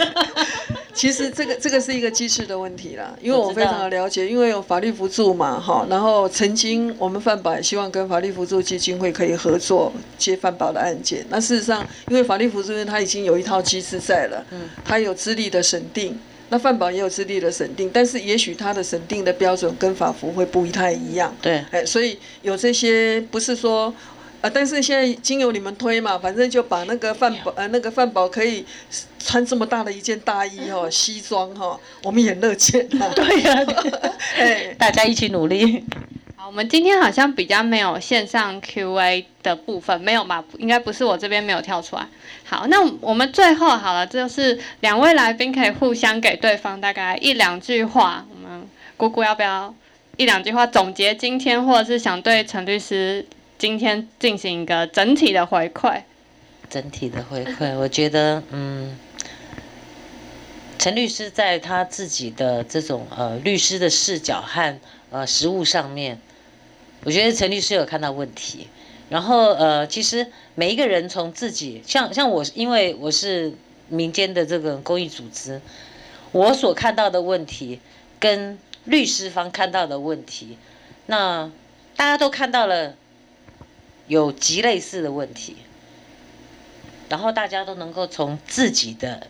其實這個這個是一個機制的問題啦，因為我非常的了解，因為有法律扶助嘛，哈，然後曾經我們犯保也希望跟法律扶助基金會可以合作接犯保的案件，那事實上因為法律扶助它已經有一套機制在了，嗯，它有資歷的審定。那犯保也有自立的審定，但是也許他的審定的標準跟法扶會不太一樣。對，哎、欸，所以有這些不是說，呃，但是現在經由你們推嘛，反正就把那個犯保，呃，那個犯保可以穿這麼大的一件大衣哦、喔，西裝哈、喔，我們也樂見。對呀，大家一起努力。我們今天好像比較沒有線上 Q A 的部分，沒有吧？應該不是我這邊沒有跳出來。好，那我們最後好了，就是兩位來賓可以互相給對方大概一兩句話。我們姑姑要不要一兩句話總結今天，或者是想對陳律師今天進行一個整體的回饋？整體的回饋，我覺得，嗯，陳律師在他自己的這種呃律師的視角和呃實務上面。我覺得陳律師有看到問題，然後呃，其實每一個人從自己，像像我，因為我是民間的這個公益組織，我所看到的問題跟律師方看到的問題，那大家都看到了有極類似的問題，然後大家都能夠從自己的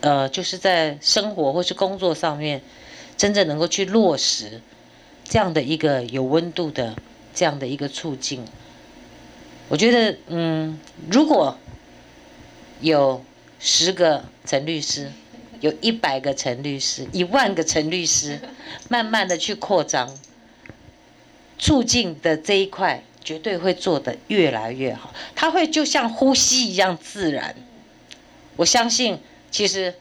呃，就是在生活或是工作上面，真正能夠去落實。這樣的一個有溫度的，這樣的一個促進，我覺得，嗯，如果有十個陳律師，有一百個陳律師，一萬個陳律師，慢慢的去擴張，促進的這一塊，絕對會做得越來越好，它會就像呼吸一樣自然。我相信，其實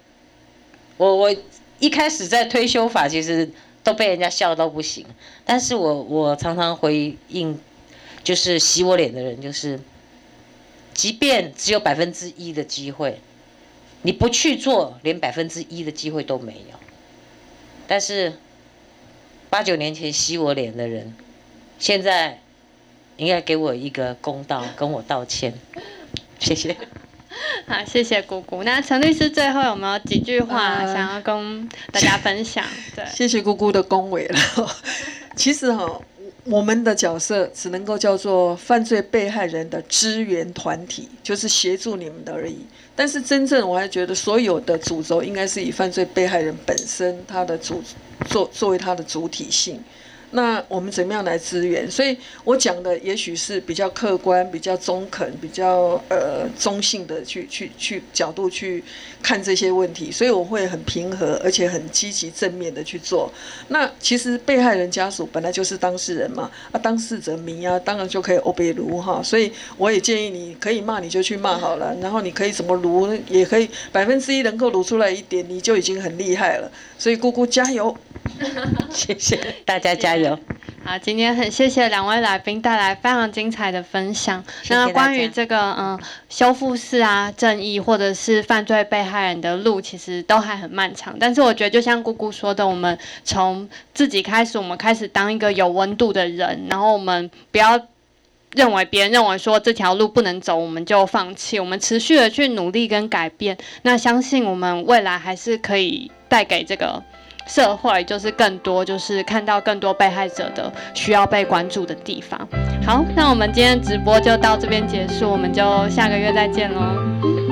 我，我我一開始在推修法，其實。都被人家笑到不行，但是我我常常回應，就是洗我臉的人，就是，即便只有百分之一的機會，你不去做，連百分之一的機會都沒有。但是，八九年前洗我臉的人，現在應該給我一個公道，跟我道歉，謝謝。好，謝謝姑姑。那陳律師最後有沒有幾句話想要跟大家分享？嗯、對，謝謝姑姑的恭維了。 其實哈、喔，我們的角色只能夠叫做犯罪被害人的支援團體，就是協助你們的而已。但是真正我還覺得，所有的主軸應該是以犯罪被害人本身他的主作作為他的主體性。那我們怎麼樣來支援？所以我講的也許是比較客觀、比較中肯、比較呃中性的去去去角度去看這些問題，所以我會很平和，而且很積極正面的去做。那其實被害人家屬本來就是當事人嘛，啊當事者迷啊，當然就可以 O 背爐哈。所以我也建議你可以罵你就去罵好了，然後你可以怎麼爐也可以，百分之一能夠爐出來一點，你就已經很厲害了。所以姑姑加油，謝謝大家加油。好，今天很謝謝兩位來賓帶來非常精彩的分享。謝謝大家。那關於這個嗯，修復式啊，正義或者是犯罪被害人的路，其實都還很漫長。但是我覺得，就像姑姑說的，我們從自己開始，我們開始當一個有溫度的人，然後我們不要認為別人認為說這條路不能走，我們就放棄，我們持續的去努力跟改變。那相信我們未來還是可以帶給這個。社會就是更多，就是看到更多被害者的需要被關注的地方。好，那我們今天直播就到這邊結束，我們就下個月再見嘍。